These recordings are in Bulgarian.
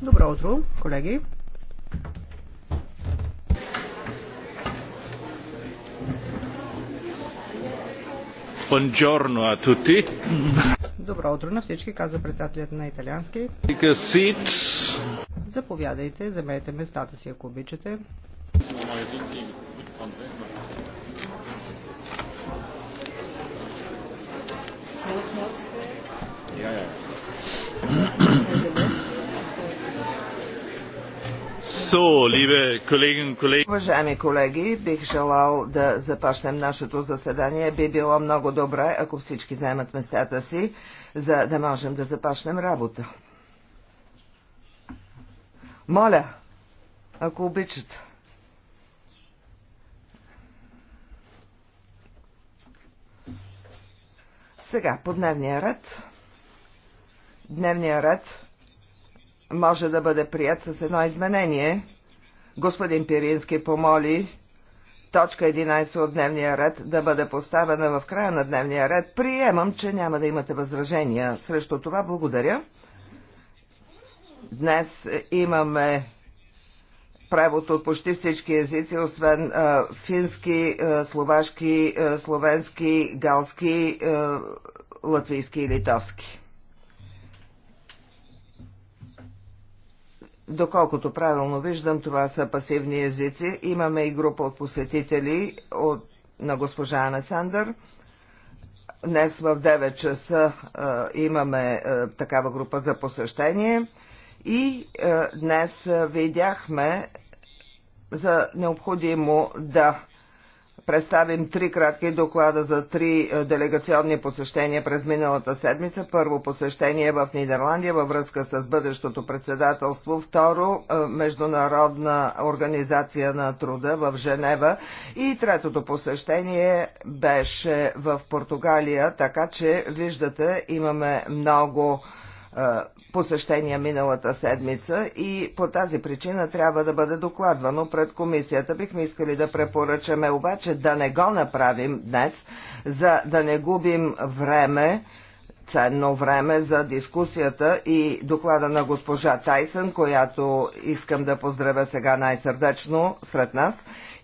Добро утро, колеги. Buongiorno a tutti. Добро утро на всички, каза председателят на италиански. Заповядайте, замете местата си, ако обичате. Ja, ja. Уважаеми колеги, бих желал да започнем нашето заседание. Би било много добре, ако всички заемат местата си, за да можем да започнем работа. Моля, ако обичате. Сега, по дневния ред дневния ред може да бъде прият с едно изменение. Господин Пирински помоли точка 11 от дневния ред да бъде поставена в края на дневния ред. Приемам, че няма да имате възражения срещу това. Благодаря. Днес имаме превод от почти всички езици, освен а, фински, а, словашки, а, словенски, галски, а, латвийски и литовски. Доколкото правилно виждам, това са пасивни езици. Имаме и група от посетители от, на госпожа Ана Сандър. Днес в 9 часа а, имаме а, такава група за посещение. И а, днес видяхме за необходимо да представим три кратки доклада за три е, делегационни посещения през миналата седмица. Първо посещение в Нидерландия във връзка с бъдещото председателство. Второ, е, Международна организация на труда в Женева. И третото посещение беше в Португалия, така че виждате, имаме много е, посещения миналата седмица и по тази причина трябва да бъде докладвано пред комисията. Бихме искали да препоръчаме обаче да не го направим днес, за да не губим време ценно време за дискусията и доклада на госпожа Тайсън, която искам да поздравя сега най-сърдечно сред нас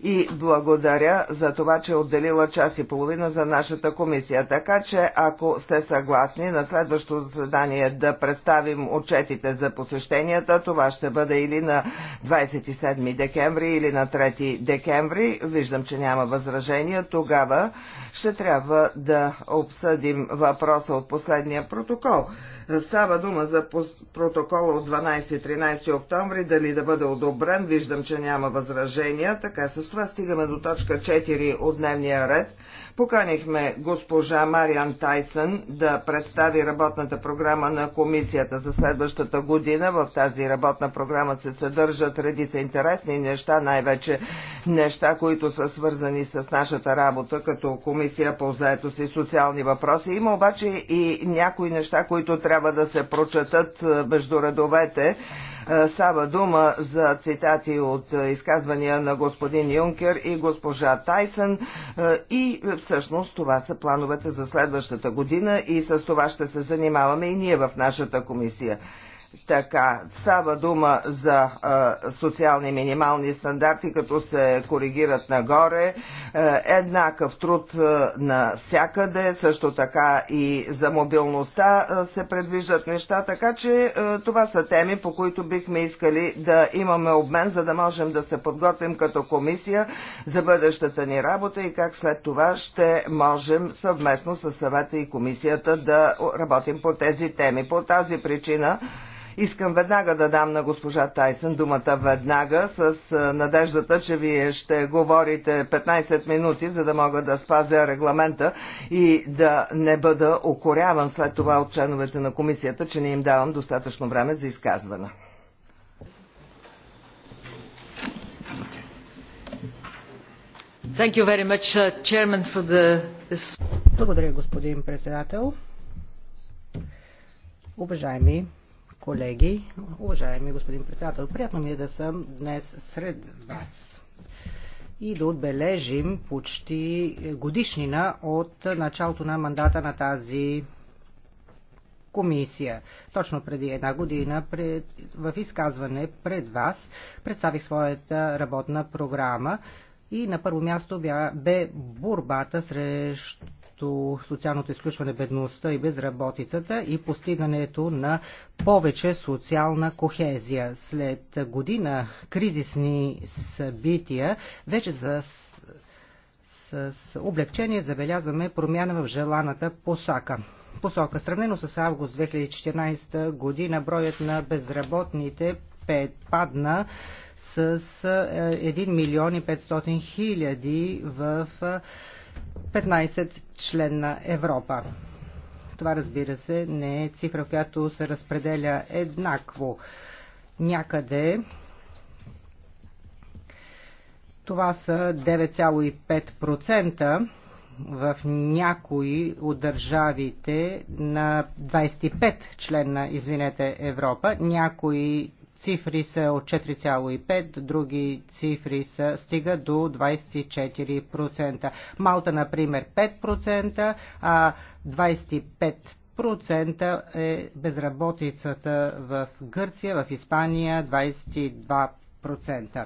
и благодаря за това, че е отделила час и половина за нашата комисия. Така че, ако сте съгласни на следващото заседание да представим отчетите за посещенията, това ще бъде или на 27 декември или на 3 декември. Виждам, че няма възражения. Тогава ще трябва да обсъдим въпроса от последния последния протокол. Става дума за протокола от 12-13 октомври, дали да бъде одобрен. Виждам, че няма възражения. Така, с това стигаме до точка 4 от дневния ред. Поканихме госпожа Мариан Тайсън да представи работната програма на комисията за следващата година. В тази работна програма се съдържат редица интересни неща, най-вече неща, които са свързани с нашата работа като комисия по заетост и социални въпроси. Има обаче и някои неща, които трябва да се прочетат е, между редовете е, става дума за цитати от е, изказвания на господин Юнкер и госпожа Тайсън е, и всъщност това са плановете за следващата година и с това ще се занимаваме и ние в нашата комисия така. Става дума за а, социални минимални стандарти, като се коригират нагоре. А, еднакъв труд а, навсякъде, също така и за мобилността а, се предвиждат неща, така че а, това са теми, по които бихме искали да имаме обмен, за да можем да се подготвим като комисия за бъдещата ни работа и как след това ще можем съвместно с съвета и комисията да работим по тези теми. По тази причина Искам веднага да дам на госпожа Тайсън думата веднага с надеждата, че вие ще говорите 15 минути, за да мога да спазя регламента и да не бъда окоряван след това от членовете на комисията, че не им давам достатъчно време за изказване. Much, uh, the... Благодаря, господин председател. Уважаеми колеги, уважаеми господин председател. Приятно ми е да съм днес сред вас и да отбележим почти годишнина от началото на мандата на тази комисия. Точно преди една година пред, в изказване пред вас представих своята работна програма и на първо място бе борбата срещу срещу социалното изключване, бедността и безработицата и постигането на повече социална кохезия. След година кризисни събития вече за с облегчение забелязваме промяна в желаната посака. Посока. Сравнено с август 2014 година, броят на безработните падна с 1 е, милион и 500 хиляди в 15 членна Европа. Това разбира се не е цифра, в която се разпределя еднакво някъде. Това са 9,5% в някои от държавите на 25 член на, извинете, Европа. Някои Цифри са от 4,5, други цифри са стига до 24%. Малта, например, 5%, а 25% процента е безработицата в Гърция, в Испания 22%.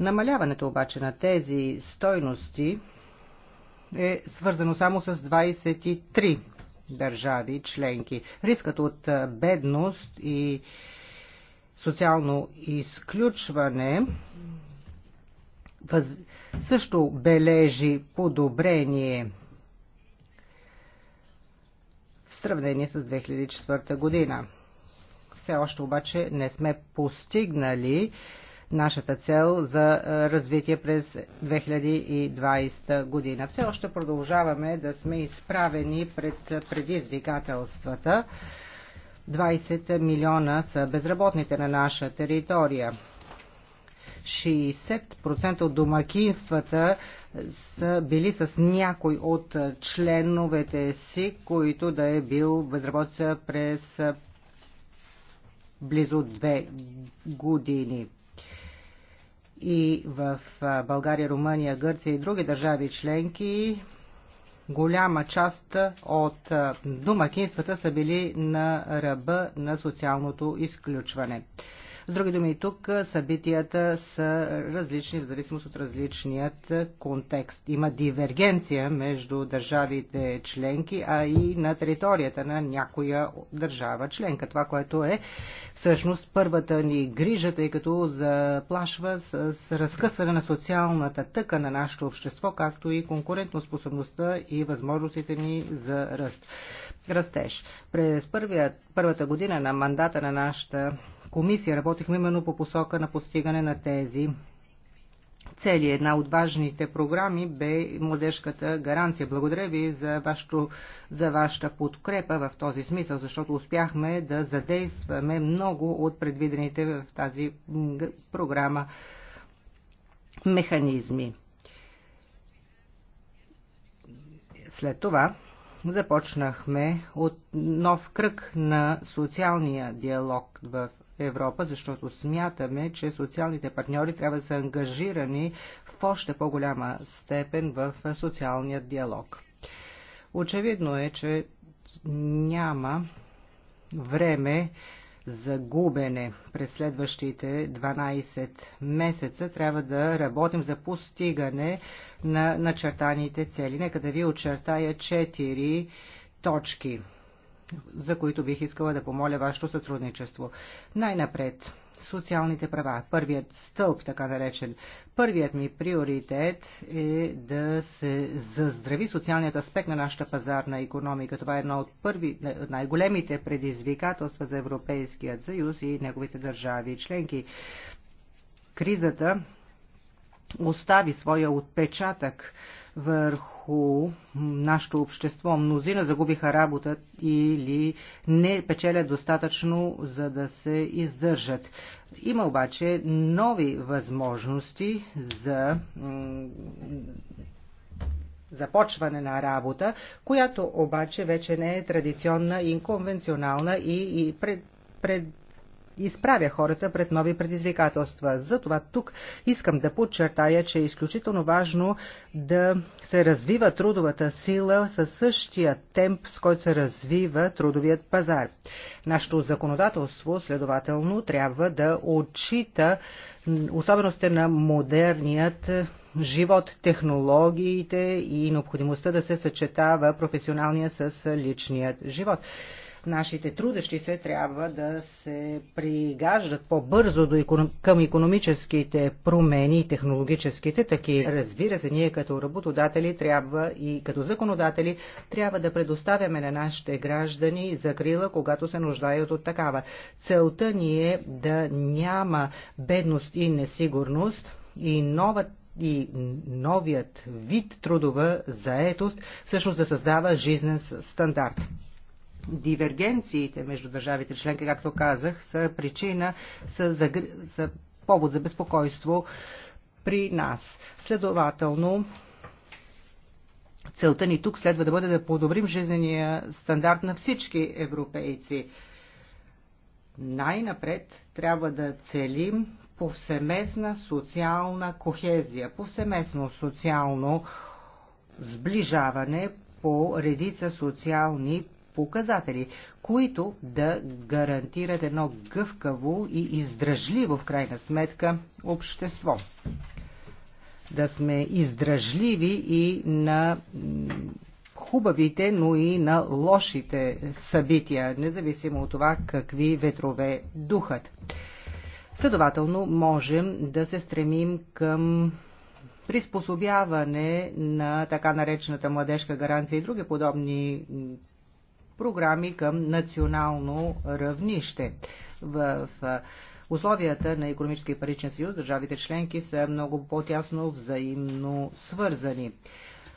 Намаляването обаче на тези стойности е свързано само с 23 държави членки. Рискът от бедност и социално изключване въз... също бележи подобрение в сравнение с 2004 година. Все още обаче не сме постигнали нашата цел за развитие през 2020 година. Все още продължаваме да сме изправени пред предизвикателствата 20 милиона са безработните на наша територия. 60% от домакинствата са били с някой от членовете си, които да е бил безработица през близо две години. И в България, Румъния, Гърция и други държави членки голяма част от домакинствата са били на ръба на социалното изключване. С други думи, тук събитията са различни в зависимост от различният контекст. Има дивергенция между държавите членки, а и на територията на някоя държава членка. Това, което е всъщност първата ни грижа, тъй като заплашва с разкъсване на социалната тъка на нашето общество, както и конкурентоспособността и възможностите ни за ръст. Растеж. През първия, първата година на мандата на нашата комисия работихме именно по посока на постигане на тези цели. Една от важните програми бе младежката гаранция. Благодаря ви за, вашето, за вашата подкрепа в този смисъл, защото успяхме да задействаме много от предвидените в тази програма механизми. След това започнахме от нов кръг на социалния диалог в Европа, защото смятаме, че социалните партньори трябва да са ангажирани в още по-голяма степен в социалния диалог. Очевидно е, че няма време за губене през следващите 12 месеца. Трябва да работим за постигане на начертаните цели. Нека да ви очертая 4 точки за които бих искала да помоля вашето сътрудничество. Най-напред, социалните права, първият стълб, така наречен. Първият ми приоритет е да се заздрави социалният аспект на нашата пазарна економика. Това е едно от първи, най-големите предизвикателства за Европейският съюз и неговите държави и членки. Кризата остави своя отпечатък върху нашето общество. Мнозина загубиха работа или не печелят достатъчно, за да се издържат. Има обаче нови възможности за започване на работа, която обаче вече не е традиционна и конвенционална и, и пред, пред, изправя хората пред нови предизвикателства. Затова тук искам да подчертая, че е изключително важно да се развива трудовата сила със същия темп, с който се развива трудовият пазар. Нашето законодателство, следователно, трябва да отчита особеностите на модерният живот, технологиите и необходимостта да се съчетава професионалния с личният живот. Нашите трудещи се трябва да се пригаждат по-бързо економ... към економическите промени и технологическите таки. Разбира се, ние като работодатели трябва и като законодатели трябва да предоставяме на нашите граждани закрила, когато се нуждаят от такава. Целта ни е да няма бедност и несигурност и нова и новият вид трудова заетост всъщност да създава жизнен стандарт дивергенциите между държавите членки, както казах, са причина, са, загри... са повод за безпокойство при нас. Следователно, целта ни тук следва да бъде да подобрим жизнения стандарт на всички европейци. Най-напред трябва да целим повсеместна социална кохезия, повсеместно социално сближаване по редица социални показатели, които да гарантират едно гъвкаво и издръжливо в крайна сметка общество. Да сме издръжливи и на хубавите, но и на лошите събития, независимо от това какви ветрове духат. Следователно, можем да се стремим към приспособяване на така наречената младежка гаранция и други подобни програми към национално равнище. В условията на економически и паричен съюз държавите членки са много по-тясно взаимно свързани.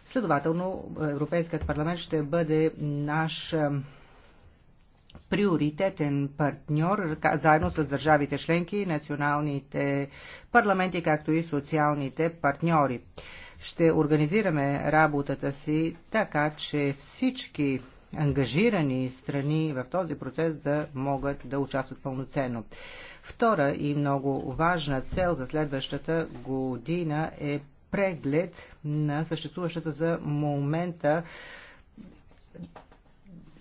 Следователно, Европейският парламент ще бъде наш приоритетен партньор заедно с държавите членки, националните парламенти, както и социалните партньори. Ще организираме работата си така, че всички ангажирани страни в този процес да могат да участват пълноценно. Втора и много важна цел за следващата година е преглед на съществуващата за момента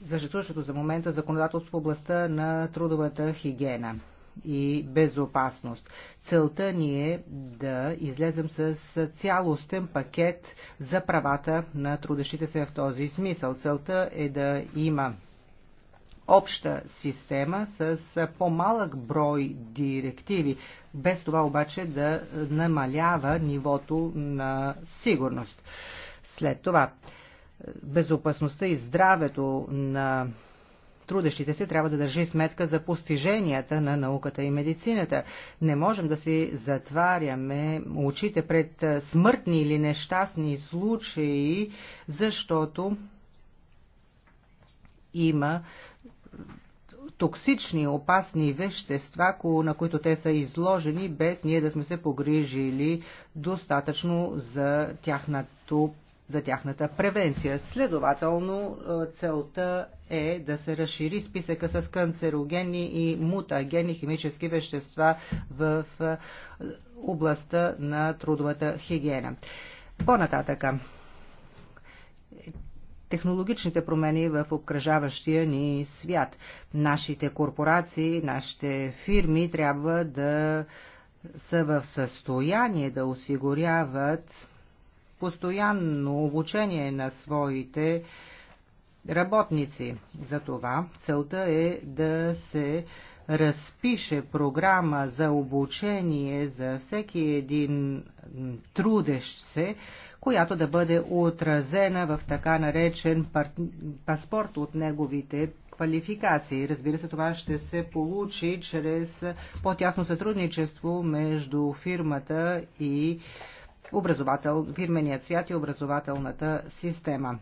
съществуващото за момента законодателство в областта на трудовата хигиена и безопасност. Целта ни е да излезем с цялостен пакет за правата на трудещите се в този смисъл. Целта е да има обща система с по-малък брой директиви, без това обаче да намалява нивото на сигурност. След това безопасността и здравето на трудещите се трябва да държи сметка за постиженията на науката и медицината. Не можем да си затваряме очите пред смъртни или нещастни случаи, защото има токсични, опасни вещества, на които те са изложени, без ние да сме се погрижили достатъчно за тяхната за тяхната превенция. Следователно, е, целта е да се разшири списъка с канцерогени и мутагени химически вещества в е, областта на трудовата хигиена. По-нататъка технологичните промени в обкръжаващия ни свят. Нашите корпорации, нашите фирми трябва да са в състояние да осигуряват постоянно обучение на своите работници. За това целта е да се разпише програма за обучение за всеки един трудещ се, която да бъде отразена в така наречен паспорт от неговите квалификации. Разбира се, това ще се получи чрез по-тясно сътрудничество между фирмата и образовател, фирменият свят и образователната система.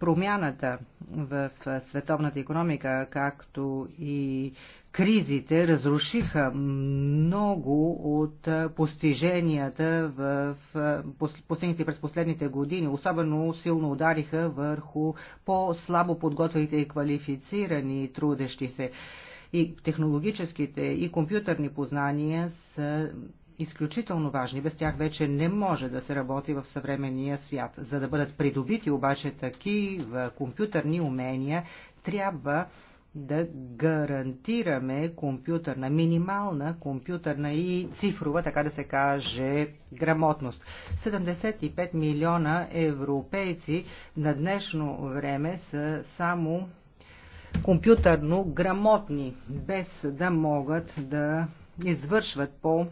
Промяната в световната економика, както и кризите, разрушиха много от постиженията в постигнати през последните години. Особено силно удариха върху по-слабо подготвените и квалифицирани трудещи се и технологическите и компютърни познания са изключително важни. Без тях вече не може да се работи в съвременния свят. За да бъдат придобити обаче такива компютърни умения, трябва да гарантираме компютърна, минимална компютърна и цифрова, така да се каже, грамотност. 75 милиона европейци на днешно време са само компютърно грамотни, без да могат да извършват по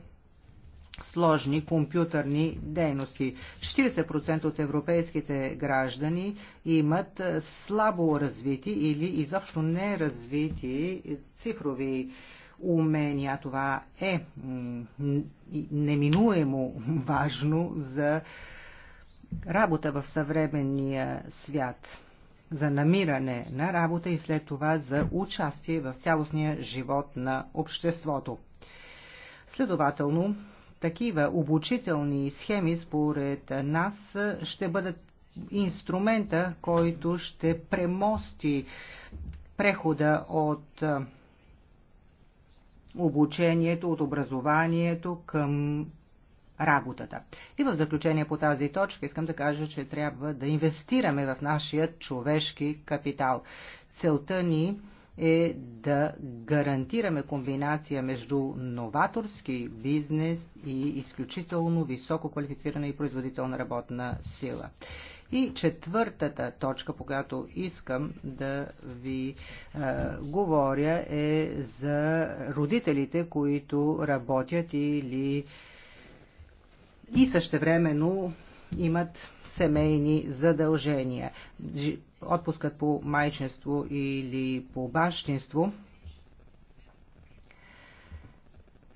сложни компютърни дейности. 40% от европейските граждани имат слабо развити или изобщо неразвити цифрови умения. Това е неминуемо важно за работа в съвременния свят за намиране на работа и след това за участие в цялостния живот на обществото. Следователно, такива обучителни схеми, според нас, ще бъдат инструмента, който ще премости прехода от обучението, от образованието към работата. И в заключение по тази точка искам да кажа, че трябва да инвестираме в нашия човешки капитал. Целта ни е да гарантираме комбинация между новаторски бизнес и изключително високо квалифицирана и производителна работна сила. И четвъртата точка, по която искам да ви е, говоря е за родителите, които работят или и същевременно имат семейни задължения отпускът по майчинство или по бащинство,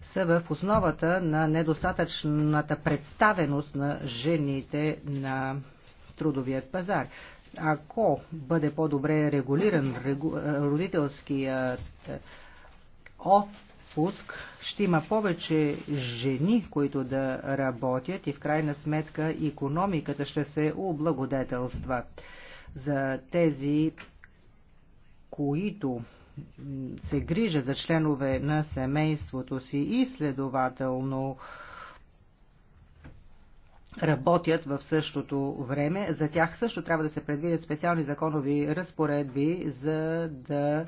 са в основата на недостатъчната представеност на жените на трудовият пазар. Ако бъде по-добре регулиран родителският е, отпуск, ще има повече жени, които да работят и в крайна сметка економиката ще се облагодетелства за тези, които се грижат за членове на семейството си и следователно работят в същото време. За тях също трябва да се предвидят специални законови разпоредби, за да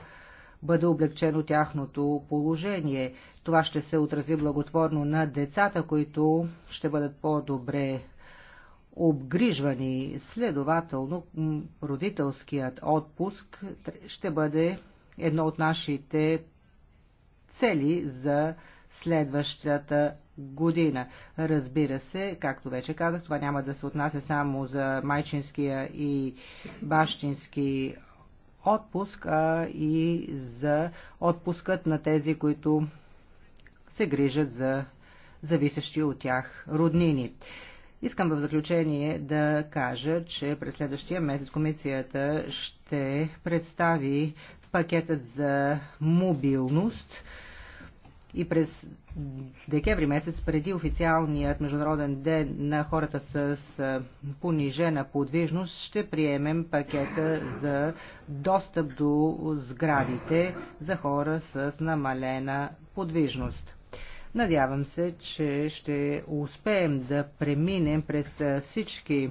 бъде облегчено тяхното положение. Това ще се отрази благотворно на децата, които ще бъдат по-добре обгрижвани. Следователно, родителският отпуск ще бъде едно от нашите цели за следващата година. Разбира се, както вече казах, това няма да се отнася само за майчинския и бащински отпуск, а и за отпускът на тези, които се грижат за зависещи от тях роднини. Искам в заключение да кажа, че през следващия месец комисията ще представи пакетът за мобилност и през декември месец, преди официалният Международен ден на хората с понижена подвижност, ще приемем пакета за достъп до сградите за хора с намалена подвижност. Надявам се, че ще успеем да преминем през всички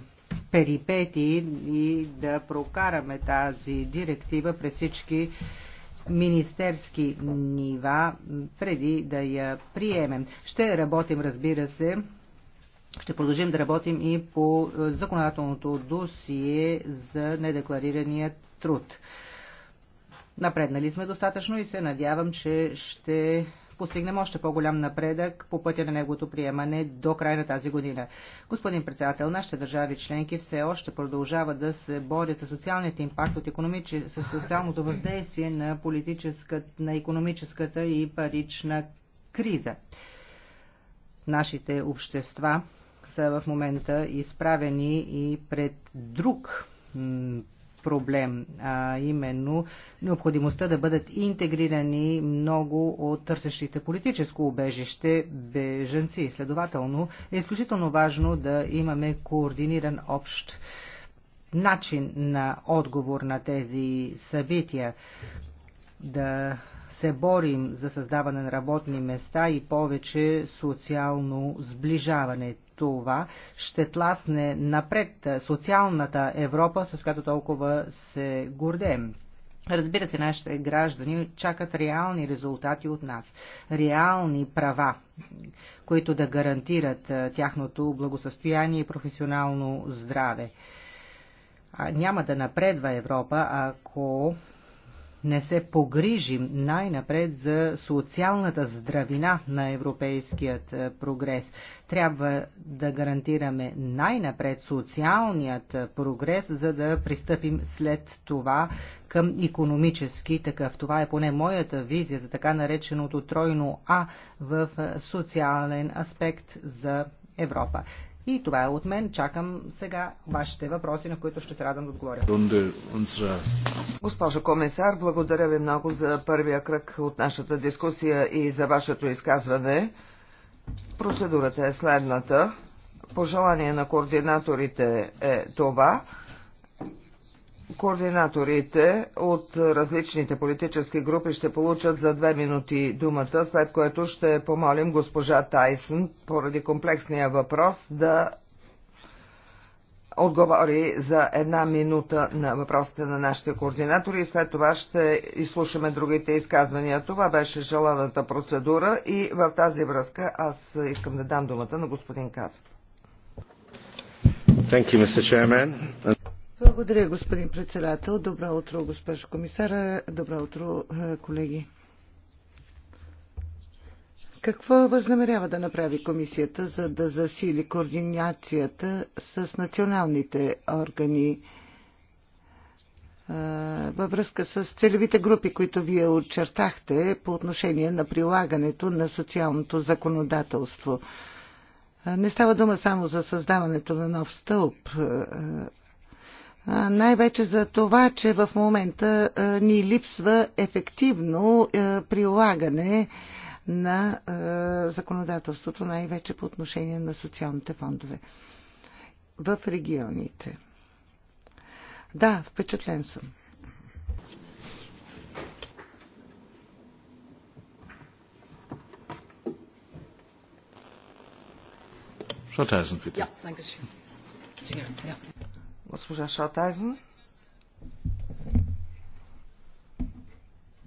перипети и да прокараме тази директива през всички министерски нива преди да я приемем. Ще работим, разбира се, ще продължим да работим и по законодателното досие за недекларирания труд. Напреднали сме достатъчно и се надявам, че ще постигнем още по-голям напредък по пътя на неговото приемане до края на тази година. Господин председател, нашите държави членки все още продължават да се борят с социалният импакт от економичес... с социалното въздействие на, политическата, на економическата и парична криза. Нашите общества са в момента изправени и пред друг проблем, а именно необходимостта да бъдат интегрирани много от търсещите политическо убежище беженци. Следователно е изключително важно да имаме координиран общ начин на отговор на тези събития, да се борим за създаване на работни места и повече социално сближаване това ще тласне напред социалната Европа, с която толкова се гордеем. Разбира се, нашите граждани чакат реални резултати от нас, реални права, които да гарантират тяхното благосъстояние и професионално здраве. няма да напредва Европа, ако не се погрижим най-напред за социалната здравина на европейският е, прогрес. Трябва да гарантираме най-напред социалният е, прогрес, за да пристъпим след това към економически такъв. Това е поне моята визия за така нареченото тройно А в е, социален аспект за Европа. И това е от мен. Чакам сега вашите въпроси, на които ще се радвам да отговоря. Госпожо комисар, благодаря ви много за първия кръг от нашата дискусия и за вашето изказване. Процедурата е следната. Пожелание на координаторите е това. Координаторите от различните политически групи ще получат за две минути думата, след което ще помолим госпожа Тайсън, поради комплексния въпрос, да отговори за една минута на въпросите на нашите координатори и след това ще изслушаме другите изказвания. Това беше желаната процедура и в тази връзка аз искам да дам думата на господин Казов. Thank you, Mr. Chairman. Благодаря, господин председател. Добро утро, госпожо комисара. Добро утро, е, колеги. Какво възнамерява да направи комисията, за да засили координацията с националните органи е, във връзка с целевите групи, които вие очертахте по отношение на прилагането на социалното законодателство? Е, не става дума само за създаването на нов стълб най-вече за това, че в момента ни липсва ефективно прилагане на законодателството, най-вече по отношение на социалните фондове в регионите. Да, впечатлен съм. bitte. Ja, danke schön. Sehr, ja. Госпожа Шотайзен.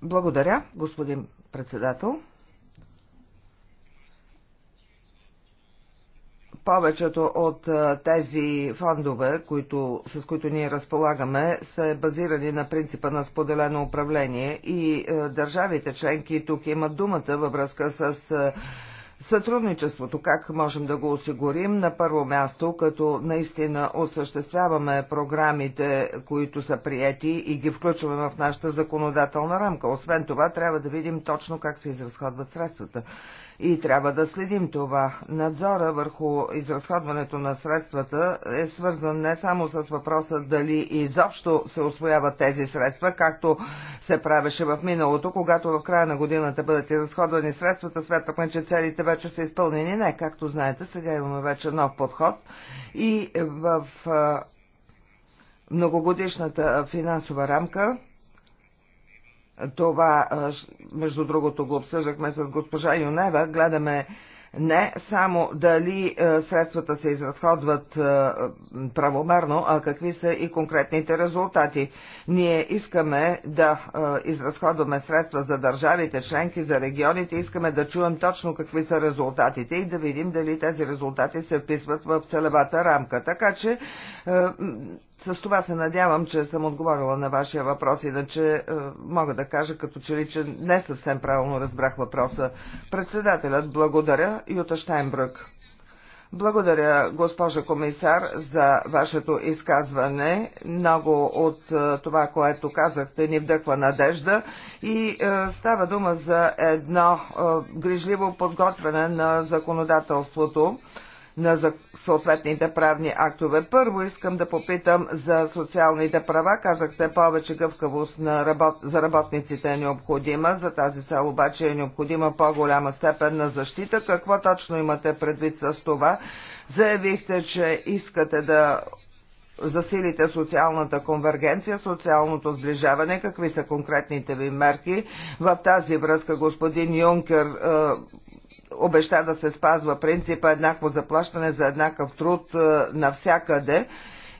Благодаря, господин председател. повечето от тези фондове, които, с които ние разполагаме, са базирани на принципа на споделено управление и държавите членки тук имат думата във връзка с Сътрудничеството как можем да го осигурим? На първо място, като наистина осъществяваме програмите, които са приети и ги включваме в нашата законодателна рамка. Освен това, трябва да видим точно как се изразходват средствата и трябва да следим това. Надзора върху изразходването на средствата е свързан не само с въпроса дали изобщо се освояват тези средства, както се правеше в миналото, когато в края на годината бъдат изразходвани средствата, сметнахме, че целите вече са изпълнени. Не, както знаете, сега имаме вече нов подход и в многогодишната финансова рамка това, между другото, го обсъждахме с госпожа Юнева. Гледаме не само дали средствата се изразходват правомерно, а какви са и конкретните резултати. Ние искаме да изразходваме средства за държавите, членки, за регионите, искаме да чуем точно какви са резултатите и да видим дали тези резултати се вписват в целевата рамка. Така че с това се надявам, че съм отговорила на вашия въпрос, иначе е, мога да кажа като че ли, че не съвсем правилно разбрах въпроса. Председателят благодаря Юта Штайнбрък. Благодаря, госпожа комисар, за вашето изказване. Много от е, това, което казахте, ни вдъхва надежда и е, става дума за едно е, грижливо подготвяне на законодателството на съответните правни актове. Първо искам да попитам за социалните права. Казахте повече гъвкавост на работ... за работниците е необходима. За тази цел обаче е необходима по-голяма степен на защита. Какво точно имате предвид с това? Заявихте, че искате да засилите социалната конвергенция, социалното сближаване, какви са конкретните ви мерки. В тази връзка господин Юнкер е, обеща да се спазва принципа еднакво заплащане за еднакъв труд е, навсякъде.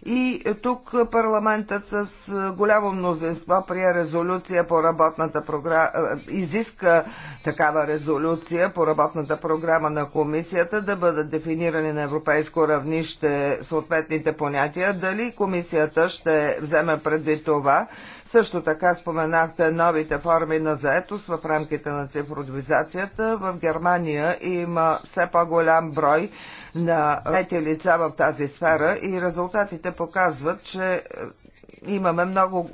И тук парламентът с е, голямо мнозинство прие резолюция по работната програма, е, изиска такава резолюция по работната програма на комисията да бъдат дефинирани на европейско равнище съответните понятия. Дали комисията ще вземе предвид това също така споменахте новите форми на заетост в рамките на цифровизацията. В Германия има все по-голям брой на трети лица в тази сфера и резултатите показват, че е, имаме много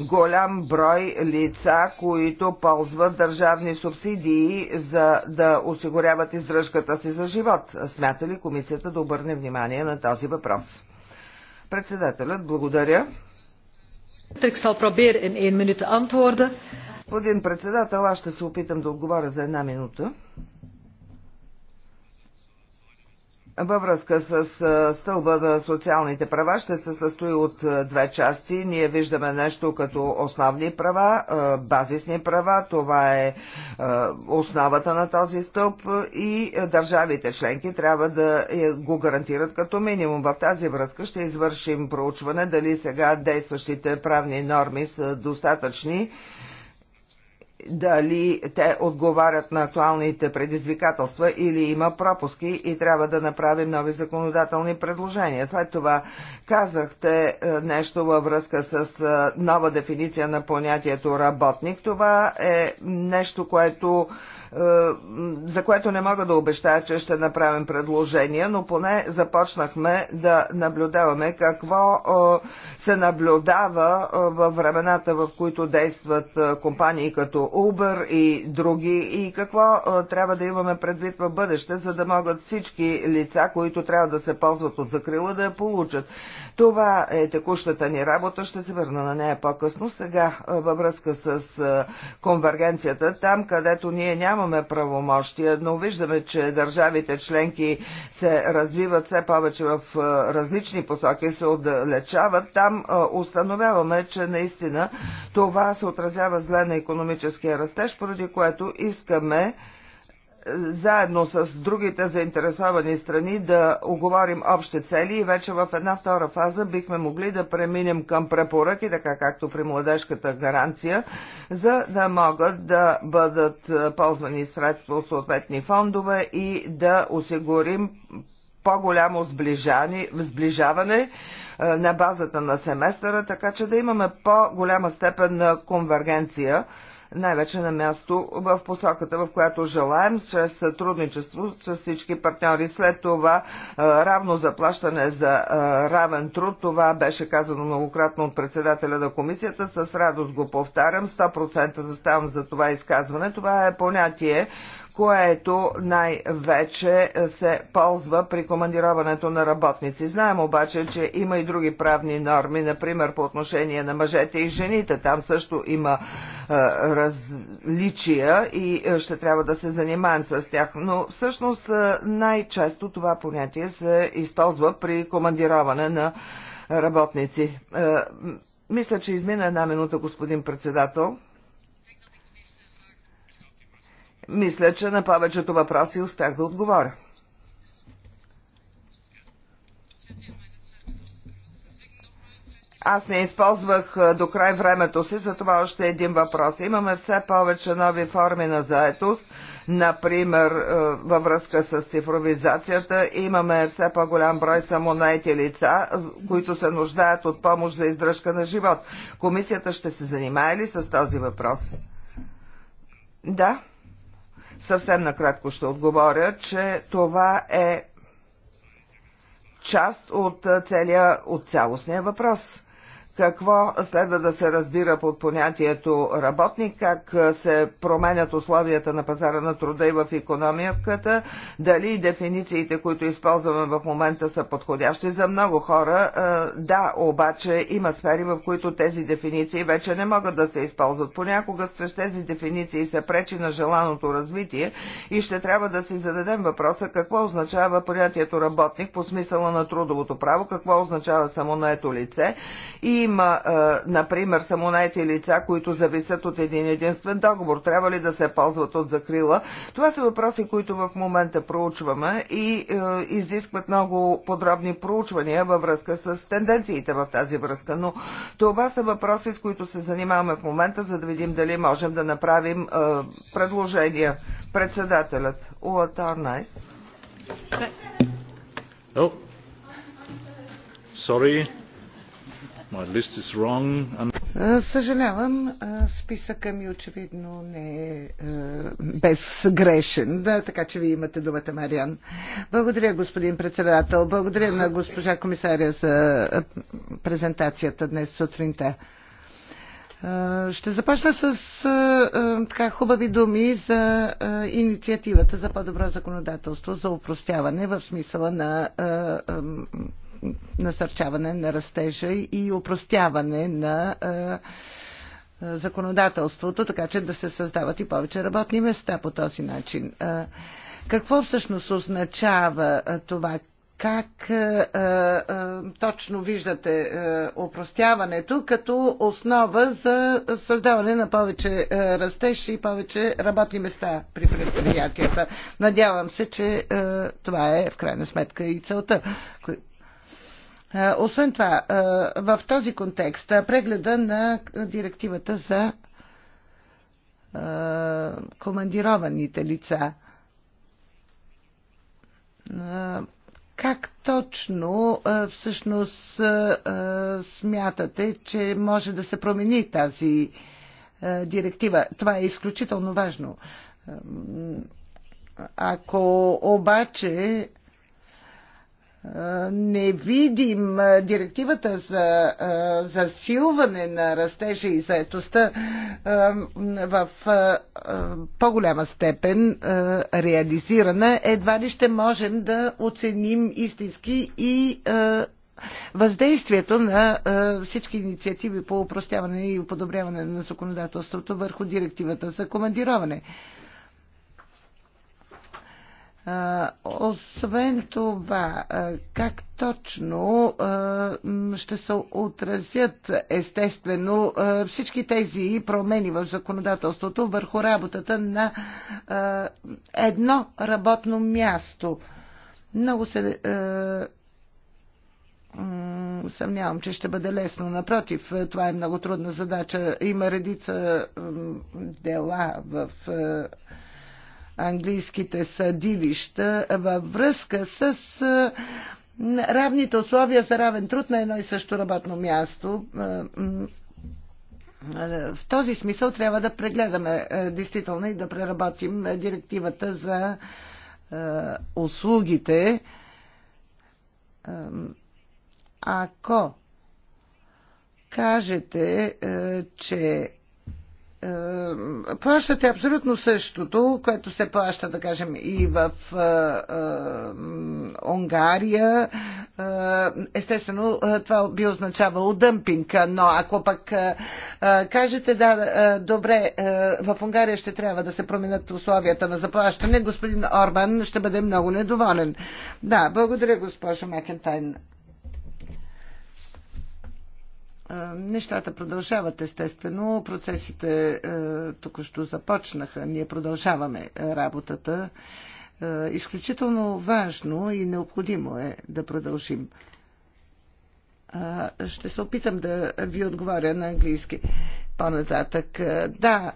голям брой лица, които ползват държавни субсидии за да осигуряват издръжката си за живот. Смята ли комисията да обърне внимание на този въпрос? Председателят, благодаря. Господин председател, аз ще се опитам да отговоря за една минута във връзка с стълба на социалните права ще се състои от две части. Ние виждаме нещо като основни права, базисни права. Това е основата на този стълб и държавите членки трябва да е, го гарантират като минимум. В тази връзка ще извършим проучване дали сега действащите правни норми са достатъчни дали те отговарят на актуалните предизвикателства или има пропуски и трябва да направим нови законодателни предложения. След това казахте е, нещо във връзка с е, нова дефиниция на понятието работник. Това е нещо, което е, за което не мога да обещая, че ще направим предложения, но поне започнахме да наблюдаваме какво е, се наблюдава е, във времената, в които действат компании като Uber и други и какво трябва да имаме предвид в бъдеще, за да могат всички лица, които трябва да се ползват от закрила, да я получат. Това е текущата ни работа, ще се върна на нея по-късно. Сега във връзка с конвергенцията, там където ние нямаме нямаме правомощия, но виждаме, че държавите членки се развиват все повече в е, различни посоки, се отдалечават. Там е, установяваме, че наистина това се отразява зле на економическия растеж, поради което искаме заедно с другите заинтересовани страни да оговорим общи цели и вече в една втора фаза бихме могли да преминем към препоръки, така както при младежката гаранция, за да могат да бъдат ползвани средства от съответни фондове и да осигурим по-голямо сближаване е, на базата на семестъра, така че да имаме по-голяма степен на конвергенция най-вече на място в посоката, в която желаем, чрез сътрудничество с всички партньори. След това равно заплащане за равен труд, това беше казано многократно от председателя на комисията, с радост го повтарям, 100% заставам за това изказване. Това е понятие, което най-вече се ползва при командироването на работници. Знаем обаче, че има и други правни норми, например по отношение на мъжете и жените. Там също има е, различия и е, ще трябва да се занимаем с тях. Но всъщност е, най-често това понятие се използва при командироване на работници. Е, мисля, че измина една минута, господин председател. Мисля, че на повечето въпроси успях да отговоря. Аз не използвах до край времето си, затова още един въпрос. Имаме все повече нови форми на заетост, например във връзка с цифровизацията. Имаме все по-голям брой самонаети лица, които се нуждаят от помощ за издръжка на живот. Комисията ще се занимае ли с този въпрос? Да. Съвсем накратко ще отговоря, че това е част от целия, от цялостния въпрос какво следва да се разбира под понятието работник, как се променят условията на пазара на труда и в економиката, дали дефинициите, които използваме в момента са подходящи за много хора. Да, обаче има сфери, в които тези дефиниции вече не могат да се използват. Понякога срещ тези дефиниции се пречи на желаното развитие и ще трябва да си зададем въпроса какво означава понятието работник по смисъла на трудовото право, какво означава само на ето лице и има, е, например, самонаети лица, които зависят от един единствен договор? Трябва ли да се ползват от закрила? Това са въпроси, които в момента проучваме и е, изискват много подробни проучвания във връзка с тенденциите в тази връзка. Но това са въпроси, с които се занимаваме в момента, за да видим дали можем да направим е, предложения. Председателят Уатар Найс. Oh. Sorry. Е, съжалявам, е, списъка ми очевидно не е, е безгрешен, да, така че вие имате думата, Мариан. Благодаря, господин председател. Благодаря на госпожа комисаря за презентацията днес сутринта. Ще започна с така, хубави думи за инициативата за по-добро законодателство, за упростяване в смисъла на насърчаване на растежа и упростяване на законодателството, така че да се създават и повече работни места по този начин. Какво всъщност означава това? Как а, а, точно виждате а, упростяването като основа за създаване на повече а, растеж и повече работни места при предприятията? Надявам се, че а, това е в крайна сметка и целта, е, освен това, е, в този контекст, е, прегледа на директивата за командированите лица. Как точно всъщност смятате, че може да се промени тази директива? Това е изключително важно. Ако обаче не видим директивата за засилване на растежа и заетостта в по-голяма степен реализирана, едва ли ще можем да оценим истински и въздействието на всички инициативи по упростяване и подобряване на законодателството върху директивата за командироване. Освен това, как точно ще се отразят естествено всички тези промени в законодателството върху работата на едно работно място? Много се съмнявам, че ще бъде лесно. Напротив, това е много трудна задача. Има редица дела в английските съдилища във връзка с равните условия за равен труд на едно и също работно място. В този смисъл трябва да прегледаме действително и да преработим директивата за услугите. Ако кажете, че плащате абсолютно същото, което се плаща, да кажем, и в е, Унгария. Естествено, това би означавало дъмпинг, но ако пък кажете, да, добре, в Унгария ще трябва да се променят условията на заплащане, господин Орбан ще бъде много недоволен. Да, благодаря, госпожо Макентайн. Нещата продължават естествено, процесите току-що започнаха, ние продължаваме работата. Изключително важно и необходимо е да продължим. Ще се опитам да ви отговоря на английски по-нататък. Да,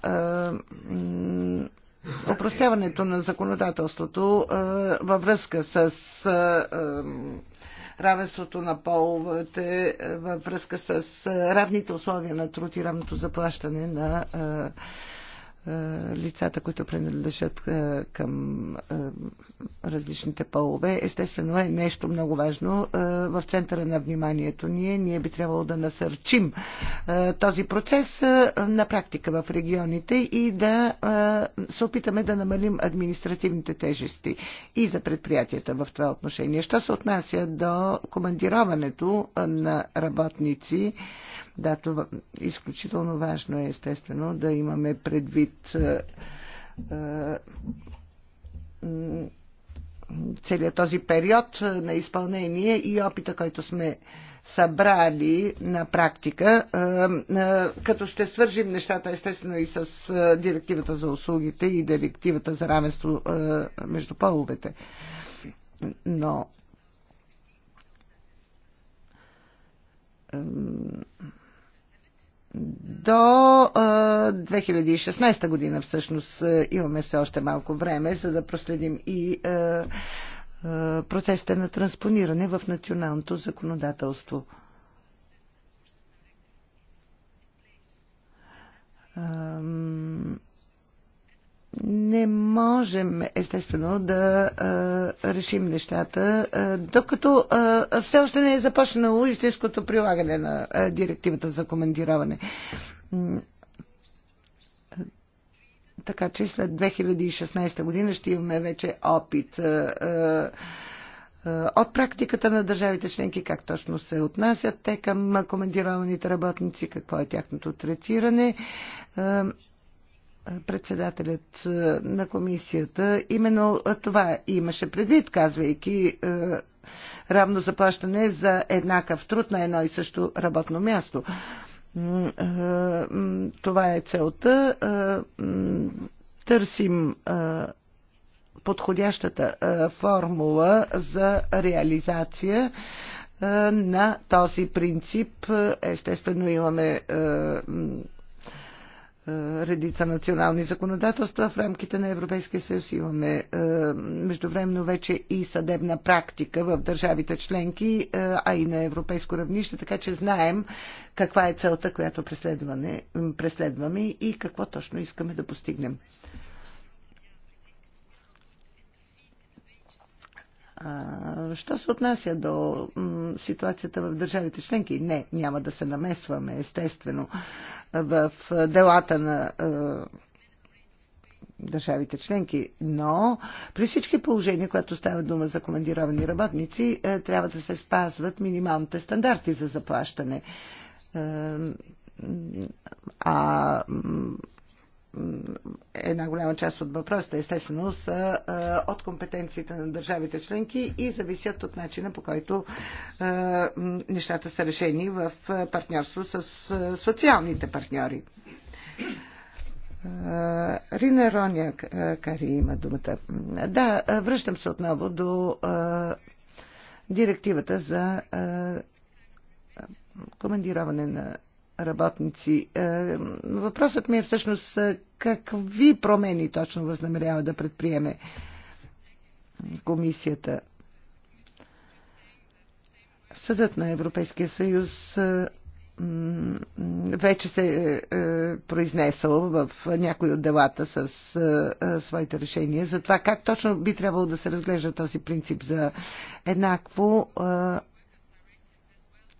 Опростяването на законодателството във връзка с равенството на половете е, във връзка с е, равните условия на труд и равното заплащане на е, е, лицата, които принадлежат е, към е, различните полове. Естествено е нещо много важно в центъра на вниманието ние. Ние би трябвало да насърчим този процес на практика в регионите и да се опитаме да намалим административните тежести и за предприятията в това отношение. Що се отнася до командироването на работници, да, това изключително важно е, естествено, да имаме предвид е, е, целият този период е, на изпълнение и опита, който сме събрали на практика, като ще свържим нещата естествено и с директивата за услугите и директивата за равенство между половете. Но до 2016 година всъщност имаме все още малко време, за да проследим и процесите на транспониране в националното законодателство. А, не можем естествено да а, решим нещата, а, докато а, все още не е започнало истинското прилагане на а, директивата за командироване. Така че след 2016 година ще имаме вече опит. А, а, от практиката на държавите членки, как точно се отнасят те към командированите работници, какво е тяхното третиране председателят е, на комисията. Именно е, това имаше предвид, казвайки е, равно заплащане за еднакъв труд на едно и също работно място. Това е целта. Търсим подходящата формула за реализация на този принцип. Естествено имаме е, редица национални законодателства в рамките на Европейския съюз. Имаме е, междувременно вече и съдебна практика в държавите членки, е, а и на европейско равнище, така че знаем каква е целта, която преследваме и какво точно искаме да постигнем. Що се отнася до ситуацията в държавите членки? Не, няма да се намесваме, естествено, в делата на държавите членки, но при всички положения, когато става дума за командировани работници, трябва да се спазват минималните стандарти за заплащане. А една голяма част от въпросите, естествено, са от компетенциите на държавите членки и зависят от начина по който нещата са решени в партньорство с социалните партньори. Рина Роня Кари има думата. Да, връщам се отново до директивата за командироване на работници. Е, въпросът ми е всъщност е, какви промени точно възнамерява да предприеме комисията. Съдът на Европейския съюз е, вече се е произнесъл в някои от делата с своите решения за това как точно би трябвало да се разглежда този принцип за еднакво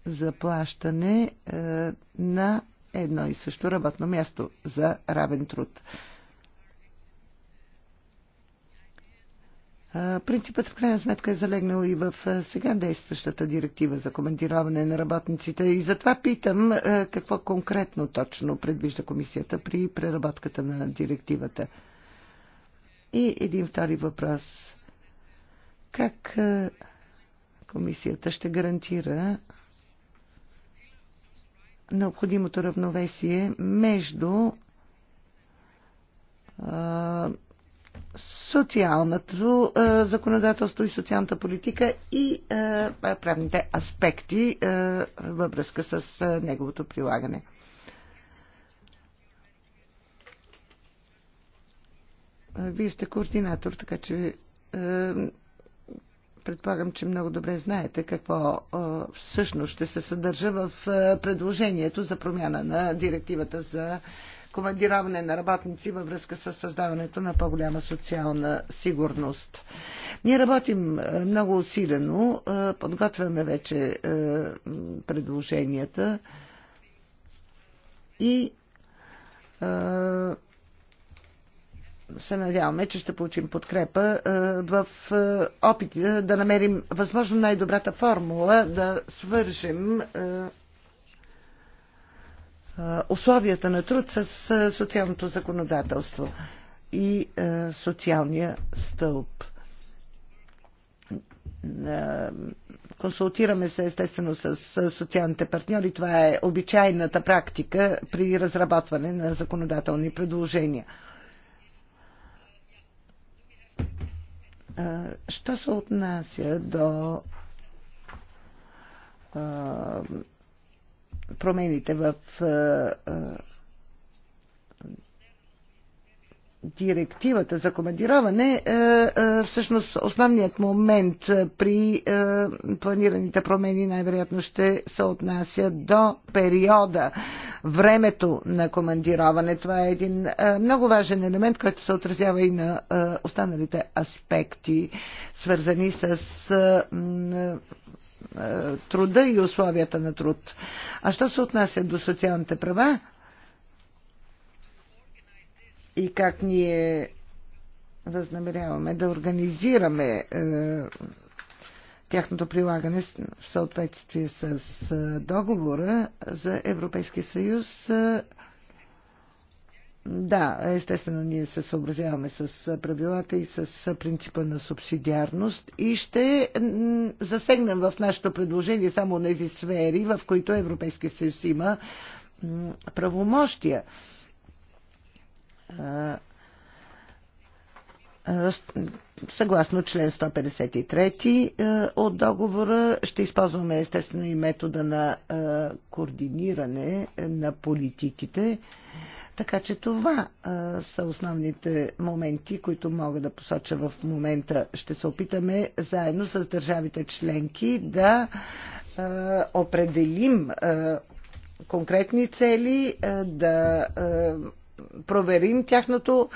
заплащане е, на едно и също работно място за равен труд. Е, принципът в крайна сметка е залегнал и в е, сега действащата директива за коментироване на работниците и затова питам какво конкретно точно предвижда комисията при преработката на директивата. И един втори въпрос. Как комисията ще гарантира необходимото равновесие между социалното законодателство и социалната политика и правните аспекти във връзка с неговото прилагане. Вие сте координатор, така че Предполагам, че много добре знаете какво всъщност ще се съдържа в предложението за промяна на директивата за командираване на работници във връзка с създаването на по-голяма социална сигурност. Ние работим много усилено, подготвяме вече предложенията и се надяваме, че ще получим подкрепа е, в е, опит е, да намерим възможно най-добрата формула да свържем условията на труд с социалното законодателство и социалния стълб. Консултираме се естествено с социалните партньори. Това е обичайната практика при разработване на законодателни предложения. Що се отнася до промените в директивата за командироване, всъщност основният момент при планираните промени най-вероятно ще се отнася до периода времето на командироване. Това е един е, много важен елемент, който се отразява и на е, останалите аспекти, свързани с е, труда и условията на труд. А що се отнася до социалните права и как ние възнамеряваме да организираме тяхното прилагане в съответствие с договора за Европейския съюз. Да, естествено, ние се съобразяваме с правилата и с принципа на субсидиарност и ще засегнем в нашето предложение само тези сфери, в които Европейския съюз има правомощия съгласно член 153 е, от договора ще използваме естествено и метода на е, координиране на политиките. Така че това е, са основните моменти, които мога да посоча в момента. Ще се опитаме заедно с държавите членки да определим конкретни цели, да проверим тяхното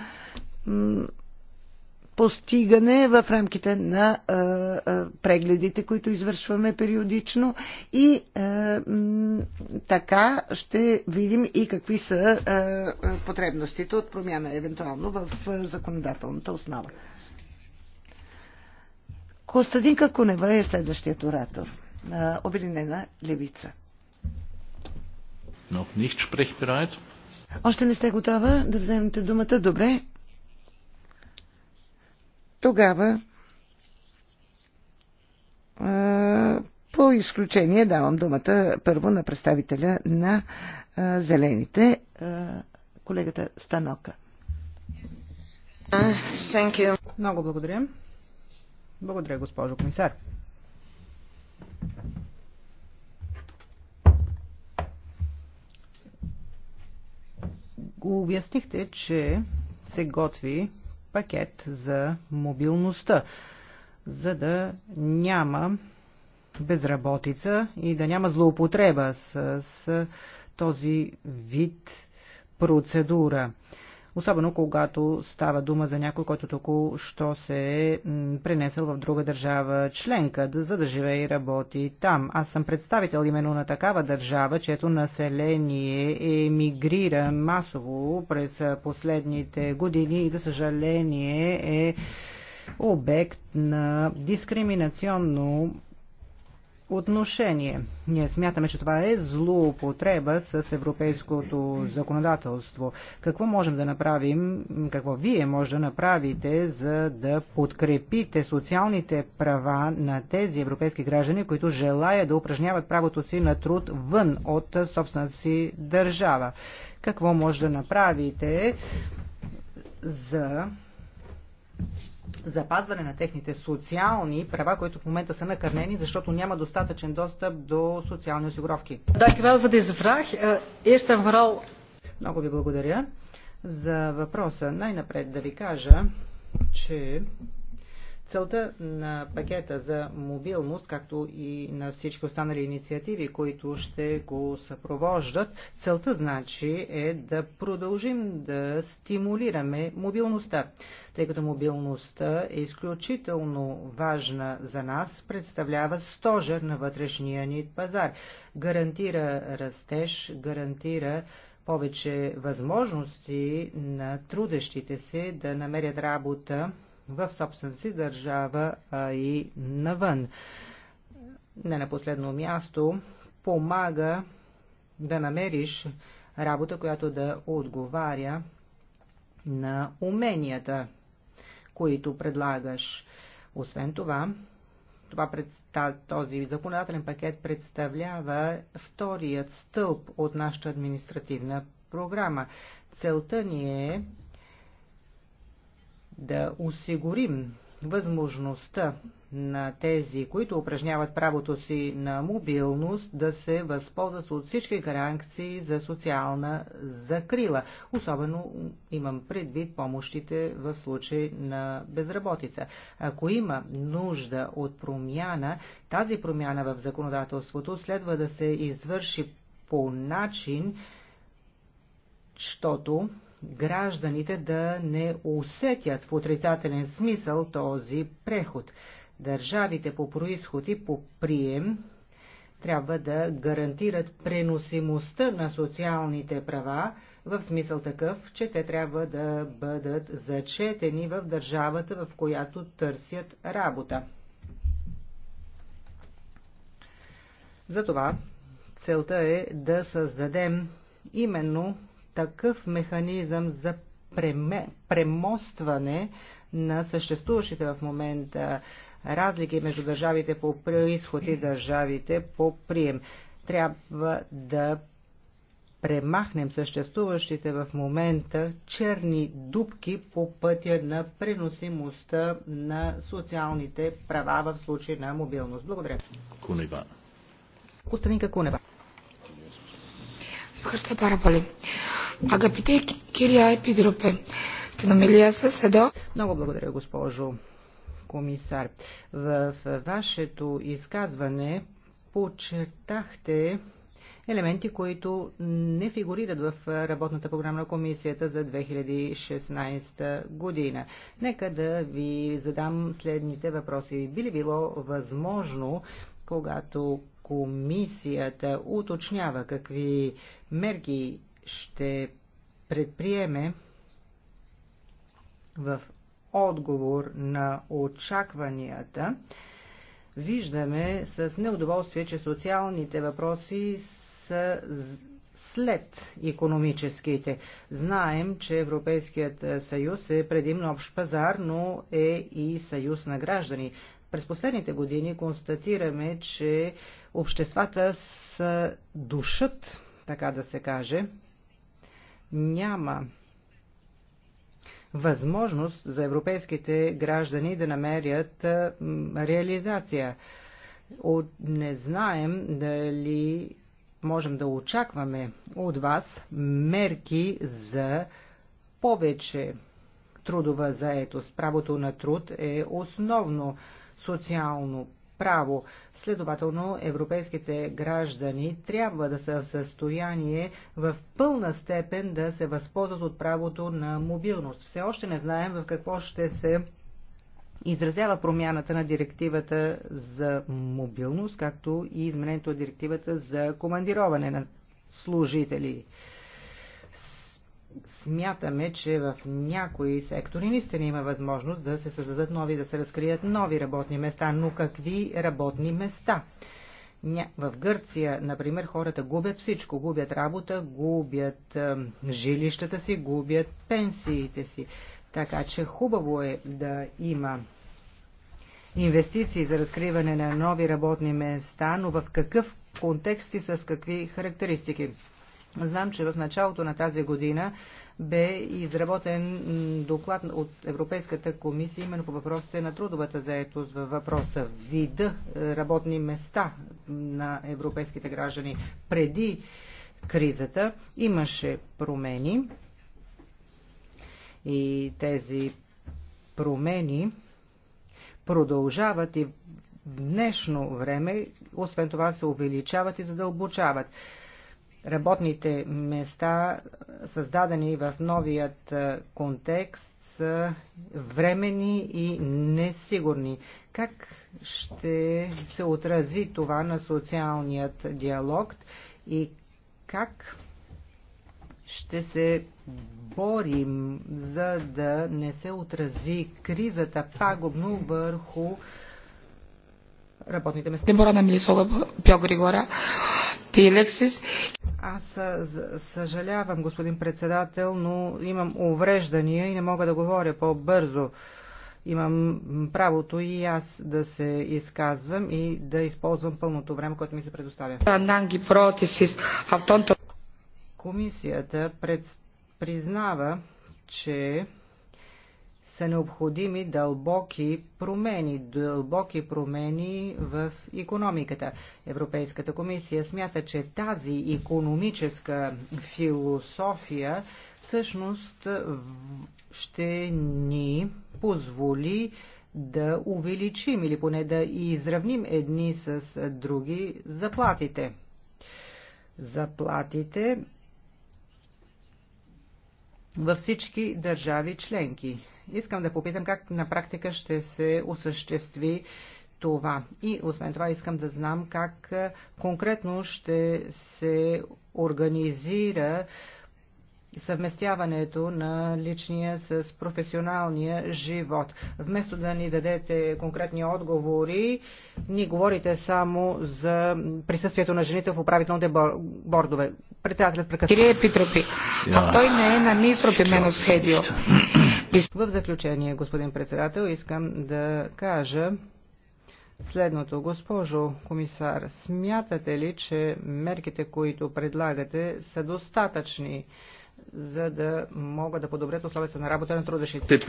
постигане в рамките на а, а, прегледите, които извършваме периодично и а, м, така ще видим и какви са а, потребностите от промяна евентуално в а, законодателната основа. Костадинка Кунева е следващият оратор. А, обединена левица. Още не сте готова да вземете думата. Добре, тогава по изключение давам думата първо на представителя на зелените, колегата Станока. Много благодаря. Благодаря, госпожо комисар. Обяснихте, че се готви пакет за мобилността, за да няма безработица и да няма злоупотреба с, с този вид процедура особено когато става дума за някой, който току-що се е пренесъл в друга държава членка, за да живее и работи там. Аз съм представител именно на такава държава, чието население емигрира масово през последните години и, за съжаление, е обект на дискриминационно отношение. Ние смятаме, че това е злоупотреба с европейското законодателство. Какво можем да направим, какво вие може да направите, за да подкрепите социалните права на тези европейски граждани, които желаят да упражняват правото си на труд вън от собствената си държава? Какво може да направите за запазване на техните социални права, които в момента са накърнени, защото няма достатъчен достъп до социални осигуровки. Eh, Много ви благодаря за въпроса. Най-напред да ви кажа, че Целта на пакета за мобилност, както и на всички останали инициативи, които ще го съпровождат, целта значи е да продължим да стимулираме мобилността, тъй като мобилността е изключително важна за нас, представлява стожер на вътрешния ни пазар, гарантира растеж, гарантира повече възможности на трудещите се да намерят работа в собствената си държава, а и навън. Не на последно място помага да намериш работа, която да отговаря на уменията, които предлагаш. Освен това, това този законодателен пакет представлява вторият стълб от нашата административна програма. Целта ни е да осигурим възможността на тези, които упражняват правото си на мобилност, да се възползват от всички гаранции за социална закрила. Особено имам предвид помощите в случай на безработица. Ако има нужда от промяна, тази промяна в законодателството следва да се извърши по начин, защото гражданите да не усетят в отрицателен смисъл този преход. Държавите по происход и по прием трябва да гарантират преносимостта на социалните права в смисъл такъв, че те трябва да бъдат зачетени в държавата, в която търсят работа. Затова целта е да създадем именно такъв механизъм за премостване на съществуващите в момента разлики между държавите по происход и държавите по прием. Трябва да премахнем съществуващите в момента черни дубки по пътя на преносимостта на социалните права в случай на мобилност. Благодаря. Кунева. Костанинка Кунева. Ευχαριστώ πάρα πολύ. Αγαπητέ κυρία Επίτροπε, στην ομιλία σα εδώ... Много благодаря, госпожо комисар. В вашето изказване подчертахте елементи, които не фигурират в работната програма на комисията за 2016 година. Нека да ви задам следните въпроси. Би ли било възможно, когато комисията уточнява какви мерки ще предприеме в отговор на очакванията, виждаме с неудоволствие, че социалните въпроси са след економическите. Знаем, че Европейският съюз е предимно общ пазар, но е и съюз на граждани. През последните години констатираме, че обществата с душът, така да се каже, няма възможност за европейските граждани да намерят реализация. От, не знаем дали можем да очакваме от вас мерки за повече трудова заетост. Правото на труд е основно социално право. Следователно, европейските граждани трябва да са в състояние в пълна степен да се възползват от правото на мобилност. Все още не знаем в какво ще се изразява промяната на директивата за мобилност, както и изменението на директивата за командироване на служители смятаме, че в някои сектори наистина има възможност да се създадат нови, да се разкрият нови работни места, но какви работни места? В Гърция, например, хората губят всичко. Губят работа, губят жилищата си, губят пенсиите си. Така че хубаво е да има инвестиции за разкриване на нови работни места, но в какъв контекст и с какви характеристики? Знам, че в началото на тази година бе изработен доклад от Европейската комисия именно по въпросите на трудовата заетост във въпроса вида е, работни места на европейските граждани преди кризата. Имаше промени и тези промени продължават и в днешно време, освен това се увеличават и задълбочават. Работните места, създадени в новият контекст, са времени и несигурни. Как ще се отрази това на социалният диалог и как ще се борим, за да не се отрази кризата пагубно върху работните места. Не мога да мисля григора Ти, Лексис. Аз съжалявам, господин председател, но имам увреждания и не мога да говоря по-бързо. Имам правото и аз да се изказвам и да използвам пълното време, което ми се предоставя. Комисията пред... признава, че са необходими дълбоки промени, дълбоки промени в економиката. Европейската комисия смята, че тази економическа философия всъщност ще ни позволи да увеличим или поне да изравним едни с други заплатите. Заплатите във всички държави членки. Искам да попитам как на практика ще се осъществи това. И освен това искам да знам как е, конкретно ще се организира съвместяването на личния с професионалния живот. Вместо да ни дадете конкретни отговори, ни говорите само за присъствието на жените в управителните бордове. Председателят епитропи. Кирия е той не е на μη ισορροπημένο схедио. В заключение, господин председател, искам да кажа следното. Госпожо комисар, смятате ли, че мерките, които предлагате, са достатъчни? за да могат да подобрят условията на работа на трудещите.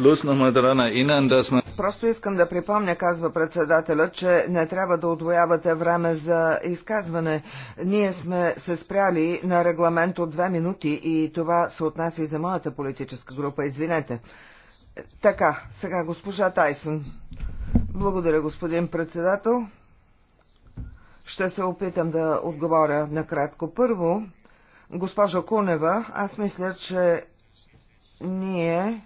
Просто искам да припомня, казва председателя, че не трябва да отвоявате време за изказване. Ние сме се спряли на регламент от две минути и това се отнася и за моята политическа група. Извинете. Така, сега госпожа Тайсън. Благодаря, господин председател. Ще се опитам да отговоря накратко. Първо, Госпожо Кунева, аз мисля, че ние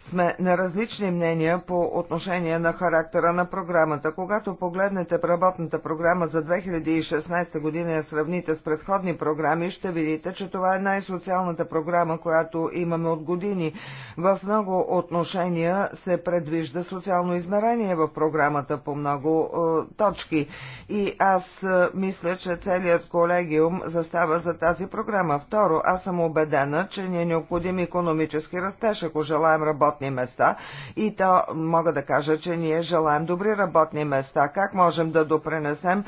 сме на различни мнения по отношение на характера на програмата. Когато погледнете работната програма за 2016 година и я сравните с предходни програми, ще видите, че това е най-социалната програма, която имаме от години. В много отношения се предвижда социално измерение в програмата по много е, точки. И аз е, мисля, че целият колегиум застава за тази програма. Второ, аз съм убедена, че ни е необходим економически растеж, ако желаем работа работни места и то мога да кажа, че ние желаем добри работни места. Как можем да допренесем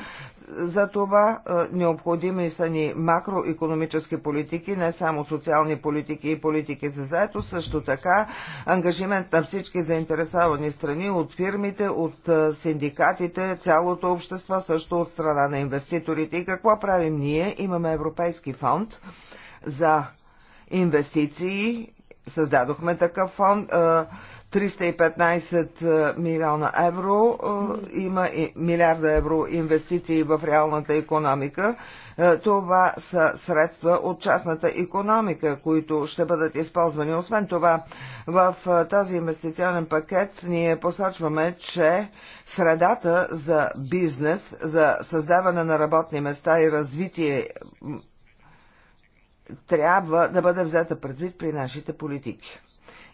за това е, необходими са ни макроекономически политики, не само социални политики и политики за заето, също така ангажимент на всички заинтересовани страни, от фирмите, от е, синдикатите, цялото общество, също от страна на инвеститорите. И какво правим ние? Имаме Европейски фонд за инвестиции създадохме такъв фонд. 315 милиона евро, има и милиарда евро инвестиции в реалната економика. Това са средства от частната економика, които ще бъдат използвани. Освен това, в този инвестиционен пакет ние посочваме, че средата за бизнес, за създаване на работни места и развитие трябва да бъде взета предвид при нашите политики.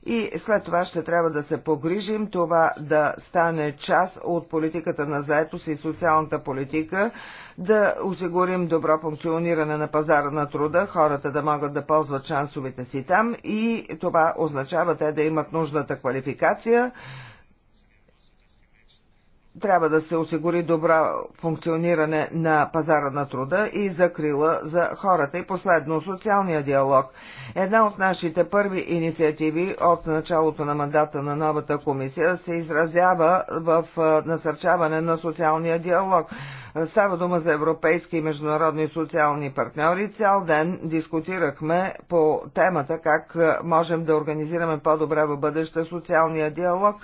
И след това ще трябва да се погрижим това да стане част от политиката на заетост и социалната политика, да осигурим добро функциониране на пазара на труда, хората да могат да ползват шансовете си там и това означава те да имат нужната квалификация, трябва да се осигури добра функциониране на пазара на труда и закрила за хората. И последно, социалния диалог. Една от нашите първи инициативи от началото на мандата на новата комисия се изразява в насърчаване на социалния диалог. Става дума за европейски и международни социални партньори. Цял ден дискутирахме по темата как можем да организираме по-добре в бъдеще социалния диалог,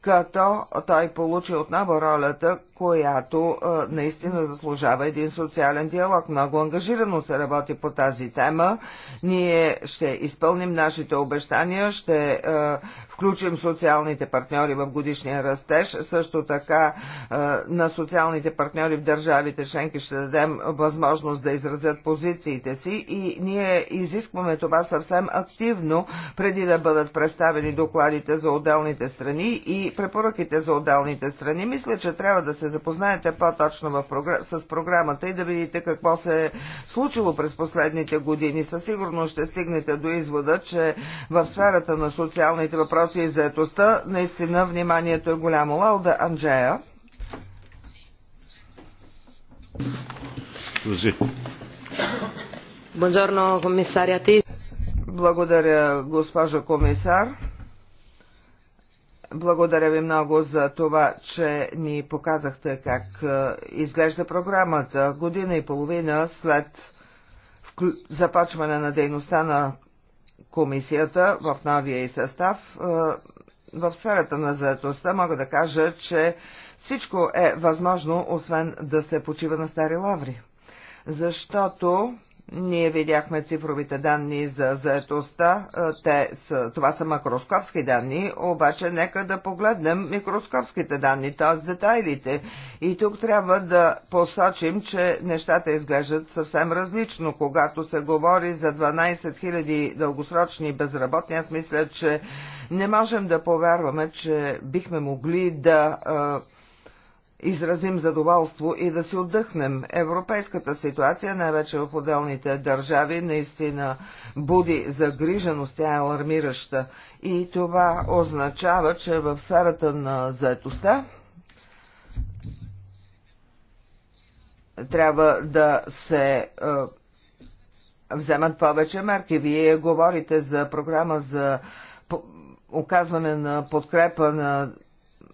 като той получи отново ролята която а, наистина заслужава един социален диалог. Много ангажирано се работи по тази тема. Ние ще изпълним нашите обещания, ще а, включим социалните партньори в годишния растеж. Също така а, на социалните партньори в държавите членки ще дадем възможност да изразят позициите си и ние изискваме това съвсем активно, преди да бъдат представени докладите за отделните страни и препоръките за отделните страни. Мисля, че трябва да се запознаете по-точно програ... с програмата и да видите какво се е случило през последните години. Със сигурност ще стигнете до извода, че в сферата на социалните въпроси и заетостта наистина вниманието е голямо. Лауда Анджея. Благодаря, госпожа комисар. Благодаря ви много за това, че ни показахте как е, изглежда програмата. Година и половина след започване на дейността на комисията в новия и състав, е, в сферата на заедостта мога да кажа, че всичко е възможно, освен да се почива на стари лаври. Защото ние видяхме цифровите данни за заетостта. Е, те са, това са макроскопски данни, обаче нека да погледнем микроскопските данни, т.е. детайлите. И тук трябва да посочим, че нещата изглеждат съвсем различно. Когато се говори за 12 000 дългосрочни безработни, аз мисля, че не можем да повярваме, че бихме могли да е, изразим задоволство и да си отдъхнем. Европейската ситуация, най-вече в отделните държави, наистина буди загриженост, тя е алармираща. И това означава, че в сферата на заетостта трябва да се вземат повече мерки. Вие говорите за програма за оказване на подкрепа на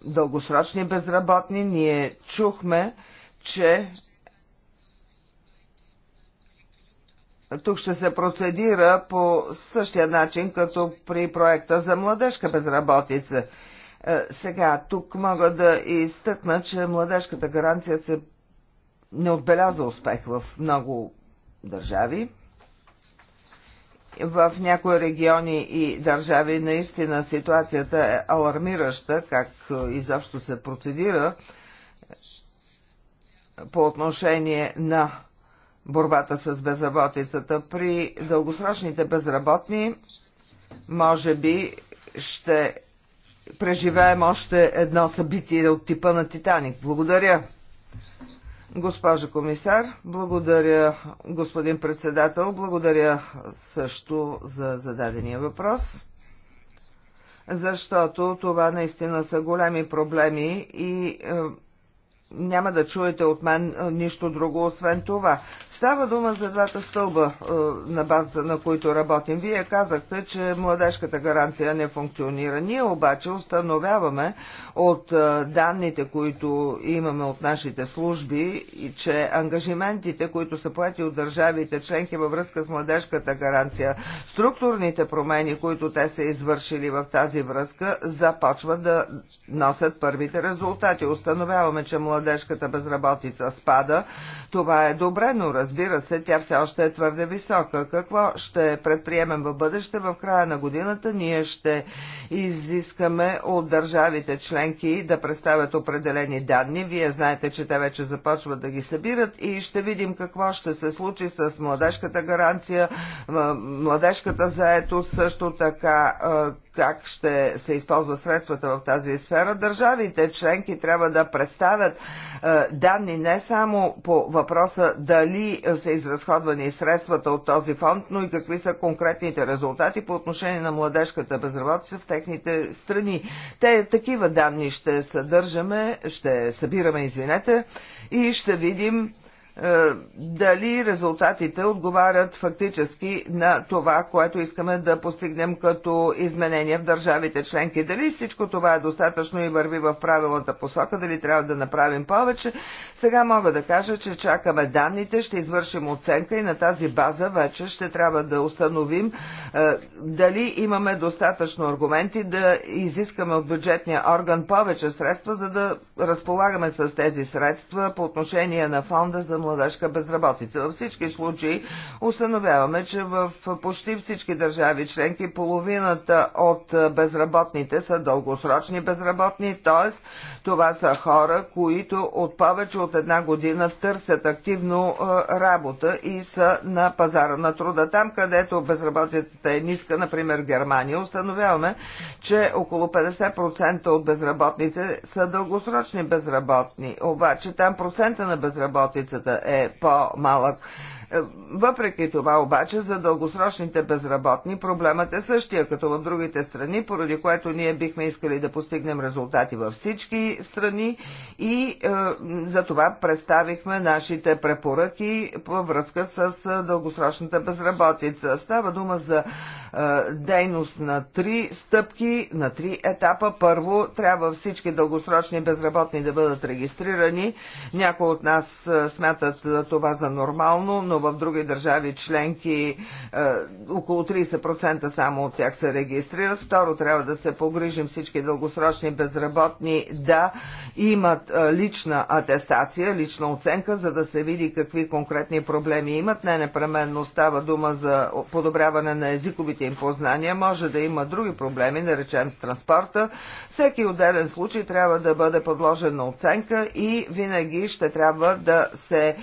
дългосрочни безработни. Ние чухме, че тук ще се процедира по същия начин, като при проекта за младежка безработица. Е, сега, тук мога да изтъкна, че младежката гаранция се не отбеляза успех в много държави. В някои региони и държави наистина ситуацията е алармираща, как е, изобщо се процедира по отношение на борбата с безработицата. При дългосрочните безработни, може би, ще преживеем още едно събитие от типа на Титаник. Благодаря. Госпожо комисар, благодаря, господин председател, благодаря също за зададения въпрос, защото това наистина са големи проблеми и е, няма да чуете от мен нищо друго, освен това. Става дума за двата стълба, на базата на които работим. Вие казахте, че младежката гаранция не функционира. Ние обаче установяваме от данните, които имаме от нашите служби, че ангажиментите, които са поети от държавите членки във връзка с младежката гаранция, структурните промени, които те са извършили в тази връзка, започват да носят първите резултати. Установяваме, че младежката младежката безработица спада. Това е добре, но разбира се, тя все още е твърде висока. Какво ще предприемем в бъдеще? В края на годината ние ще изискаме от държавите членки да представят определени данни. Вие знаете, че те вече започват да ги събират и ще видим какво ще се случи с младежката гаранция, младежката заетост, също така как ще се използват средствата в тази сфера, държавите членки трябва да представят е, данни не само по въпроса дали са изразходвани средствата от този фонд, но и какви са конкретните резултати по отношение на младежката безработица в техните страни. Те такива данни ще съдържаме, ще събираме, извинете, и ще видим е, дали резултатите отговарят фактически на това, което искаме да постигнем като изменение в държавите членки. Дали всичко това е достатъчно и върви в правилната посока, дали трябва да направим повече. Сега мога да кажа, че чакаме данните, ще извършим оценка и на тази база вече ще трябва да установим е, дали имаме достатъчно аргументи да изискаме от бюджетния орган повече средства, за да разполагаме с тези средства по отношение на фонда за младежка безработица. Във всички случаи установяваме, че в почти всички държави членки половината от безработните са дългосрочни безработни, т.е. това са хора, които от повече от една година търсят активно е, работа и са на пазара на труда. Там, където безработицата е ниска, например Германия, установяваме, че около 50% от безработните са дългосрочни безработни. Обаче там процента на безработицата е по-малък. Е, въпреки това обаче за дългосрочните безработни проблемът е същия, като в другите страни, поради което ние бихме искали да постигнем резултати във всички страни и е, за това представихме нашите препоръки във връзка с е, дългосрочната безработица. Става дума за е, дейност на три стъпки, на три етапа. Първо, трябва всички дългосрочни безработни да бъдат регистрирани. Някои от нас е, смятат това за нормално, но но в други държави членки е, около 30% само от тях се регистрират. Второ, трябва да се погрижим всички дългосрочни безработни да имат е, лична атестация, лична оценка, за да се види какви конкретни проблеми имат. Не непременно става дума за подобряване на езиковите им познания. Може да има други проблеми, да речем с транспорта. Всеки отделен случай трябва да бъде подложен на оценка и винаги ще трябва да се е,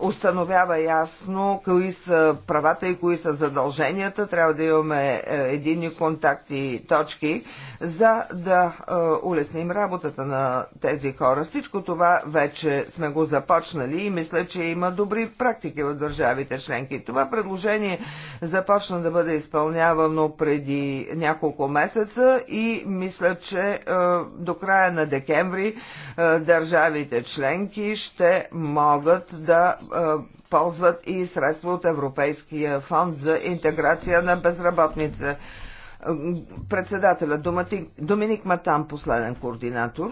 установява ясно кои са правата и кои са задълженията. Трябва да имаме е, едини контакти точки за да е, улесним работата на тези хора. Всичко това вече сме го започнали и мисля, че има добри практики в държавите членки. Това предложение започна да бъде изпълнявано преди няколко месеца и мисля, че е, до края на декември е, държавите членки ще могат да ползват и средства от Европейския фонд за интеграция на безработница. Председателя Доминик Матан, последен координатор.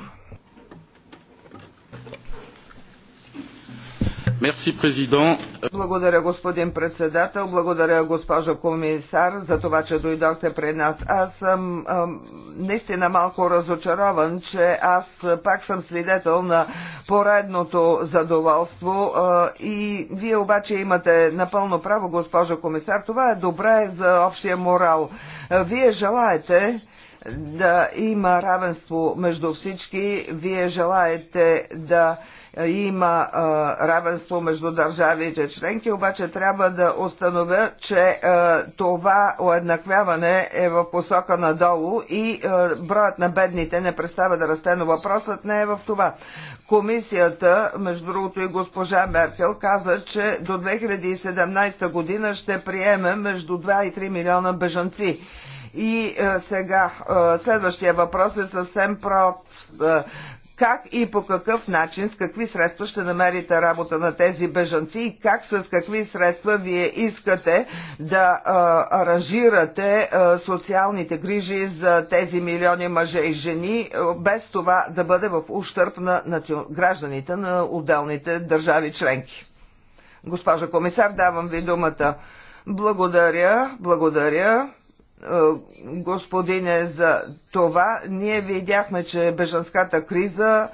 Благодаря, господин председател. Благодаря, госпожо комисар, за това, че дойдохте при нас. Аз съм наистина малко разочарован, че аз пак съм свидетел на поредното задоволство. И вие обаче имате напълно право, госпожо комисар. Това е добре за общия морал. Вие желаете да има равенство между всички. Вие желаете да е, има е, равенство между държавите членки, обаче трябва да установя, че е, това уеднаквяване е в посока надолу и броят на бедните не представя да расте, но въпросът не е в това. Комисията, между другото и госпожа Меркел, каза, че до 2017 година ще приеме между 2 и 3 милиона бежанци. И сега следващия въпрос е съвсем прост как и по какъв начин, с какви средства ще намерите работа на тези бежанци и как с какви средства вие искате да а, аранжирате а, социалните грижи за тези милиони мъже и жени, без това да бъде в ущърп на наци... гражданите на отделните държави членки. Госпожа комисар, давам ви думата. Благодаря, благодаря. Е, господине, за това. Ние видяхме, че бежанската криза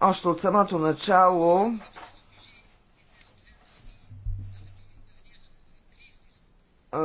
още от самото начало е,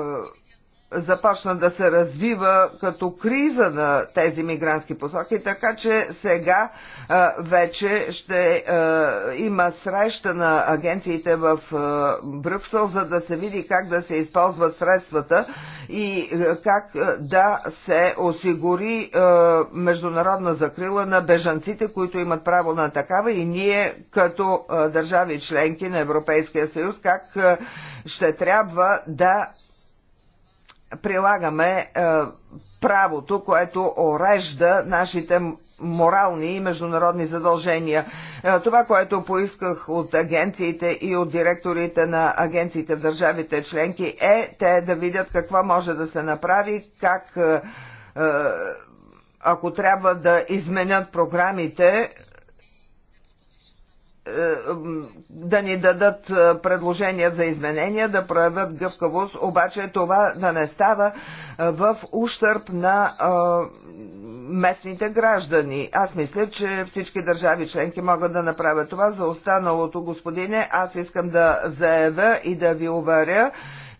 започна да се развива като криза на тези мигрантски посоки, така че сега а, вече ще а, има среща на агенциите в а, Брюксел, за да се види как да се използват средствата и а, как а, да се осигури а, международна закрила на бежанците, които имат право на такава и ние като а, държави членки на Европейския съюз, как а, ще трябва да прилагаме е, правото, което орежда нашите морални и международни задължения. Е, това, което поисках от агенциите и от директорите на агенциите в държавите членки е те да видят какво може да се направи, как е, ако трябва да изменят програмите, е, е, да ни дадат е, предложения за изменения, да проявят гъвкавост, обаче това да не става в ущърп на местните граждани. Аз мисля, че всички държави членки могат да направят това. За останалото, господине, аз искам да заявя и да ви уверя,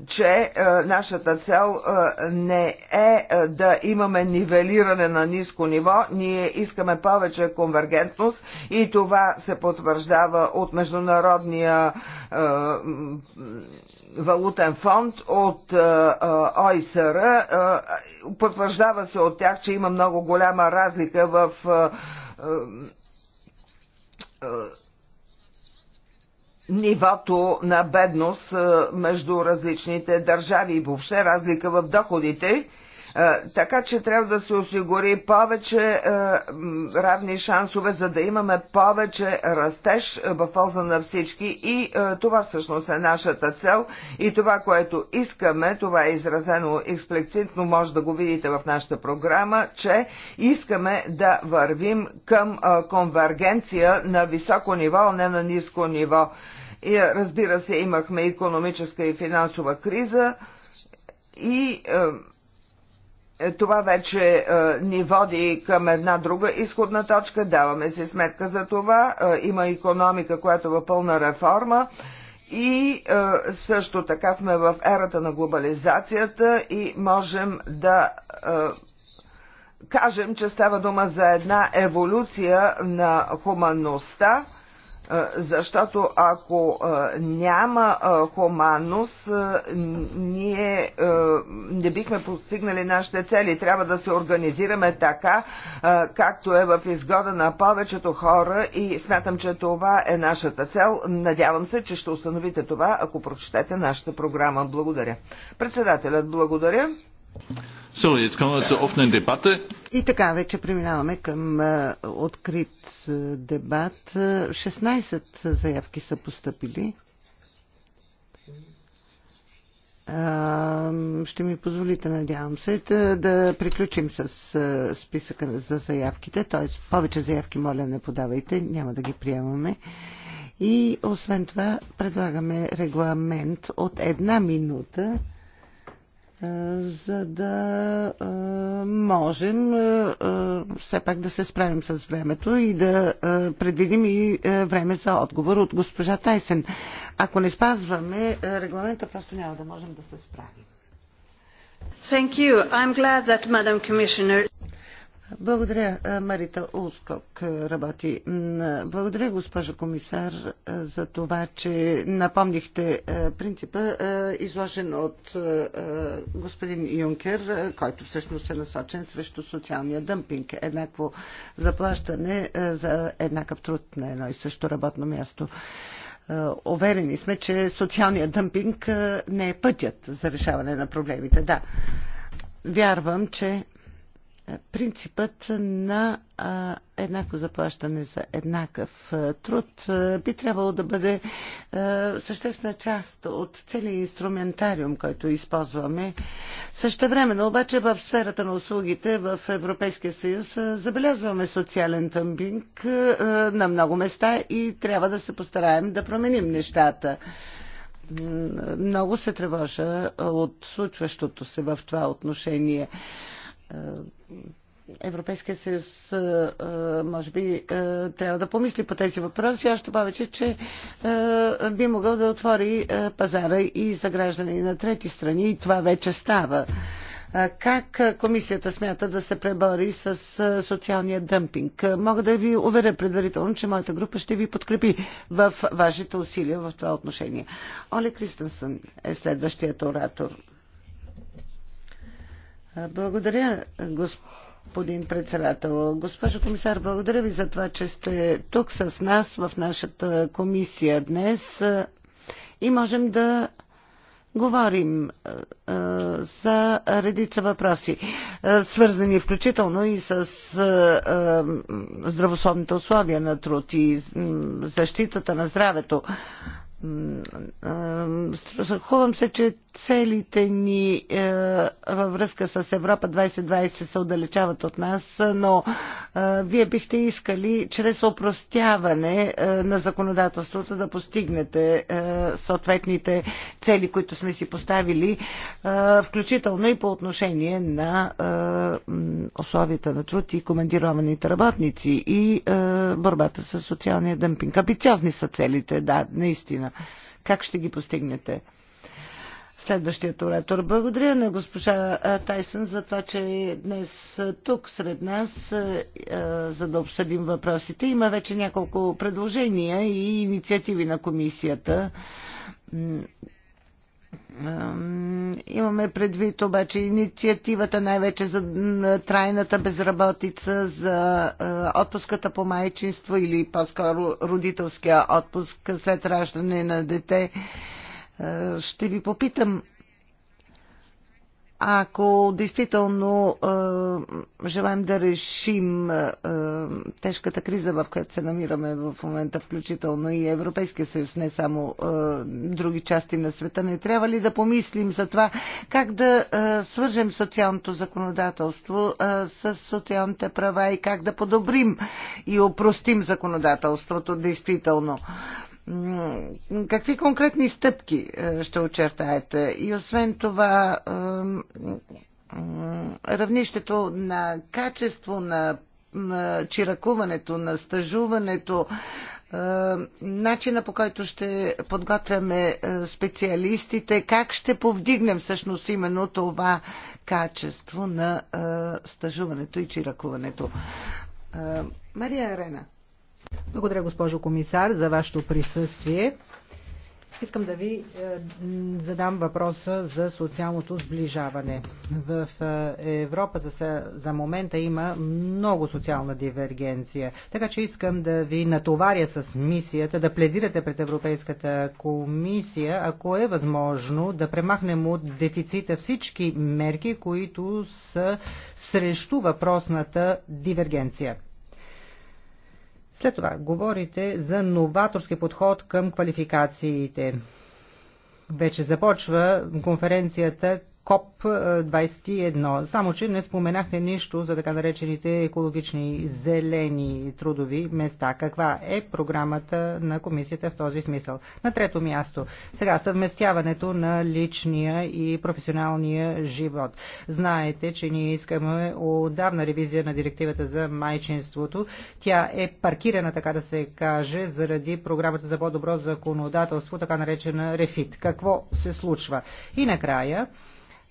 че е, нашата цел е, не е, е да имаме нивелиране на ниско ниво, ние искаме повече конвергентност и това се потвърждава от Международния валутен фонд от ОИСР. Потвърждава се от тях, че има много голяма разлика в нивото на бедност е, между различните държави и въобще разлика в доходите. Е, така че трябва да се осигури повече е, равни шансове, за да имаме повече растеж в полза на всички и това всъщност е нашата цел и това, което искаме, това е изразено експлицитно, може да го видите в нашата програма, че искаме да вървим към конвергенция на високо ниво, а не на ниско ниво. И, разбира се, имахме економическа и финансова криза и е, е, това вече е, ни води към една друга изходна точка. Даваме си сметка за това. Е, има економика, която е пълна реформа. И е, също така сме в ерата на глобализацията и можем да е, кажем, че става дума за една еволюция на хуманността защото ако няма хуманност, ние не бихме постигнали нашите цели. Трябва да се организираме така, както е в изгода на повечето хора и смятам, че това е нашата цел. Надявам се, че ще установите това, ако прочетете нашата програма. Благодаря. Председателят, благодаря. So, jetzt kommen wir zur offenen Debatte. И така, вече преминаваме към е, открит е, дебат. 16 е, заявки са поступили. Ще ми позволите, надявам се, да, да приключим с списъка за заявките, т.е. повече заявки, моля, не подавайте, няма да ги приемаме. И освен това предлагаме регламент от една минута е, за да е, можем е, все пак да се справим с времето и да предвидим и време за отговор от госпожа Тайсен. Ако не спазваме регламента, просто няма да можем да се справим. Thank you. I'm glad that Madam Commissioner благодаря, Марита Улскок работи. Благодаря, госпожа комисар, за това, че напомнихте принципа, изложен от господин Юнкер, който всъщност е насочен срещу социалния дъмпинг. Еднакво заплащане за еднакъв труд на едно и също работно място. Уверени сме, че социалният дъмпинг не е пътят за решаване на проблемите. Да, вярвам, че принципът на а, еднакво заплащане за еднакъв труд би трябвало да бъде а, съществена част от целият инструментариум, който използваме. Същевременно обаче в сферата на услугите в Европейския съюз а, забелязваме социален тъмбинг а, на много места и трябва да се постараем да променим нещата. Много се тревожа от случващото се в това отношение Европейския съюз може би трябва да помисли по тези въпроси. Аз ще добавя, че, би могъл да отвори пазара и за граждани на трети страни и това вече става. Как комисията смята да се пребори с социалния дъмпинг? Мога да ви уверя предварително, че моята група ще ви подкрепи в вашите усилия в това отношение. Оле Кристенсън е следващият оратор. Благодаря, господин председател. Госпожо комисар, благодаря ви за това, че сте тук с нас в нашата комисия днес и можем да говорим за редица въпроси, свързани включително и с здравословните условия на труд и защитата на здравето. Хубавам се, че целите ни е, във връзка с Европа 2020 се отдалечават от нас, но е, вие бихте искали чрез опростяване е, на законодателството да постигнете е, съответните цели, които сме си поставили, е, включително и по отношение на е, условията на труд и командированите работници и е, борбата с социалния дъмпинг. Амбициозни са целите, да, наистина. Как ще ги постигнете? Следващият оратор. Благодаря на госпожа Тайсън за това, че е днес тук сред нас, за да обсъдим въпросите. Има вече няколко предложения и инициативи на комисията. Имаме предвид обаче инициативата най-вече за трайната безработица, за отпуската по майчинство или по-скоро родителския отпуск след раждане на дете е, ще ви попитам, ако действително е, желаем да решим е, тежката криза, в която се намираме в момента, включително и Европейския съюз, не само други части на света, не трябва ли да помислим за това как да свържем социалното законодателство с социалните права и как да подобрим и опростим законодателството действително? Какви конкретни стъпки е, ще очертаете? И освен това, е, равнището на качество на чиракуването, на стажуването, е, начина по който ще подготвяме специалистите, как ще повдигнем всъщност именно това качество на стажуването и чиракуването. Мария Арена. Благодаря, госпожо комисар, за вашето присъствие. Искам да ви е, задам въпроса за социалното сближаване. В е, Европа за, за момента има много социална дивергенция, така че искам да ви натоваря с мисията, да пледирате пред Европейската комисия, ако е възможно, да премахнем от дефицита всички мерки, които са срещу въпросната дивергенция. След това говорите за новаторски подход към квалификациите. Вече започва конференцията КОП-21. Само, че не споменахте нищо за така наречените екологични зелени трудови места. Каква е програмата на комисията в този смисъл? На трето място. Сега съвместяването на личния и професионалния живот. Знаете, че ние искаме отдавна ревизия на директивата за майчинството. Тя е паркирана, така да се каже, заради програмата за по-добро законодателство, така наречена РЕФИТ. Какво се случва? И накрая,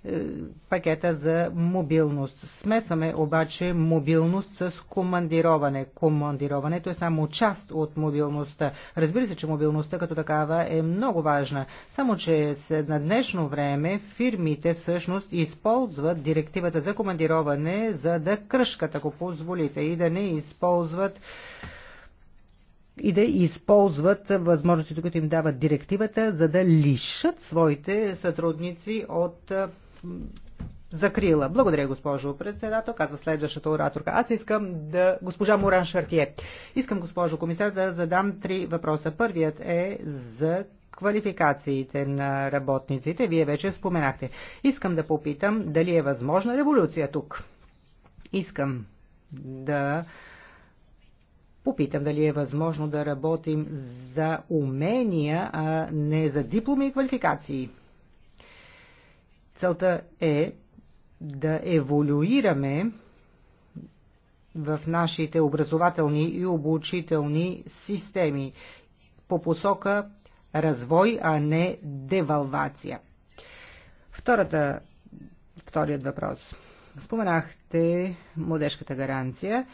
е, пакета за мобилност. Смесваме обаче мобилност с командироване. Командироването е само част от мобилността. Разбира се, че мобилността като такава е много важна. Само, че на днешно време фирмите всъщност използват директивата за командироване, за да кръшкат, ако позволите, и да не използват и да използват възможностите, които им дават директивата, за да лишат своите сътрудници от закрила. Благодаря, госпожо председател, казва следващата ораторка. Аз искам да... Госпожа Моран Шартие. Искам, госпожо комисар, да задам три въпроса. Първият е за квалификациите на работниците. Вие вече споменахте. Искам да попитам дали е възможна революция тук. Искам да попитам дали е възможно да работим за умения, а не за дипломи и квалификации. Целта е да еволюираме в нашите образователни и обучителни системи по посока развой, а не девалвация. Втората, вторият въпрос. Споменахте младежката гаранция.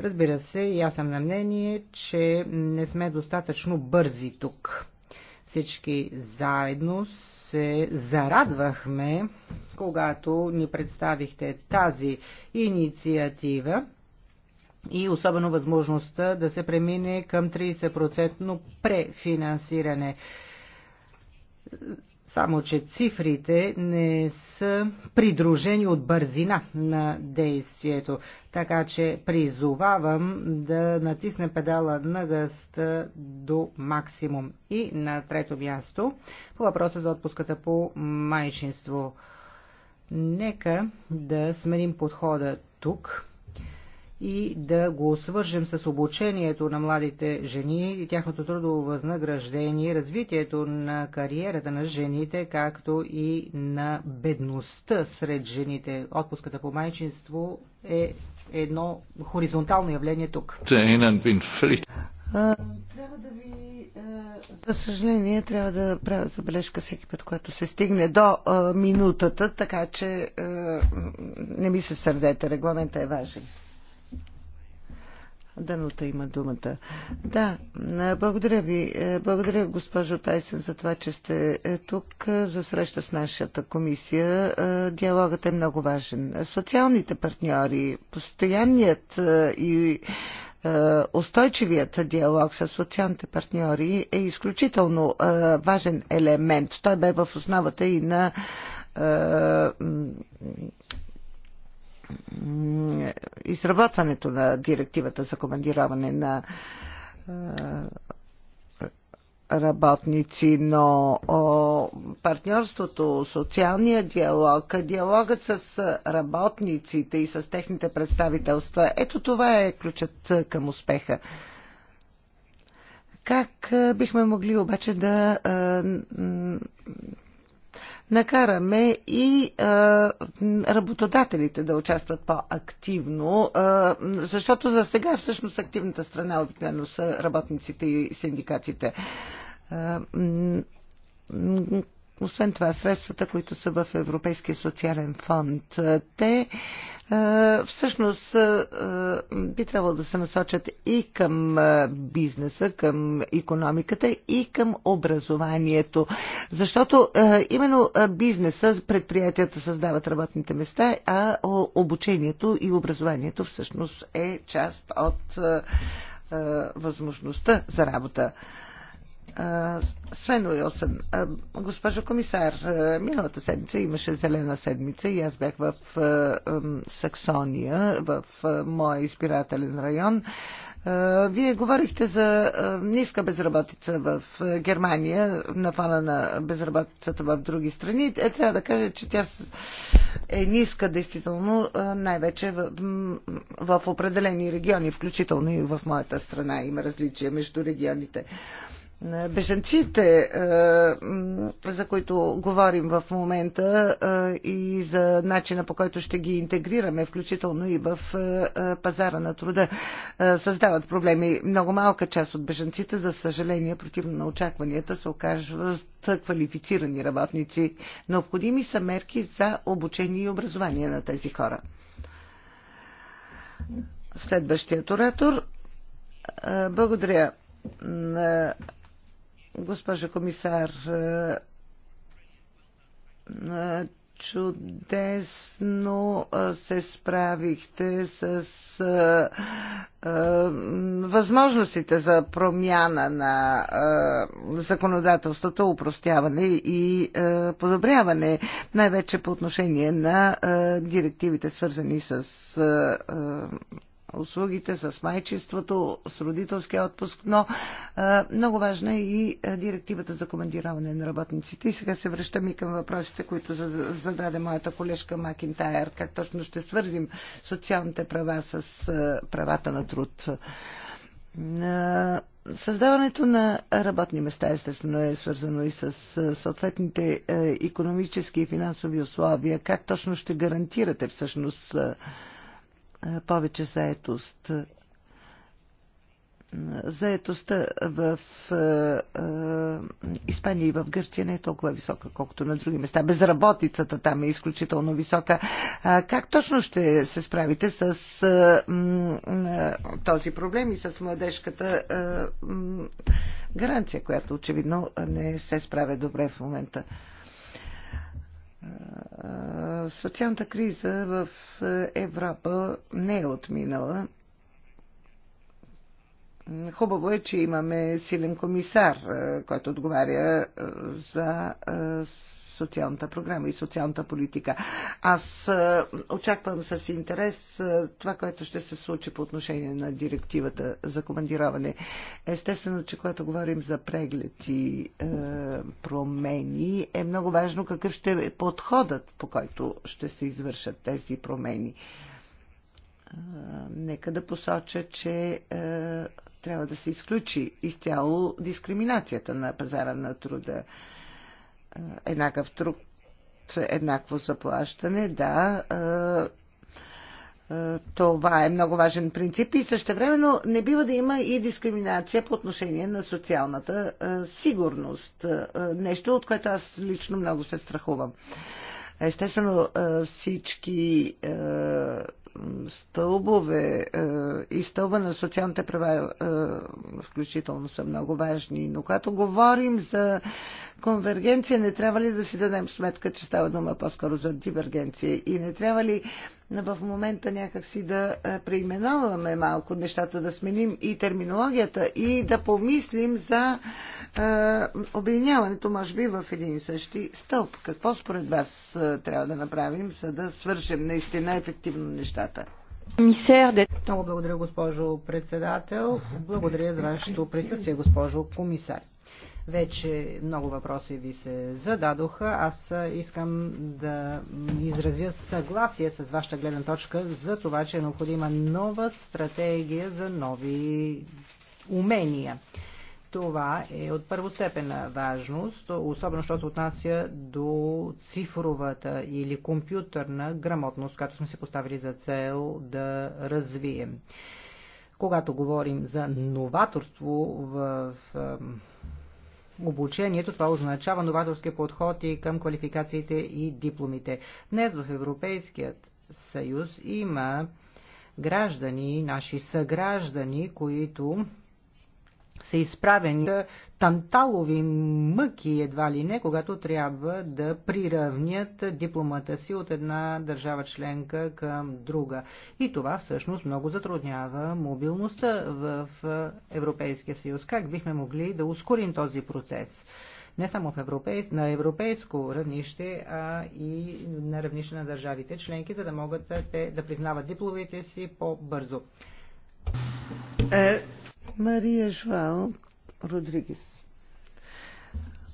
Разбира се, и аз съм на мнение, че не сме достатъчно бързи тук. Всички заедно се зарадвахме, когато ни представихте тази инициатива и особено възможността да се премине към 30% префинансиране. Само, че цифрите не са придружени от бързина на действието. Така че призовавам да натисне педала на гъста до максимум. И на трето място, по въпроса за отпуската по майчинство. Нека да сменим подхода тук и да го свържем с обучението на младите жени, и тяхното трудово възнаграждение, развитието на кариерата на жените, както и на бедността сред жените. Отпуската по майчинство е едно хоризонтално явление тук. Трябва да ви, за съжаление, трябва да правя забележка всеки път, когато се стигне до минутата, така че не ми се сърдете, регламента е важен. Данута има думата. Да, благодаря ви. Благодаря, госпожо Тайсен, за това, че сте е, тук за среща с нашата комисия. Диалогът е много важен. Социалните партньори, постоянният и устойчивият диалог с социалните партньори е изключително важен елемент. Той бе в основата и на изработването на директивата за командираване на работници, но о, партньорството, социалния диалог, диалогът с работниците и с техните представителства, ето това е ключът към успеха. Как бихме могли обаче да накараме и работодателите да участват по-активно, защото за сега всъщност активната страна обикновено са работниците и синдикатите освен това, средствата, които са в Европейския социален фонд, те всъщност би трябвало да се насочат и към бизнеса, към економиката и към образованието. Защото именно бизнеса, предприятията създават работните места, а обучението и образованието всъщност е част от възможността за работа. Свен Уилсън, госпожо комисар, миналата седмица имаше зелена седмица и аз бях в Саксония, в моя избирателен район. Вие говорихте за ниска безработица в Германия на фона на безработицата в други страни. Е, трябва да кажа, че тя е ниска, действително, най-вече в, в определени региони, включително и в моята страна има различия между регионите. Бежанците, е, за които говорим в момента е, и за начина по който ще ги интегрираме, включително и в е, пазара на труда, създават проблеми. Много малка част от бежанците, за съжаление, противно на очакванията, се окажат квалифицирани работници. Необходими са мерки за обучение и образование на тези хора. Следващият оратор. Благодаря Госпожа комисар, е, е, чудесно е, се справихте с възможностите за промяна на законодателството, упростяване и подобряване, най-вече по отношение на директивите, свързани с услугите, с майчеството, с родителския отпуск, но много важна е и директивата за командироване на работниците. И сега се връщам и към въпросите, които зададе моята колежка Макинтайер. Как точно ще свързим социалните права с правата на труд? Създаването на работни места естествено е свързано и с съответните економически и финансови условия. Как точно ще гарантирате всъщност повече заетост. Заетостта в е, е, Испания и в Гърция не е толкова висока, колкото на други места. Безработицата там е изключително висока. Как точно ще се справите с е, този проблем и с младежката гаранция, която очевидно не се справя добре в момента? Социалната криза в Европа не е отминала. Хубаво е, че имаме силен комисар, който отговаря за социалната програма и социалната политика. Аз е, очаквам с интерес е, това, което ще се случи по отношение на директивата за командироване. Естествено, че когато говорим за преглед и е, промени, е много важно какъв ще е подходът, по който ще се извършат тези промени. Е, нека да посоча, че е, трябва да се изключи изцяло дискриминацията на пазара на труда. Е, е, еднакъв труд, еднакво заплащане, да, е, е, това е много важен принцип и същевременно не бива да има и дискриминация по отношение на социалната сигурност. Нещо, от което аз лично много се страхувам. Естествено, всички стълбове и стълба на социалните права включително са много важни, но когато говорим за конвергенция, не трябва ли да си дадем сметка, че става дума по-скоро за дивергенция? И не трябва ли в момента някакси да преименоваме малко нещата, да сменим и терминологията и да помислим за е, обединяването, може би, в един и същи стълб? Какво според вас трябва да направим, за да свършим наистина ефективно нещата? Много благодаря, госпожо председател. Благодаря за вашето присъствие, госпожо комисар. Вече много въпроси ви се зададоха. Аз искам да изразя съгласие с вашата гледна точка за това, че е необходима нова стратегия за нови умения. Това е от първостепенна важност, особено що се отнася до цифровата или компютърна грамотност, която сме се поставили за цел да развием. Когато говорим за новаторство в обучението, това означава новаторски подход и към квалификациите и дипломите. Днес в Европейският съюз има граждани, наши съграждани, които са изправени танталови мъки едва ли не, когато трябва да приравнят дипломата си от една държава членка към друга. И това всъщност много затруднява мобилността в Европейския съюз. Как бихме могли да ускорим този процес? не само в европейс, на европейско равнище, а и на равнище на държавите членки, за да могат те да признават дипломите си по-бързо. Е, Мария Жуал Родригес.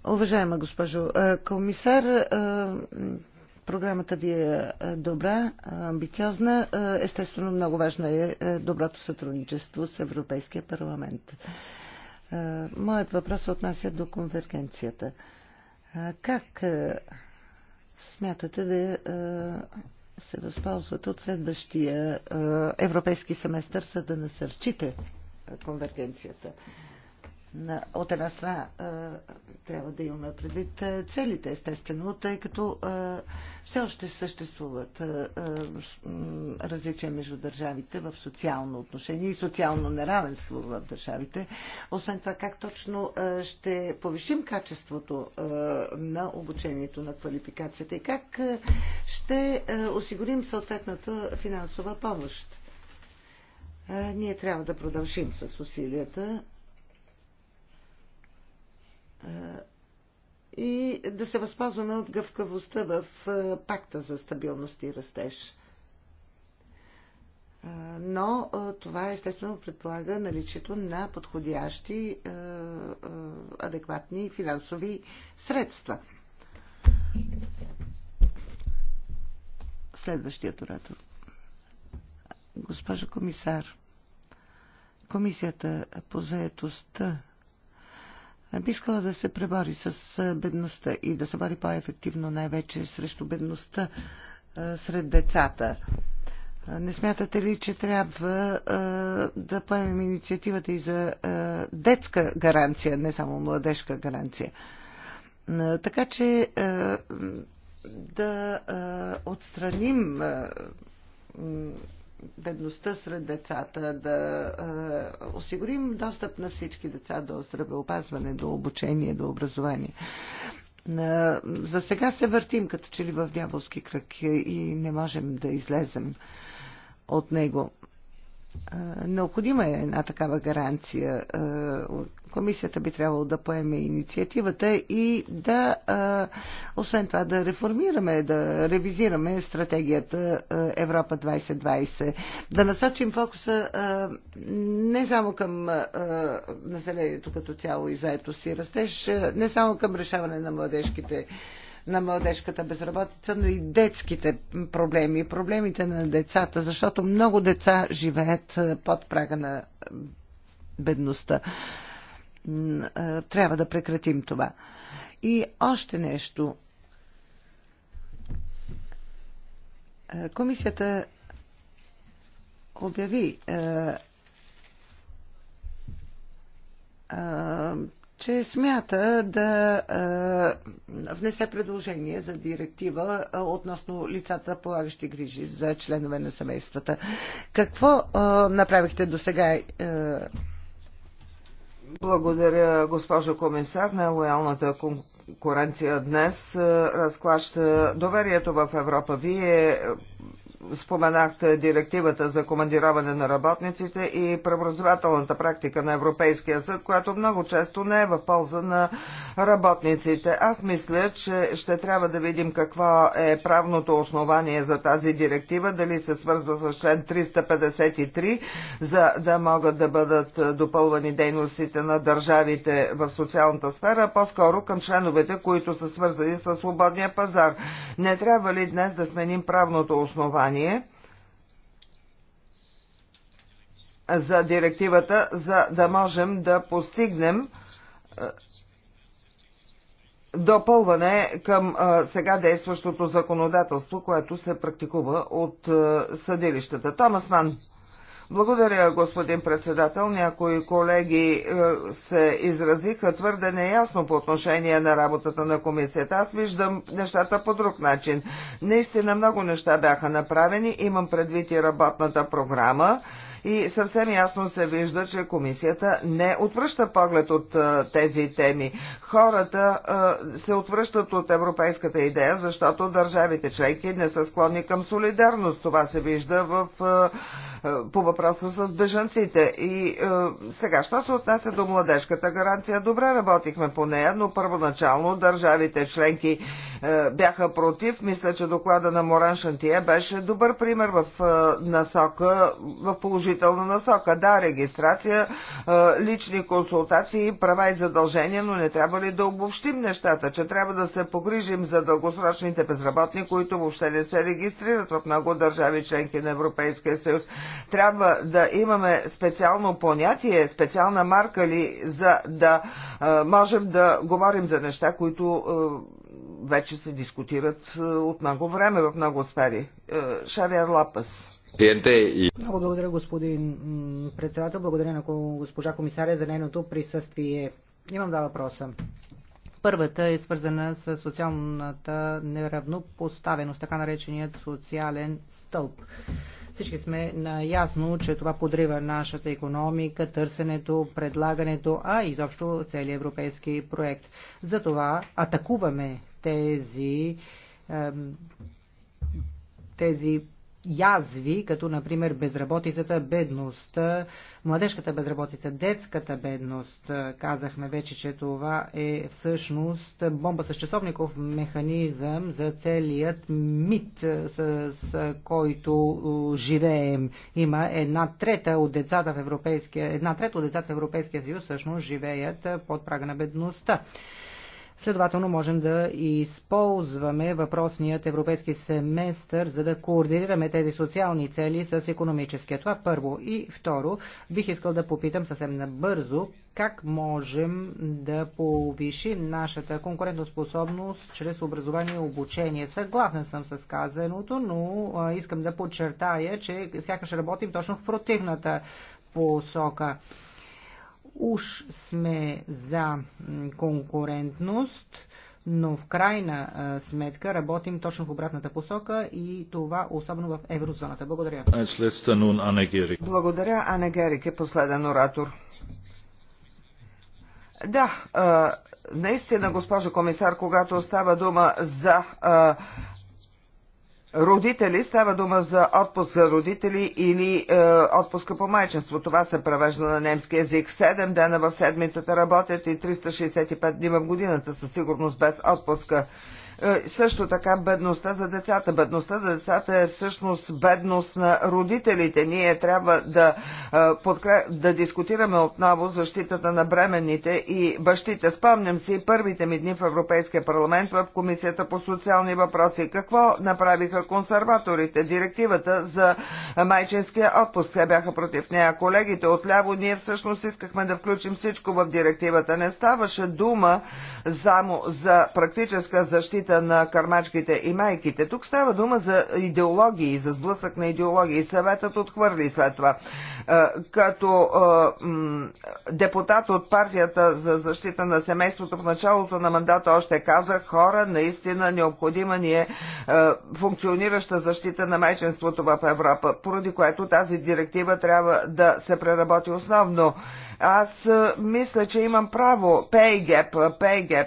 Уважаема госпожо комисар, програмата ви е добра, амбициозна. Естествено, много важно е доброто сътрудничество с Европейския парламент. Моят въпрос се отнася до конвергенцията. Как смятате да се възползвате от следващия европейски семестър, за да насърчите конвергенцията. От една страна трябва да имаме предвид целите, естествено, тъй като все още съществуват различия между държавите в социално отношение и социално неравенство в държавите. Освен това, как точно ще повишим качеството на обучението, на квалификацията и как ще осигурим съответната финансова помощ ние трябва да продължим с усилията и да се възползваме от гъвкавостта в пакта за стабилност и растеж. Но това естествено предполага наличието на подходящи адекватни финансови средства. Следващият оратор. Госпожо комисар, Комисията по заетостта би искала да се пребори с бедността и да се бори по-ефективно най-вече срещу бедността сред децата. Не смятате ли, че трябва да поемем инициативата и за детска гаранция, не само младежка гаранция? Така че да отстраним бедността сред децата, да осигурим достъп на всички деца до здравеопазване, до обучение, до образование. За сега се въртим като че ли в дяволски кръг и не можем да излезем от него. Необходима е една такава гаранция. Комисията би трябвало да поеме инициативата и да, освен това, да реформираме, да ревизираме стратегията Европа 2020. Да насочим фокуса не само към населението като цяло и заето си растеж, не само към решаване на младежките на младежката безработица, но и детските проблеми, проблемите на децата, защото много деца живеят под прага на бедността. Трябва да прекратим това. И още нещо. Комисията обяви че смята да а, внесе предложение за директива а, относно лицата, полагащи грижи за членове на семействата. Какво а, направихте до сега? А... Благодаря, госпожо комисар, на лоялната конкуренция днес разклаща доверието в Европа. Вие споменахте директивата за командироване на работниците и преобразователната практика на Европейския съд, която много често не е в полза на работниците. Аз мисля, че ще трябва да видим какво е правното основание за тази директива, дали се свързва с член 353, за да могат да бъдат допълвани дейностите на държавите в социалната сфера, по-скоро към членовете, които са свързани с свободния пазар. Не трябва ли днес да сменим правното основание? основание за директивата, за да можем да постигнем допълване към сега действащото законодателство, което се практикува от съдилищата. Томас Ман. Благодаря, господин председател. Някои колеги е, се изразиха твърде неясно по отношение на работата на комисията. Аз виждам нещата по друг начин. Наистина много неща бяха направени. Имам предвид и работната програма и съвсем ясно се вижда, че комисията не отвръща поглед от тези теми. Хората се отвръщат от европейската идея, защото държавите членки не са склонни към солидарност. Това се вижда в, по въпроса с бежанците. И сега, що се отнася до младежката гаранция? Добре работихме по нея, но първоначално държавите членки е, бяха против. Мисля, че доклада на Моран Шантие беше добър пример в е, насока, в положителна насока. Да, регистрация, е, лични консултации, права и задължения, но не трябва ли да обобщим нещата, че трябва да се погрижим за дългосрочните безработни, които въобще не се регистрират в много държави членки на Европейския съюз. Трябва да имаме специално понятие, специална марка ли, за да можем да говорим за неща, които вече се дискутират е, от много време в много сфери. Е, Шавиар Лапас. Много благодаря, господин председател. Благодаря на госпожа комисаря за нейното присъствие. Имам два въпроса. Първата е свързана с социалната неравнопоставеност, така нареченият социален стълб. Всички сме наясно, че това подрива нашата економика, търсенето, предлагането, а изобщо целият европейски проект. Затова атакуваме тези, тези язви, като например безработицата, бедност, младежката безработица, детската бедност. Казахме вече, че това е всъщност бомба с часовников механизъм за целият мит, с, с който живеем. Има една трета от децата в Европейския, една трета от децата в Европейския съюз всъщност живеят под прага на бедността. Следователно можем да използваме въпросният европейски семестър, за да координираме тези социални цели с економическия. Това първо. И второ, бих искал да попитам съвсем набързо как можем да повишим нашата конкурентоспособност чрез образование и обучение. Съгласен съм с казаното, но искам да подчертая, че сякаш работим точно в противната посока. Уж сме за конкурентност, но в крайна сметка работим точно в обратната посока и това особено в еврозоната. Благодаря. Благодаря. Ане Герик е последен оратор. Да, наистина, госпожо комисар, когато става дума за родители, става дума за отпуск за родители или е, отпуска по майчинство. Това се превежда на немски язик. 7 дена в седмицата работят и 365 дни в годината със сигурност без отпуска. Е, също така бедността за децата. Бедността за децата е всъщност бедност на родителите. Ние трябва да, е, да дискутираме отново защитата на бременните и бащите. Спомням си първите ми дни в Европейския парламент в Комисията по социални въпроси. Какво направиха консерваторите? Директивата за майчинския отпуск. Те бяха против нея. Колегите отляво ние всъщност искахме да включим всичко в директивата. Не ставаше дума за практическа защита ролята на кармачките и майките. Тук става дума за идеологии, за сблъсък на идеологии. Съветът отхвърли след това. Е, като е, депутат от партията за защита на семейството в началото на мандата още казах, хора, наистина необходима ни е, е функционираща защита на майчинството в Европа, поради което тази директива трябва да се преработи основно. Аз мисля, че имам право. Пейгеп, пейгеп.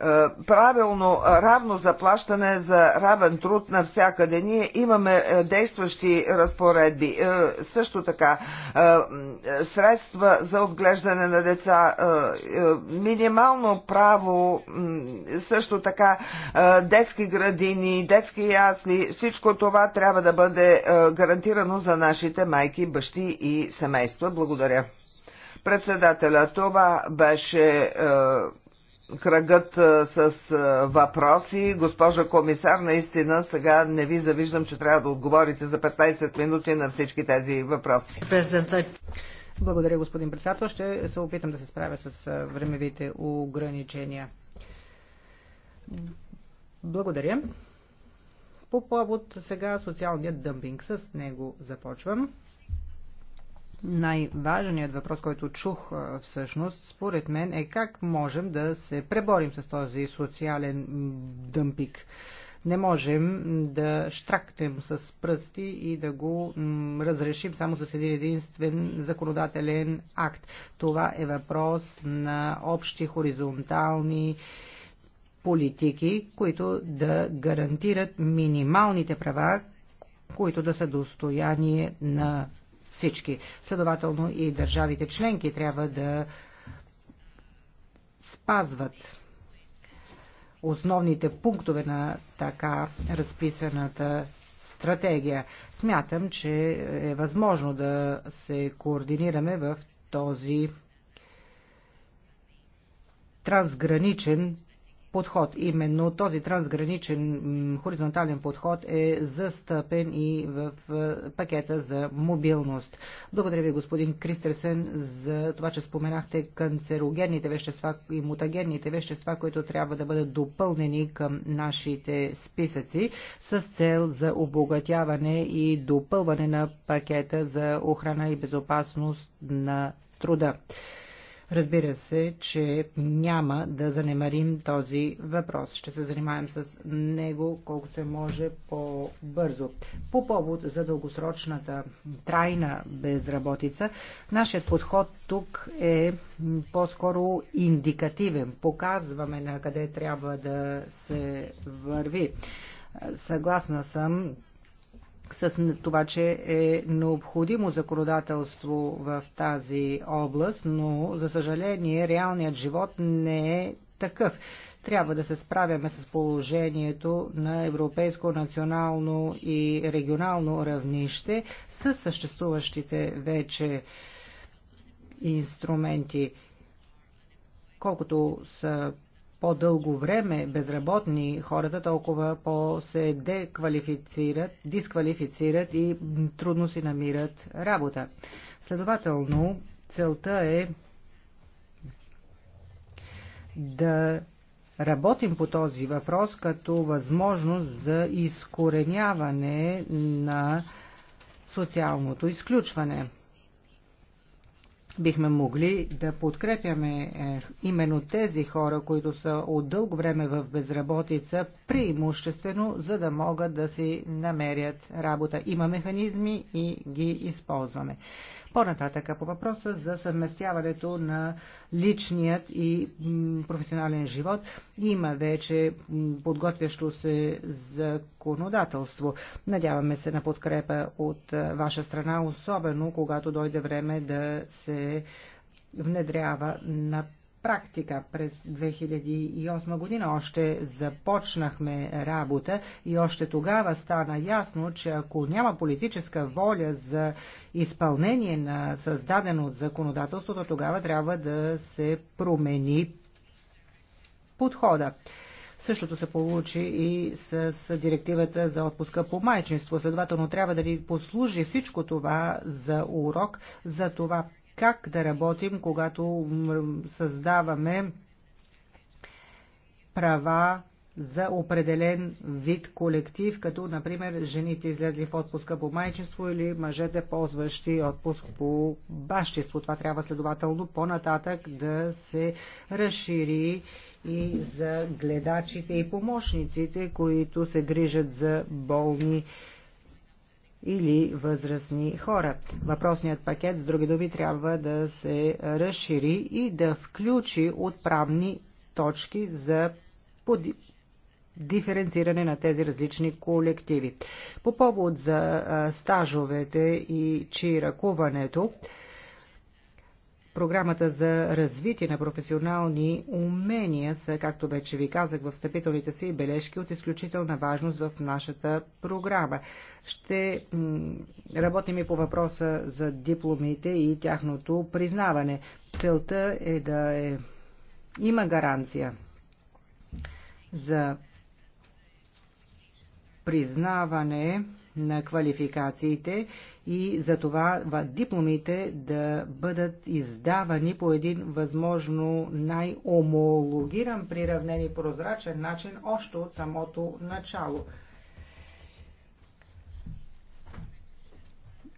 Е, правилно равно заплащане за равен труд навсякъде. Ние имаме е, действащи разпоредби. Е, също така, средства за отглеждане на деца, минимално право, също така детски градини, детски ясли, всичко това трябва да бъде гарантирано за нашите майки, бащи и семейства. Благодаря. Председателя, това беше кръгът с въпроси. Госпожа комисар, наистина сега не ви завиждам, че трябва да отговорите за 15 минути на всички тези въпроси. Благодаря, господин председател. Ще се опитам да се справя с времевите ограничения. Благодаря. По повод сега социалният дъмпинг. С него започвам. Най-важният въпрос, който чух всъщност, според мен, е как можем да се преборим с този социален дъмпик. Не можем да штрактем с пръсти и да го разрешим само с един единствен законодателен акт. Това е въпрос на общи хоризонтални политики, които да гарантират минималните права, които да са достояние на всички. Следователно и държавите членки трябва да спазват основните пунктове на така разписаната стратегия. Смятам, че е възможно да се координираме в този трансграничен подход. Именно този трансграничен хоризонтален подход е застъпен и в е, пакета за мобилност. Благодаря ви, господин Кристерсен, за това, че споменахте канцерогенните вещества и мутагенните вещества, които трябва да бъдат допълнени към нашите списъци с цел за обогатяване и допълване на пакета за охрана и безопасност на труда. Разбира се, че няма да занемарим този въпрос. Ще се занимаем с него колкото се може по-бързо. По повод за дългосрочната трайна безработица, нашият подход тук е по-скоро индикативен. Показваме на къде трябва да се върви. Съгласна съм с това, че е необходимо законодателство в тази област, но за съжаление реалният живот не е такъв. Трябва да се справяме с положението на европейско, национално и регионално равнище с съществуващите вече инструменти. Колкото са по-дълго време безработни хората, толкова по-се деквалифицират, дисквалифицират и трудно си намират работа. Следователно, целта е да работим по този въпрос като възможност за изкореняване на социалното изключване бихме могли да подкрепяме е, именно тези хора, които са от дълго време в безработица, преимуществено, за да могат да си намерят работа. Има механизми и ги използваме. По-нататъка по въпроса за съвместяването на личният и професионален живот има вече подготвящо се законодателство. Надяваме се на подкрепа от е, ваша страна, особено когато дойде време да се внедрява на практика през 2008 година. Още започнахме работа и още тогава стана ясно, че ако няма политическа воля за изпълнение на създадено от законодателството, тогава трябва да се промени подхода. Същото се получи и с директивата за отпуска по майчинство. Следователно трябва да ни послужи всичко това за урок за това как да работим, когато създаваме права за определен вид колектив, като например жените излезли в отпуска по майчество или мъжете ползващи отпуск по бащество. Това трябва следователно по-нататък да се разшири и за гледачите и помощниците, които се грижат за болни или възрастни хора. Въпросният пакет, с други думи, трябва да се разшири и да включи отправни точки за диференциране на тези различни колективи. По повод за стажовете и чиракуването, ръкуването, Програмата за развитие на професионални умения са, както вече ви казах в встъпителните си бележки, от изключителна важност в нашата програма. Ще работим и по въпроса за дипломите и тяхното признаване. Целта е да е... има гаранция за признаване на квалификациите и за това дипломите да бъдат издавани по един възможно най-омологиран, приравнен и прозрачен начин още от самото начало.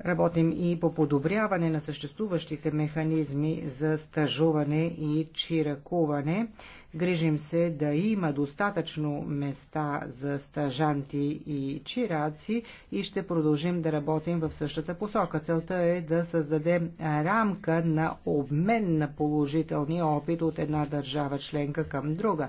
Работим и по подобряване на съществуващите механизми за стажуване и чиракуване. Грижим се да има достатъчно места за стажанти и чираци и ще продължим да работим в същата посока. Целта е да създадем рамка на обмен на положителния опит от една държава членка към друга.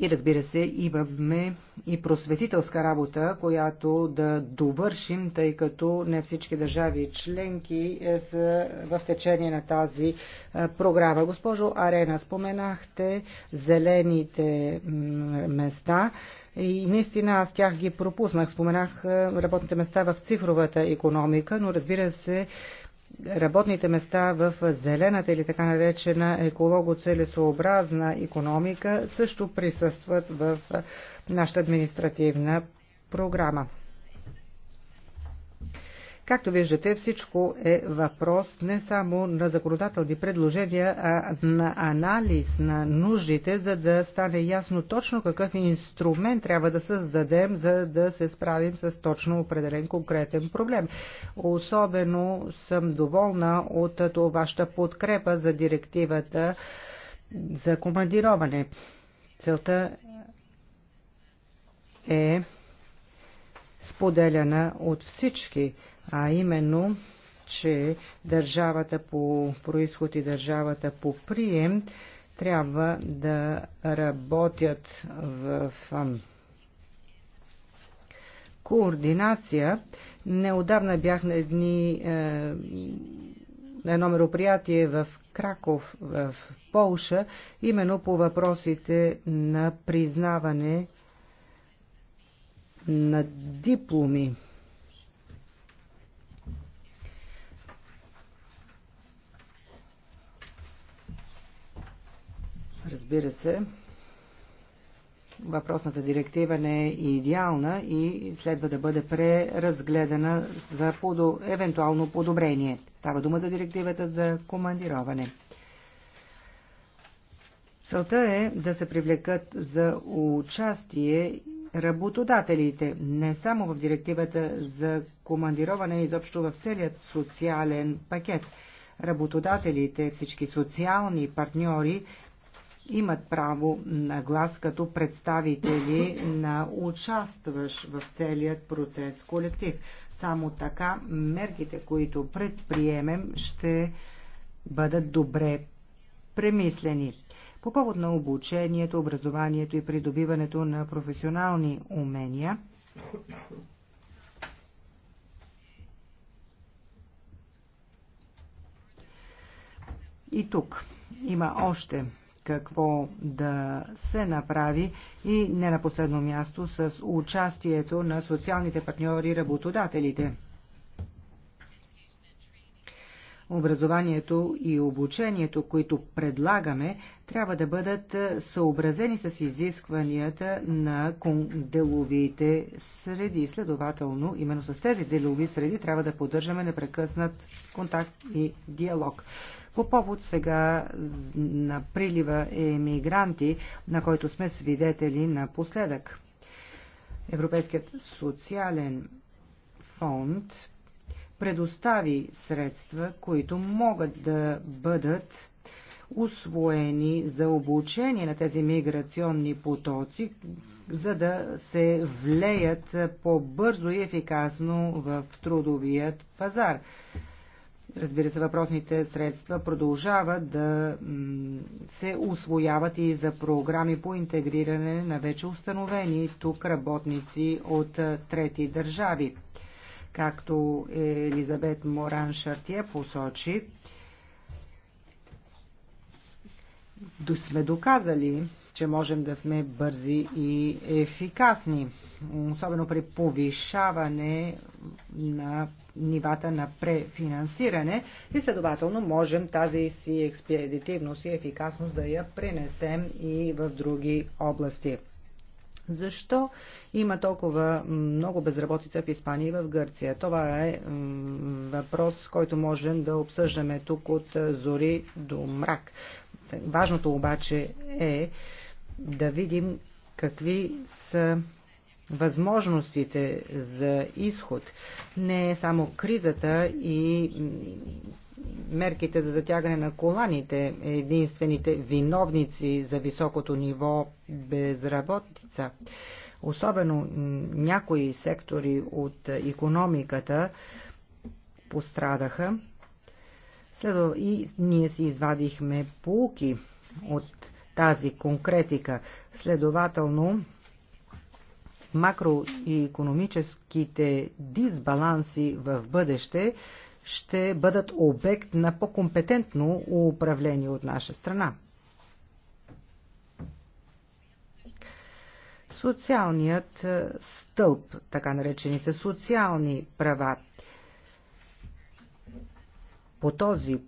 И разбира се, имаме и просветителска работа, която да довършим, тъй като не всички държави членки е, са в течение на тази е, програма. Госпожо Арена, споменахте зелените места. И наистина аз тях ги пропуснах. Споменах е, работните места в цифровата економика, но разбира се, работните места в зелената или така наречена еколого-целесообразна економика също присъстват в нашата административна програма. Както виждате, всичко е въпрос не само на законодателни предложения, а на анализ на нуждите, за да стане ясно точно какъв инструмент трябва да създадем, за да се справим с точно определен конкретен проблем. Особено съм доволна от вашата подкрепа за директивата за командироване. Целта е споделяна от всички а именно, че държавата по происход и държавата по прием трябва да работят в координация. Неодавна бях на едни е, на едно мероприятие в Краков, в Полша, именно по въпросите на признаване на дипломи. Разбира се, въпросната директива не е идеална и следва да бъде преразгледана за подо, евентуално подобрение. Става дума за директивата за командироване. Целта е да се привлекат за участие работодателите не само в директивата за командироване, изобщо в целият социален пакет работодателите, всички социални партньори имат право на глас като представители на участващ в целият процес колектив. Само така мерките, които предприемем, ще бъдат добре премислени. По повод на обучението, образованието и придобиването на професионални умения, и тук има още какво да се направи и не на последно място с участието на социалните партньори и работодателите. Образованието и обучението, които предлагаме, трябва да бъдат съобразени с изискванията на деловите среди. Следователно, именно с тези делови среди трябва да поддържаме непрекъснат контакт и диалог. По повод сега на прилива емигранти, на който сме свидетели напоследък. Европейският социален фонд предостави средства, които могат да бъдат усвоени за обучение на тези миграционни потоци, за да се влеят по-бързо и ефикасно в трудовият пазар. Разбира се, въпросните средства продължават да се освояват и за програми по интегриране на вече установени тук работници от трети държави. Както Елизабет Моран Шартия посочи, сме доказали, че можем да сме бързи и ефикасни особено при повишаване на нивата на префинансиране и следователно можем тази си експедитивност и ефикасност да я пренесем и в други области. Защо има толкова много безработица в Испания и в Гърция? Това е въпрос, който можем да обсъждаме тук от зори до мрак. Важното обаче е да видим какви са възможностите за изход. Не е само кризата и мерките за затягане на коланите, единствените виновници за високото ниво безработица. Особено някои сектори от економиката пострадаха Следва и ние си извадихме полуки от тази конкретика. Следователно, макроекономическите дисбаланси в бъдеще ще бъдат обект на по-компетентно управление от наша страна. Социалният е, стълб, така наречените социални права. По този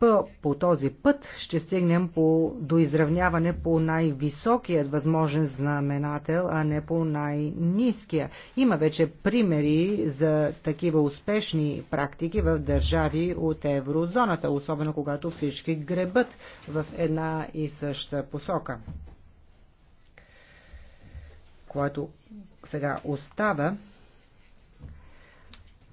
по, по този път ще стигнем по, до изравняване по най-високият възможен знаменател, а не по най-низкия. Има вече примери за такива успешни практики в държави от еврозоната, особено когато всички гребат в една и съща посока. Което сега остава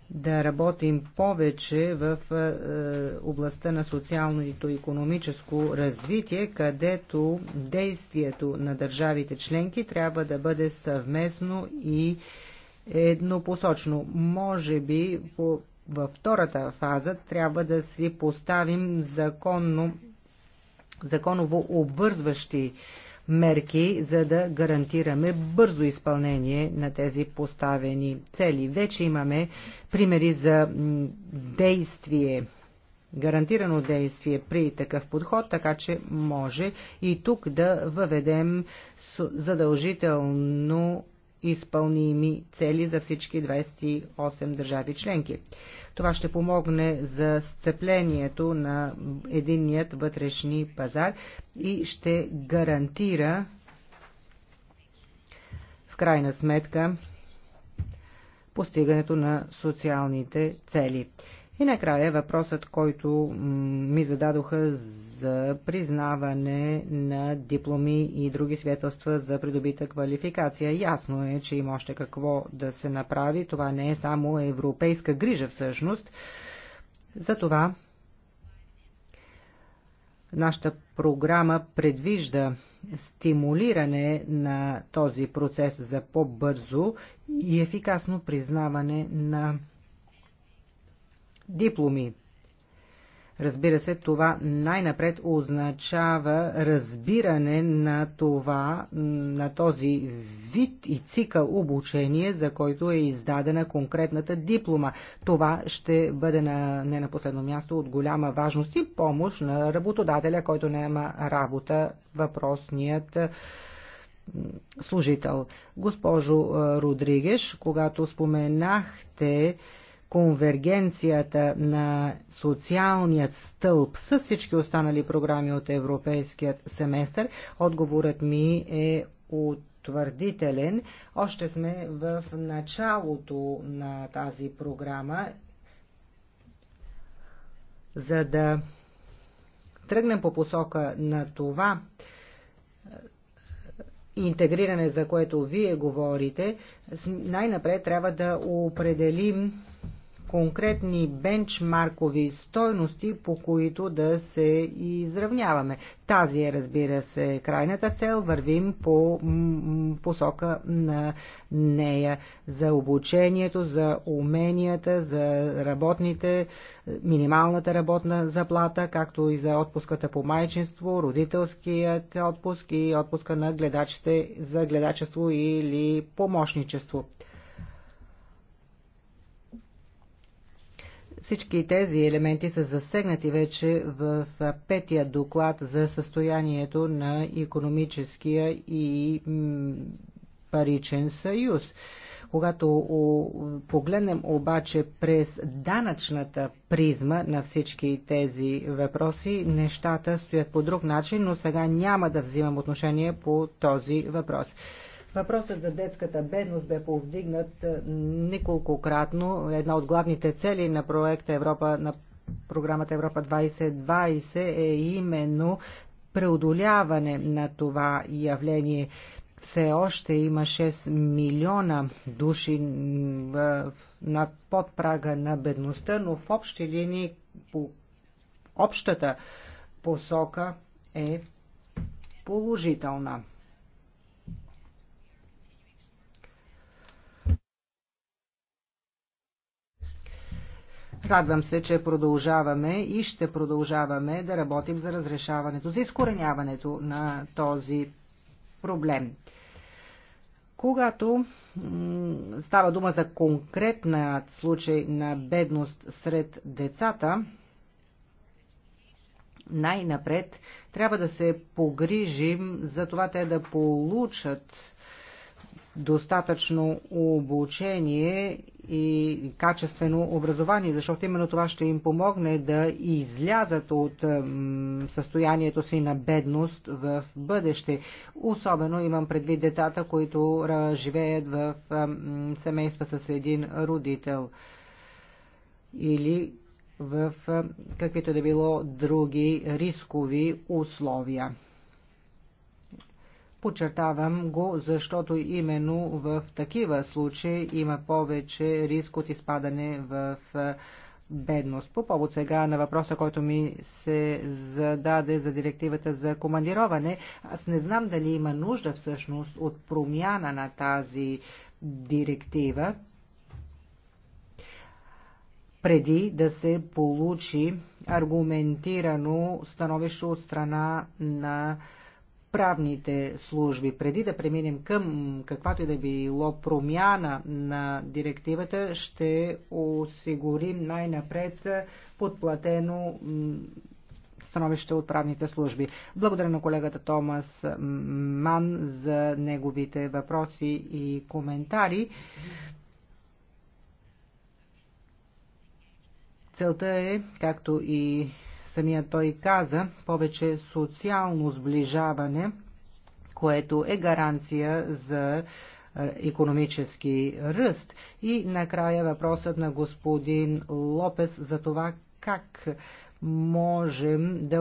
да работим повече в е, е, областта на социалното и економическо развитие, където действието на държавите членки трябва да бъде съвместно и еднопосочно. Може би по, във втората фаза трябва да си поставим законно, законово обвързващи мерки, за да гарантираме бързо изпълнение на тези поставени цели. Вече имаме примери за действие гарантирано действие при такъв подход, така че може и тук да въведем задължително изпълними цели за всички 28 държави членки. Това ще помогне за сцеплението на единният вътрешни пазар и ще гарантира в крайна сметка постигането на социалните цели. И накрая въпросът, който ми зададоха за признаване на дипломи и други свидетелства за придобита квалификация. Ясно е, че има още какво да се направи. Това не е само европейска грижа всъщност. Затова нашата програма предвижда стимулиране на този процес за по-бързо и ефикасно признаване на дипломи. Разбира се, това най-напред означава разбиране на това, на този вид и цикъл обучение, за който е издадена конкретната диплома. Това ще бъде на, не на последно място от голяма важност и помощ на работодателя, който няма работа, въпросният е, служител. Госпожо е, Родригеш, когато споменахте конвергенцията на социалният стълб с всички останали програми от европейският семестър, отговорът ми е от твърдителен. Още сме в началото на тази програма, за да тръгнем по посока на това интегриране, за което вие говорите, най-напред трябва да определим конкретни бенчмаркови стойности, по които да се изравняваме. Тази е, разбира се, крайната цел. Вървим по посока на нея за обучението, за уменията, за работните, минималната работна заплата, както и за отпуската по майчинство, родителският отпуск и отпуска на гледачите за гледачество или помощничество. Всички тези елементи са засегнати вече в петия доклад за състоянието на економическия и паричен съюз. Когато погледнем обаче през данъчната призма на всички тези въпроси, нещата стоят по друг начин, но сега няма да взимам отношение по този въпрос. Въпросът за детската бедност бе повдигнат е, неколкократно. Една от главните цели на проекта Европа на програмата Европа 2020 е именно преодоляване на това явление. Все още има 6 милиона души над под прага на бедността, но в общи линии по общата посока е положителна. Радвам се, че продължаваме и ще продължаваме да работим за разрешаването, за изкореняването на този проблем. Когато става дума за конкретна случай на бедност сред децата, най-напред трябва да се погрижим за това те да получат достатъчно обучение и качествено образование, защото именно това ще им помогне да излязат от състоянието си на бедност в бъдеще. Особено имам предвид децата, които живеят в семейства с един родител или в каквито да било други рискови условия. Подчертавам го, защото именно в такива случаи има повече риск от изпадане в бедност. По повод сега на въпроса, който ми се зададе за директивата за командироване, аз не знам дали има нужда всъщност от промяна на тази директива преди да се получи аргументирано становище от страна на правните служби. Преди да преминем към каквато и да било промяна на директивата, ще осигурим най-напред подплатено становище от правните служби. Благодаря на колегата Томас Ман за неговите въпроси и коментари. Целта е, както и самия той каза, повече социално сближаване, което е гаранция за економически ръст. И накрая въпросът на господин Лопес за това как можем да е,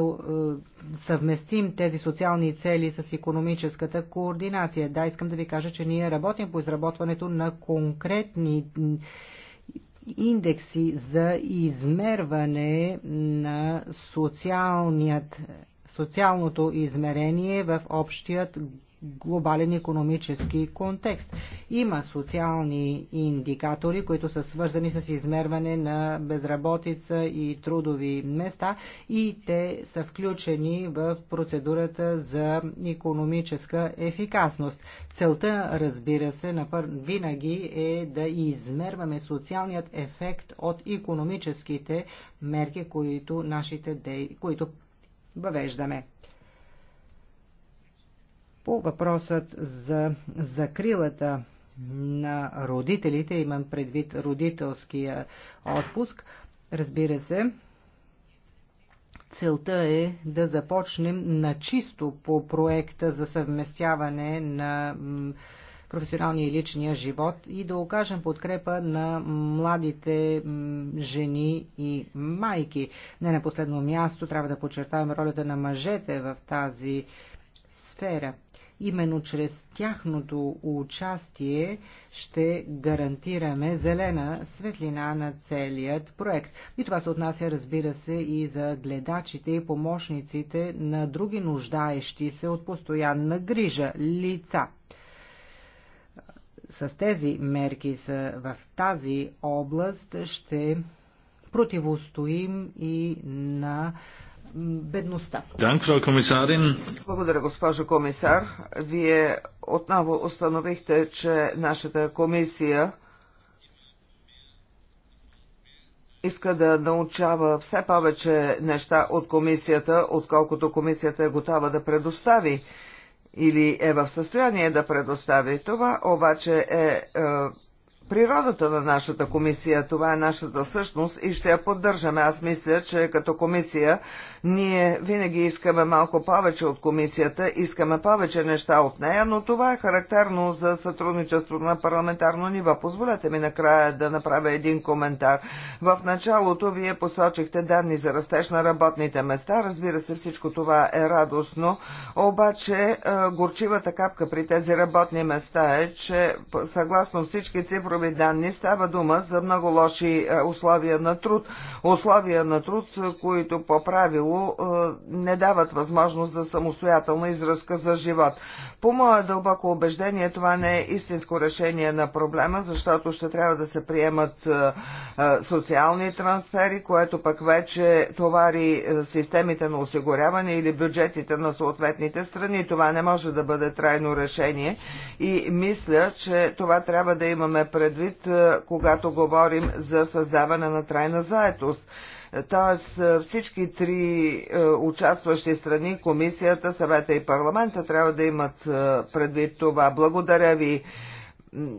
съвместим тези социални цели с економическата координация. Да, искам да ви кажа, че ние работим по изработването на конкретни индекси за измерване на социалното измерение в общият глобален економически контекст. Има социални индикатори, които са свързани с измерване на безработица и трудови места и те са включени в процедурата за економическа ефикасност. Целта, разбира се, напър... винаги е да измерваме социалният ефект от економическите мерки, които, нашите де... които въвеждаме. По въпросът за закрилата на родителите, имам предвид родителския отпуск, разбира се, Целта е да започнем на чисто по проекта за съвместяване на професионалния и личния живот и да окажем подкрепа на младите жени и майки. Не на последно място трябва да подчертаем ролята на мъжете в тази сфера. Именно чрез тяхното участие ще гарантираме зелена светлина на целият проект. И това се отнася, разбира се, и за гледачите и помощниците на други нуждаещи се от постоянна грижа лица с тези мерки са в тази област ще противостоим и на бедността. Благодаря, госпожо комисар. Вие отново установихте, че нашата комисия иска да научава все повече неща от комисията, отколкото комисията е готова да предостави или е в състояние да предостави. Това обаче е, е природата на нашата комисия. Това е нашата същност и ще я поддържаме. Аз мисля, че като комисия ние винаги искаме малко повече от комисията, искаме повече неща от нея, но това е характерно за сътрудничество на парламентарно ниво. Позволете ми накрая да направя един коментар. В началото вие посочихте данни за растеж на работните места. Разбира се, всичко това е радостно, обаче горчивата капка при тези работни места е, че съгласно всички цифри цифрови данни става дума за много лоши е, условия на труд. Условия на труд, е, които по правило е, не дават възможност за самостоятелна изразка за живот. По мое дълбоко убеждение това не е истинско решение на проблема, защото ще трябва да се приемат социални трансфери, което пък вече товари системите на осигуряване или бюджетите на съответните страни. Това не може да бъде трайно решение и мисля, че това трябва да имаме пред предвид, е, когато говорим за създаване на трайна заетост. Тоест е, всички три е, участващи страни, комисията, съвета и парламента трябва да имат предвид това. Благодаря ви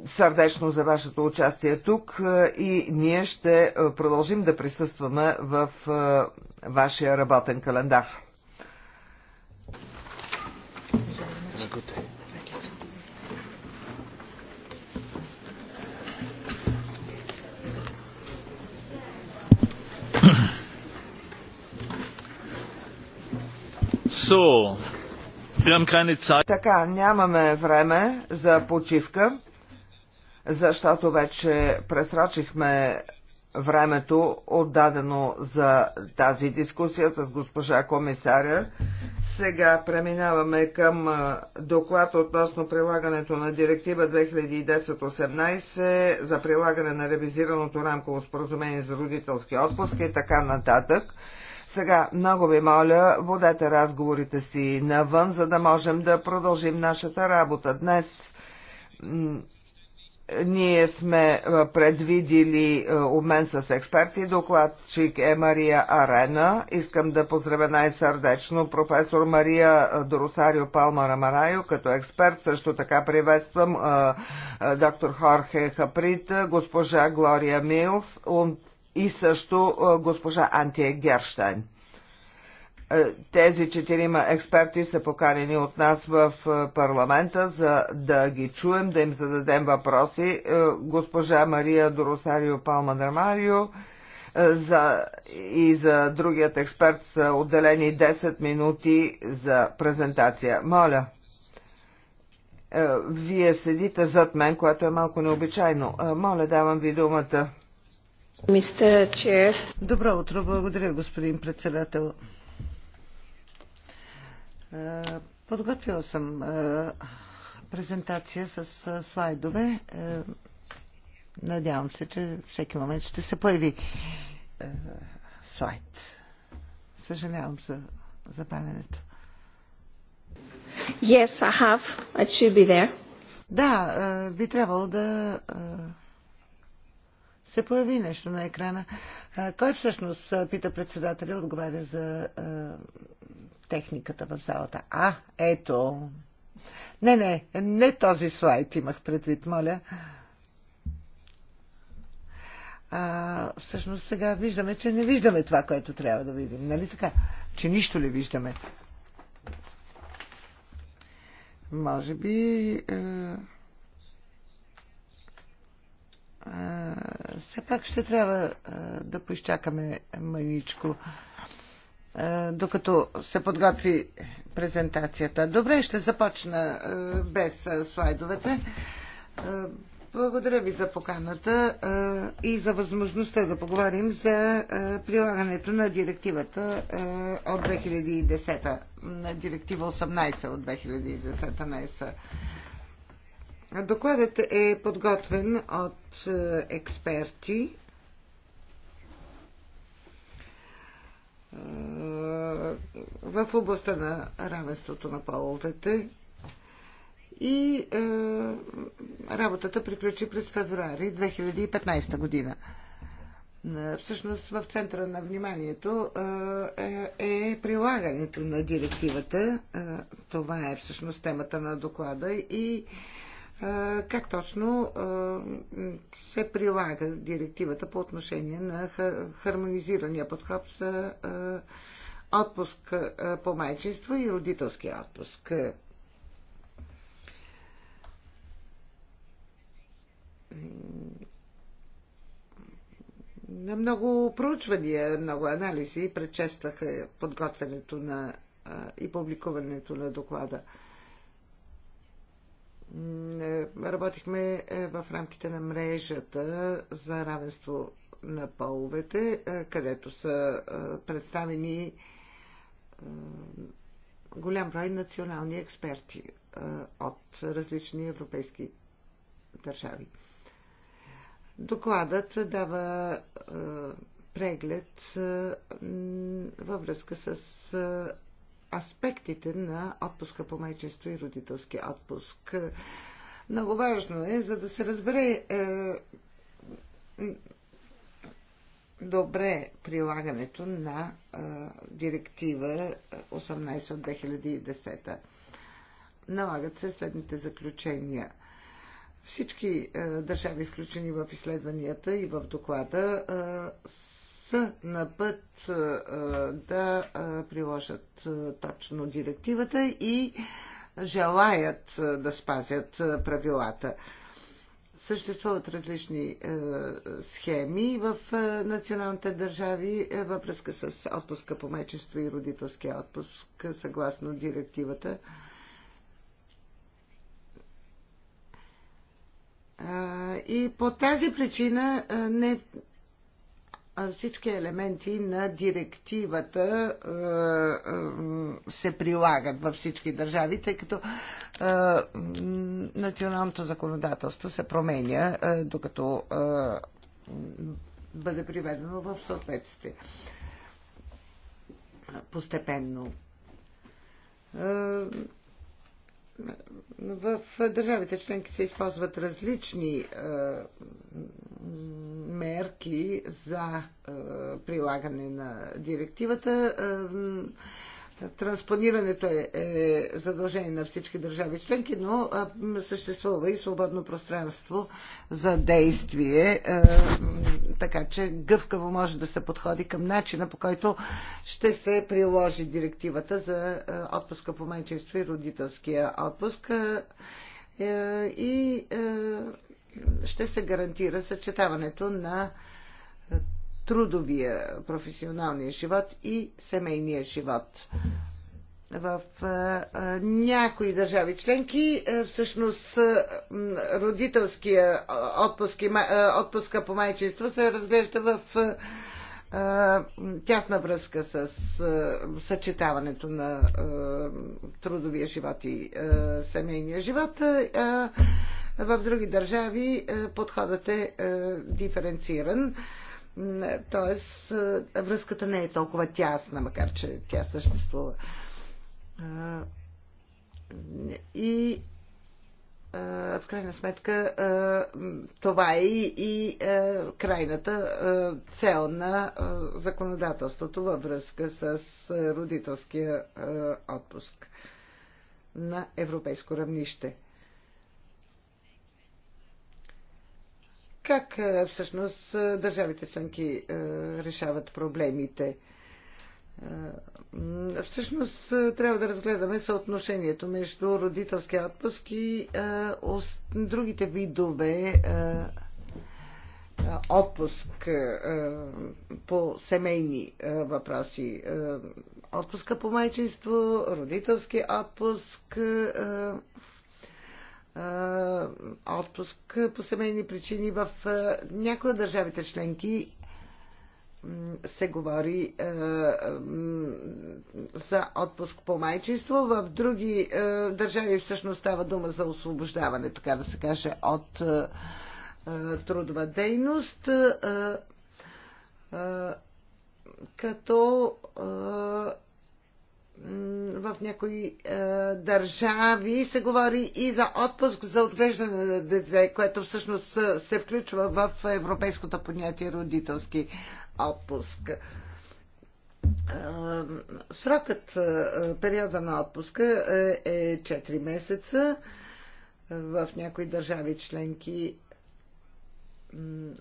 сърдечно за вашето участие тук и ние ще продължим да присъстваме в вашия работен календар. Good. So, така, нямаме време за почивка, защото вече пресрочихме времето отдадено за тази дискусия с госпожа комисаря. Сега преминаваме към доклад относно прилагането на директива 2010-18 за прилагане на ревизираното рамково споразумение за родителски отпуск и така нататък. Сега, много ви моля, водете разговорите си навън, за да можем да продължим нашата работа. Днес ние сме предвидили обмен с експерти. Докладчик е Мария Арена. Искам да поздравя най-сърдечно професор Мария Доросарио Палма Рамарайо като експерт. Също така приветствам доктор Хорхе Хаприт, госпожа Глория Милс, и също госпожа Антия Герштайн. Тези четирима експерти са поканени от нас в парламента, за да ги чуем, да им зададем въпроси. Госпожа Мария Доросарио Палма Драмарио за, и за другият експерт са отделени 10 минути за презентация. Моля, вие седите зад мен, което е малко необичайно. Моля, давам ви думата. Добро утро, благодаря, господин председател. Е, подготвила съм е, презентация с е, слайдове. Надявам се, че всеки момент ще се появи слайд. Съжалявам за забавянето. Yes, I have. should be there. Да, би трябвало да се появи нещо на екрана. Кой всъщност, пита председателя, отговаря за техниката в залата? А, ето. Не, не, не този слайд имах предвид, моля. А, всъщност сега виждаме, че не виждаме това, което трябва да видим. Нали така? Че нищо ли виждаме? Може би. Е все пак ще трябва да поизчакаме маличко, докато се подготви презентацията. Добре, ще започна без слайдовете. Благодаря ви за поканата и за възможността да поговорим за прилагането на директивата от 2010, на директива 18 от 2010 на ЕСА. Докладът е подготвен от е, експерти. Е, в областта на равенството на половете и е, работата приключи през февруари 2015 година. Е, всъщност в центъра на вниманието е, е прилагането на директивата. Това е всъщност темата на доклада и е, как точно се прилага директивата по отношение на хармонизирания подход за отпуск по майчинство и родителски отпуск. На много проучвания, много анализи предшестваха подготвянето на и публикуването на доклада. Е, работихме е, в рамките на мрежата за равенство на половете, е, където са представени голям брой национални експерти от различни европейски държави. Докладът дава преглед във връзка с аспектите на отпуска по майчество и родителски отпуск. Много важно е, за да се разбере е, добре прилагането на е, директива 18 от 2010. Налагат се следните заключения – всички е, държави, включени в изследванията и в доклада, е, са на път да приложат точно директивата и желаят да спазят правилата. Съществуват различни е, схеми в е, националните държави е, във връзка с отпуска по мечество и родителския отпуск, съгласно директивата. И по тази причина не всички елементи на директивата е, е, се прилагат във всички държави, тъй като е, националното законодателство се променя, докато бъде приведено в съответствие постепенно в държавите членки се използват различни е, мерки за е, прилагане на директивата. Е, Транспонирането е, е задължение на всички държави членки, но а, съществува и свободно пространство за действие, а, е, така че гъвкаво може да се подходи към начина по който ще се приложи директивата за а, е, отпуска по майчество и родителския отпуск А, е, и а, ще се гарантира съчетаването на трудовия, професионалния живот и семейния живот. В някои държави членки всъщност родителския отпуск, отпуска по майчинство се разглежда в тясна връзка с съчетаването на трудовия живот и семейния живот. а В други държави подходът е диференциран. Тоест, връзката не е толкова тясна, макар че тя съществува. И в крайна сметка това е и крайната цел на законодателството във връзка с родителския отпуск на европейско равнище. как е, всъщност е, държавите членки е, решават проблемите. Всъщност трябва да разгледаме съотношението между родителския отпуск и другите видове отпуск по семейни въпроси. Отпуска по майчинство, родителски отпуск отпуск по семейни причини в някои от държавите членки се говори е, за отпуск по майчинство. В други е, държави всъщност става дума за освобождаване, така да се каже, от е, трудова дейност. Е, е, като е, в някои е, държави се говори и за отпуск за отглеждане на дете, което всъщност се включва в европейското понятие родителски отпуск. Е, срокът, е, периода на отпуска е 4 е месеца. В някои държави членки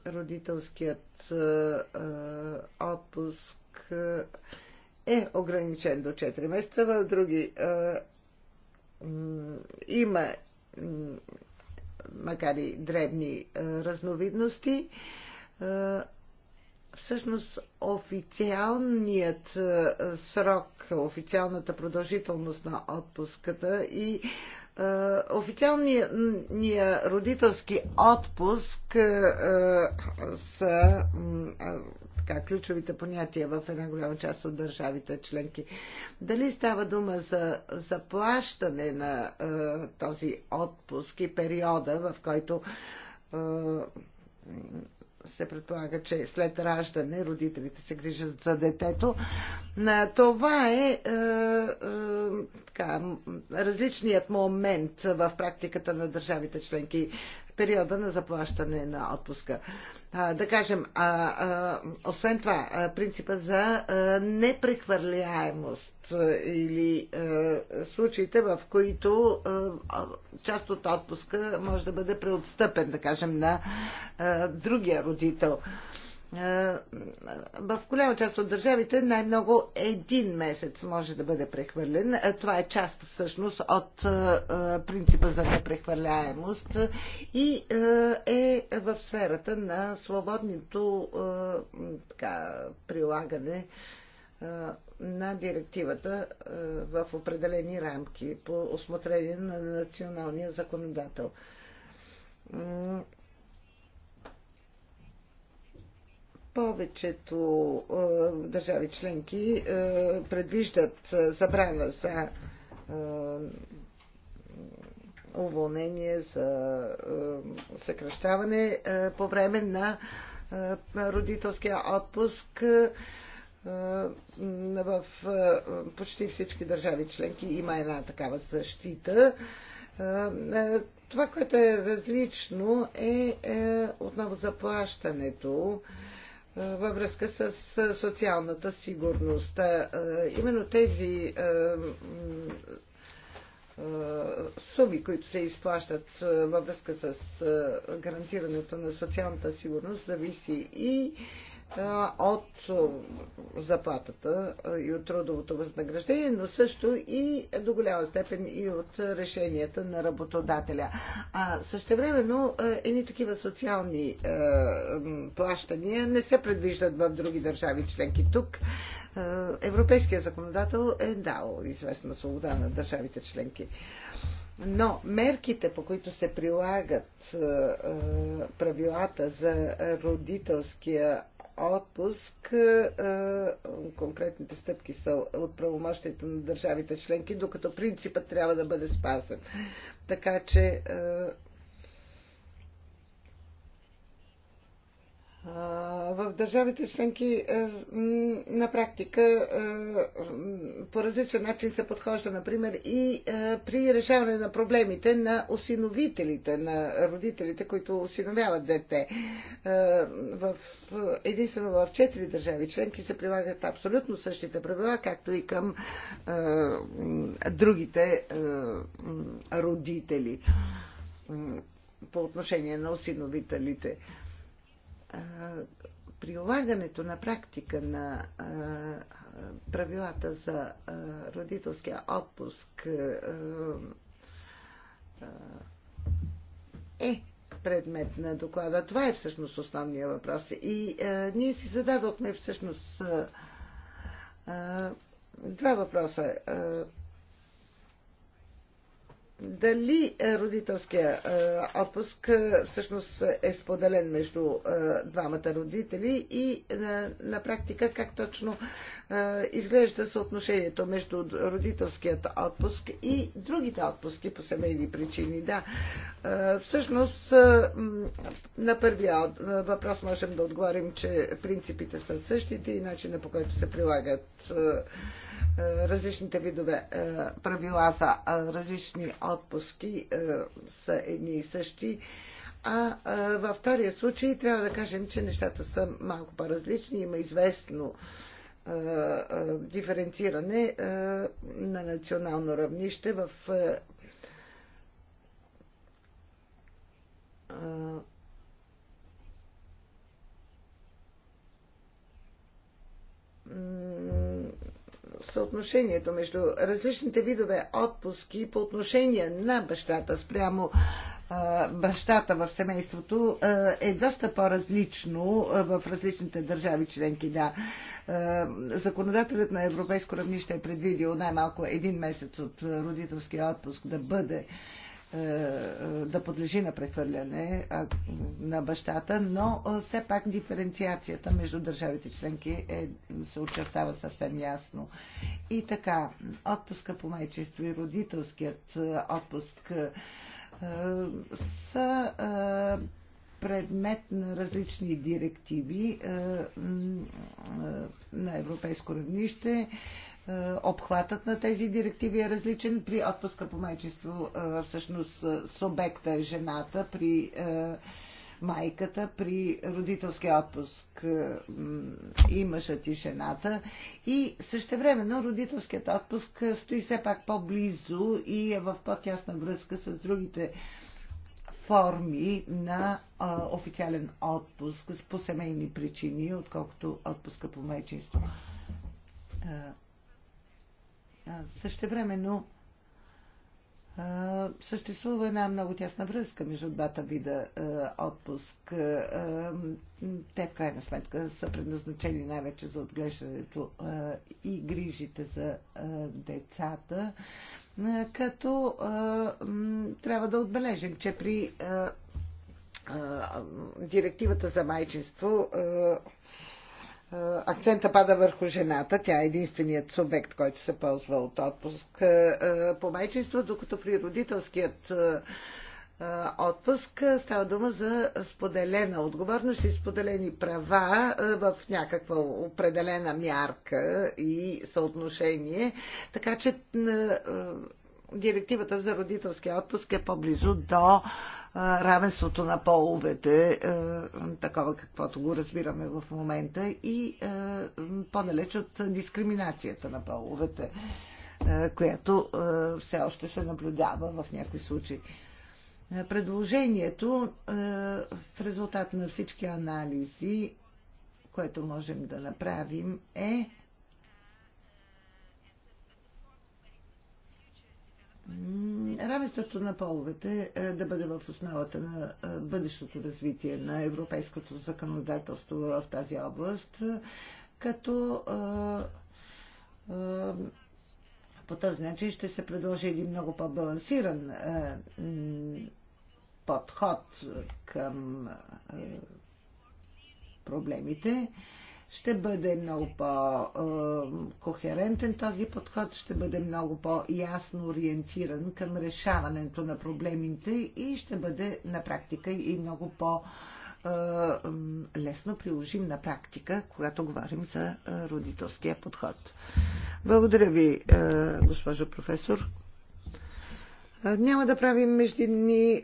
родителският отпуск е ограничен до 4 месеца, в други има, макар и дребни разновидности, всъщност официалният срок, официалната продължителност на отпуската и е, Официалният родителски отпуск е, са е, така, ключовите понятия в една голяма част от държавите членки. Дали става дума за заплащане на този отпуск и периода, в който се предполага, че след раждане родителите се грижат за детето. Това е, е, е така, различният момент в практиката на държавите членки, периода на заплащане на отпуска да кажем, а, а, освен това, а, принципа за а, непрехвърляемост а, или а, случаите, в които а, част от отпуска може да бъде преотстъпен, да кажем, на а, другия родител. А, е, в голяма част от държавите най-много един месец може да бъде прехвърлен. Е, това е част всъщност от е, принципа за непрехвърляемост и е в сферата на свободното така, прилагане на директивата в определени рамки по осмотрение на националния законодател Повечето е, държави членки е, предвиждат е, забрана за е, уволнение, за е, съкръщаване е, по време на е, родителския отпуск. Е, в почти всички държави членки има една такава защита. Това, което е различно, е, е отново заплащането във връзка с социалната сигурност. Именно тези суми, които се изплащат във връзка с гарантирането на социалната сигурност, зависи и от заплатата и от трудовото възнаграждение, но също и до голяма степен и от решенията на работодателя. А същевременно едни такива социални плащания не се предвиждат в други държави членки. Тук европейският законодател е дал известна свобода на държавите членки. Но мерките, по които се прилагат правилата за родителския отпуск. Е, конкретните стъпки са от правомощите на държавите членки, докато принципът трябва да бъде спазен. Така че е, в държавите членки е, на практика е, по различен начин се подхожда, например, и е, при решаване на проблемите на осиновителите, на родителите, които осиновяват дете. В, единствено в четири държави членки се прилагат абсолютно същите правила, както и към другите родители по отношение на осиновителите прилагането на практика на а, правилата за а, родителския отпуск а, е предмет на доклада. Това е всъщност основния въпрос. И а, ние си зададохме всъщност а, а, два въпроса. А, дали е, родителския е, отпуск е, всъщност е споделен между двамата родители и на практика как точно е, изглежда съотношението между родителският отпуск и другите отпуски по семейни причини. Да, е, всъщност е, на първия въпрос можем да отговорим, че принципите са същите и начина по който се прилагат различните видове правила за различни отпуски са едни и същи. А, във втория случай трябва да кажем, че нещата са малко по-различни. Има известно диференциране на национално равнище в съотношението между различните видове отпуски по отношение на бащата спрямо бащата в семейството е доста по-различно в различните държави членки. Да. Е, законодателят на европейско равнище е предвидил най-малко един месец от родителския отпуск да бъде е, е, да подлежи на прехвърляне на бащата, но все пак диференциацията между държавите членки е, се очертава съвсем ясно. И така, отпуска по майчество и родителският отпуск са предмет на различни директиви е, е, на европейско равнище. Е, обхватът на тези директиви е различен. При отпуска по майчество всъщност субекта е жената, при майката, при родителския отпуск и мъжът и жената. И същевременно родителският отпуск стои все пак по-близо и е в по-тясна връзка с другите форми на а, официален отпуск по семейни причини, отколкото отпуска по майчинство. Също времено съществува една много тясна връзка между двата вида а, отпуск. А, те в крайна сметка са предназначени най-вече за отглеждането а, и грижите за а, децата. А, като трябва да отбележим, че при директивата за майчинство акцента пада върху жената. Тя е единственият субект, който се ползва от отпуск по майчинство, докато при родителският отпуск. Става дума за споделена отговорност и споделени права в някаква определена мярка и съотношение. Така че директивата за родителския отпуск е по-близо до равенството на половете, такова каквото го разбираме в момента, и по-далеч от дискриминацията на половете, която все още се наблюдава в някои случаи. Е, предложението е, в резултат на всички анализи, което можем да направим, е равенството на половете е, да бъде в основата на бъдещото развитие на европейското законодателство в тази област, като по този начин ще се предложи един много по-балансиран е, подход към е, проблемите. Ще бъде много по-кохерентен е, този подход, ще бъде много по-ясно ориентиран към решаването на проблемите и ще бъде на практика и много по-кохерентен лесно приложим на практика, когато говорим за родителския подход. Благодаря ви, госпожо професор. Няма да правим междинни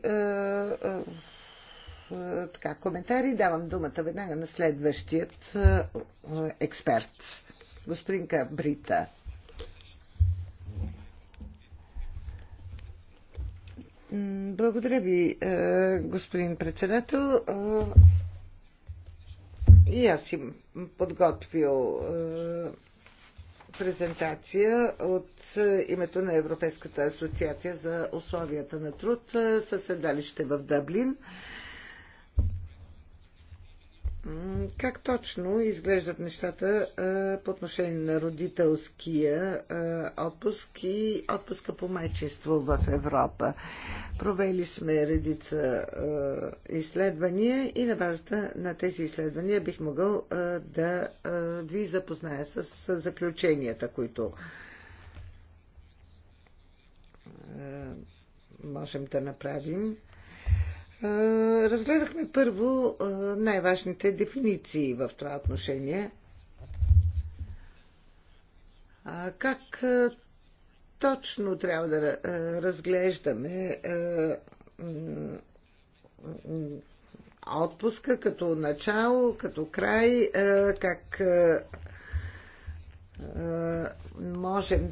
така, коментари. Давам думата веднага на следващият експерт, господин Кабрита. Благодаря ви, е, господин председател. Е, и аз им подготвил е, презентация от името на Европейската асоциация за условията на труд със седалище в Дъблин. Как точно изглеждат нещата по отношение на родителския отпуск и отпуска по майчество в Европа? Провели сме редица изследвания и на базата на тези изследвания бих могъл да ви запозная с заключенията, които можем да направим. Е, разгледахме първо е, най-важните дефиниции в това отношение. Как е, точно трябва да разглеждаме отпуска като начало, като край, как е, можем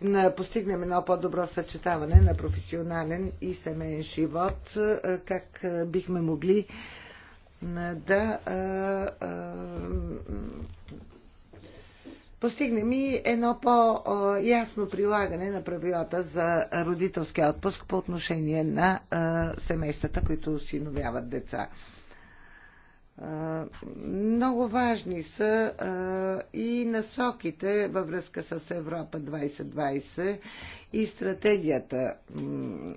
да постигнем едно по-добро съчетаване на професионален и семейен живот, е, как е, бихме могли да постигнем и едно по-ясно прилагане на правилата за родителския отпуск по отношение на семействата, които осиновяват деца. Много важни са и насоките във връзка с Европа 2020 и стратегията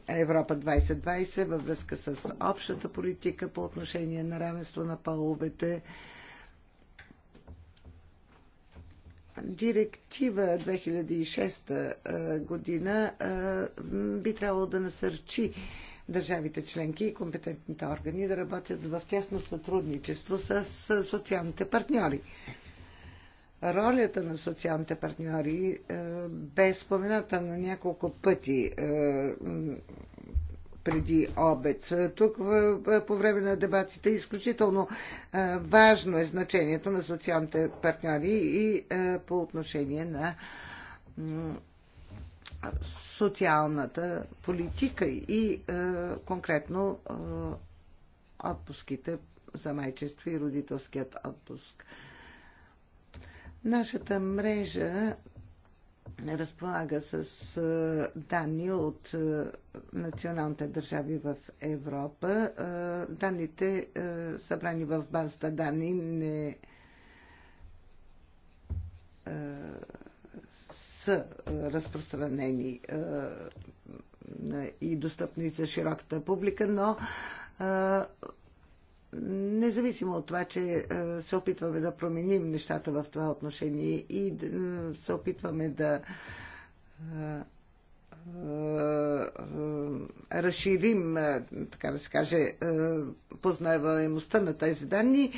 Европа 2020 във връзка с общата политика по отношение на равенство на половете. Директива 2006 година би трябвало да насърчи държавите членки и компетентните органи да работят в тясно сътрудничество с социалните партньори. Ролята на социалните партньори е, бе спомената на няколко пъти е, преди обед. Тук по време на дебатите изключително е, важно е значението на социалните партньори и по отношение на социалната политика и е, конкретно е, отпуските за майчество и родителският отпуск. Нашата мрежа разполага с е, данни от националните държави в Европа. Данните, събрани в базата данни, не са е, разпространени е, и достъпни за широката публика, но е, независимо от това, че се опитваме да променим нещата в това отношение и се опитваме да разширим, така да се каже, познаваемостта на тези данни,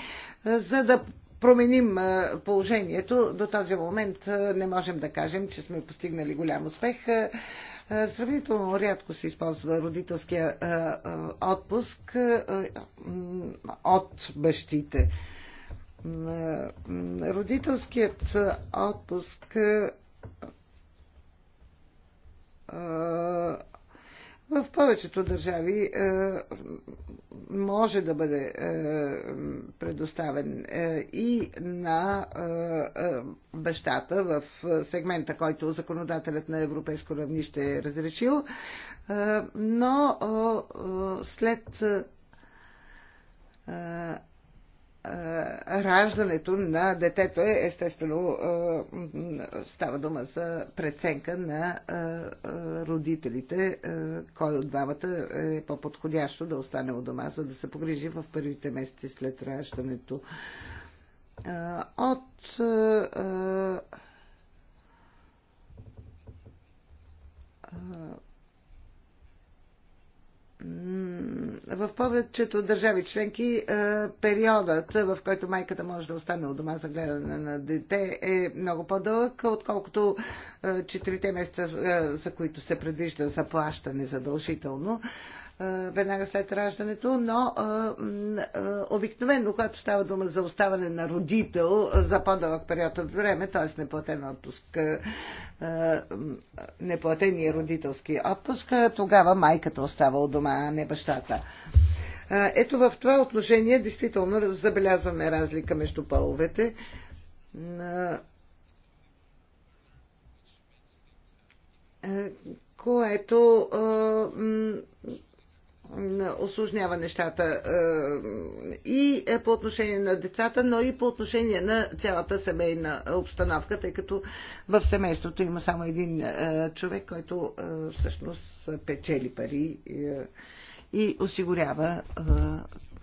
за да променим положението, до този момент не можем да кажем, че сме постигнали голям успех. Сравнително рядко се използва родителския отпуск от бащите. Родителският отпуск в повечето държави е, може да бъде е, предоставен е, и на бащата в сегмента, който законодателят на европейско равнище е разрешил, но след раждането на детето е, естествено, става дума за преценка на родителите, кой от двамата е по-подходящо да остане у дома, за да се погрижи в първите месеци след раждането. От в повечето държави членки е, периодът, е, в който майката може да остане от дома за гледане на дете е много по-дълъг, отколкото 4 е, месеца, за които се предвижда заплащане задължително. Е, веднага след раждането, но е, е, обикновено, когато става дума за оставане на родител за по-дълъг период от време, т.е. неплатен отпуск, неплатения родителски отпуск, тогава майката остава от дома, а не бащата. Ето в това отношение действително забелязваме разлика между половете. Което осложнява нещата е, и е, по отношение на децата, но и по отношение на цялата семейна обстановка, тъй като в семейството има само един е, човек, който всъщност печели пари и осигурява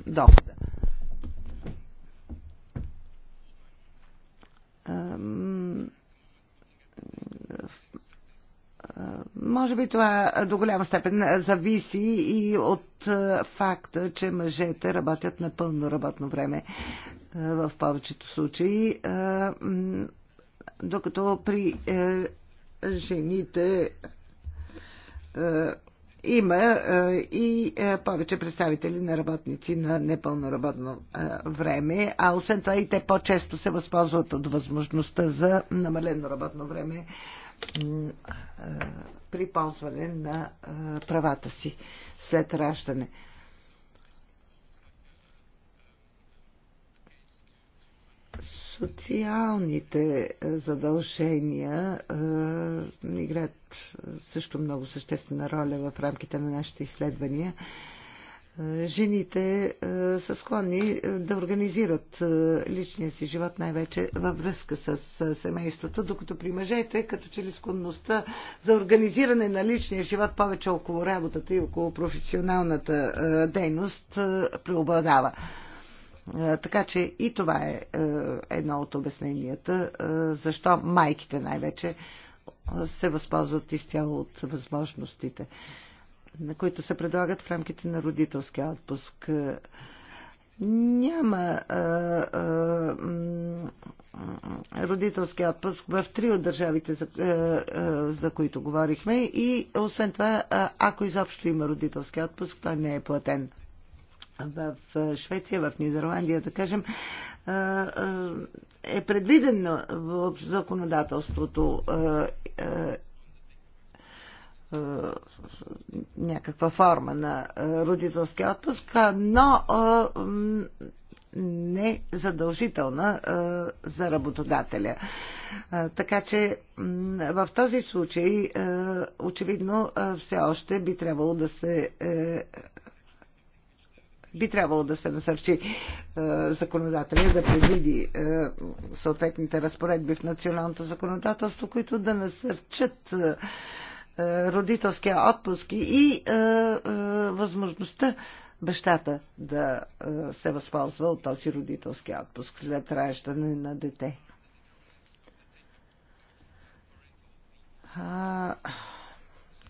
дохода. Може би това до голяма степен зависи и от е, факта, че мъжете работят на пълно работно време е, в повечето случаи, е, докато при жените има и повече представители на работници на непълно работно време, а освен това и те по-често се възползват от възможността за намалено работно време при ползване на правата си след раждане. Социалните задължения играят също много съществена роля в рамките на нашите изследвания. Е, жените е, са склонни е, да организират личния си живот най-вече във връзка с семейството, докато при мъжете, като че ли склонността за организиране на личния живот повече около работата и около професионалната дейност преобладава. Така че и това е едно от обясненията, защо майките най-вече се възползват изцяло от възможностите които се предлагат в рамките на родителския отпуск. Няма а, а, родителски отпуск в три от държавите, за, а, за които говорихме. И освен това, ако изобщо има родителски отпуск, това не е платен. В Швеция, в Нидерландия, да кажем, е предвидено в законодателството. Е, някаква форма на е, родителски отпуск, но е, не задължителна за работодателя. Така че в този случай очевидно все още би трябвало да се би трябвало да се насърчи законодателя да предвиди съответните разпоредби в националното законодателство, които да насърчат е, родителския отпуск и е, е, възможността бащата да се възползва от този родителски отпуск след раждане на дете. А,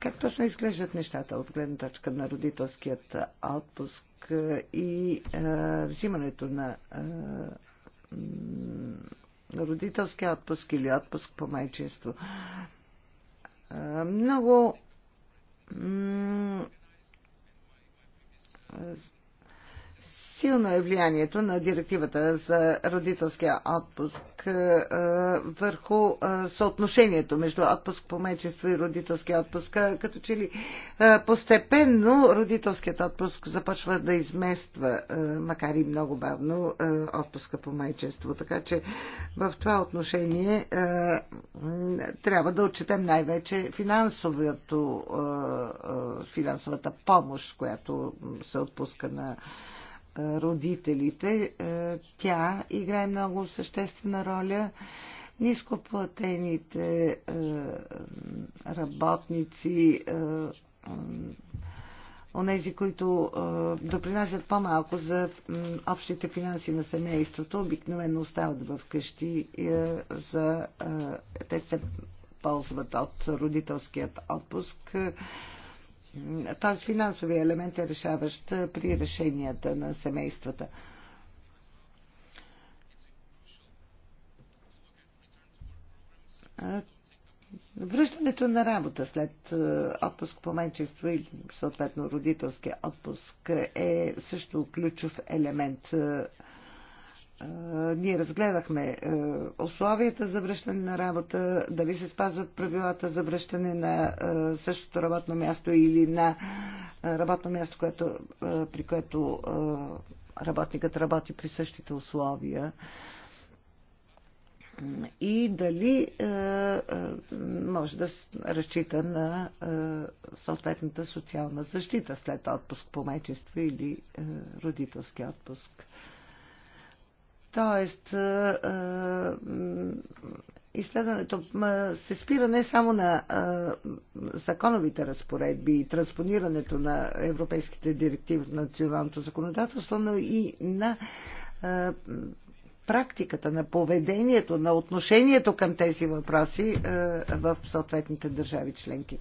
как точно изглеждат нещата от гледна точка на родителският отпуск и а, взимането на а, родителския отпуск или отпуск по майчинство? много Силно е влиянието на директивата за родителския отпуск е, е, върху е, съотношението между отпуск по майчество и родителския отпуск. Като че ли постепенно родителският отпуск започва да измества, макар и много бавно, отпуска по майчество. Така че в това отношение трябва да отчетем най-вече финансовата помощ, която се отпуска на родителите. Е, тя играе много съществена роля. Нископлатените е, работници, е, онези, които допринасят по-малко за общите финанси на семейството, обикновено остават в къщи за... Те се ползват от родителският отпуск Тоест финансовия елемент е решаващ при решенията на семействата. Връщането на работа след отпуск по менчество и съответно родителския отпуск е също ключов елемент ние разгледахме условията за връщане на работа, дали се спазват правилата за връщане на същото работно място или на работно място, което, при което работникът работи при същите условия. И дали може да разчита на съответната социална защита след отпуск по майчество или родителски отпуск. Тоест, изследването се спира не само на законовите разпоредби и транспонирането на европейските директиви в националното законодателство, но и на практиката, на поведението, на отношението към тези въпроси в съответните държави членки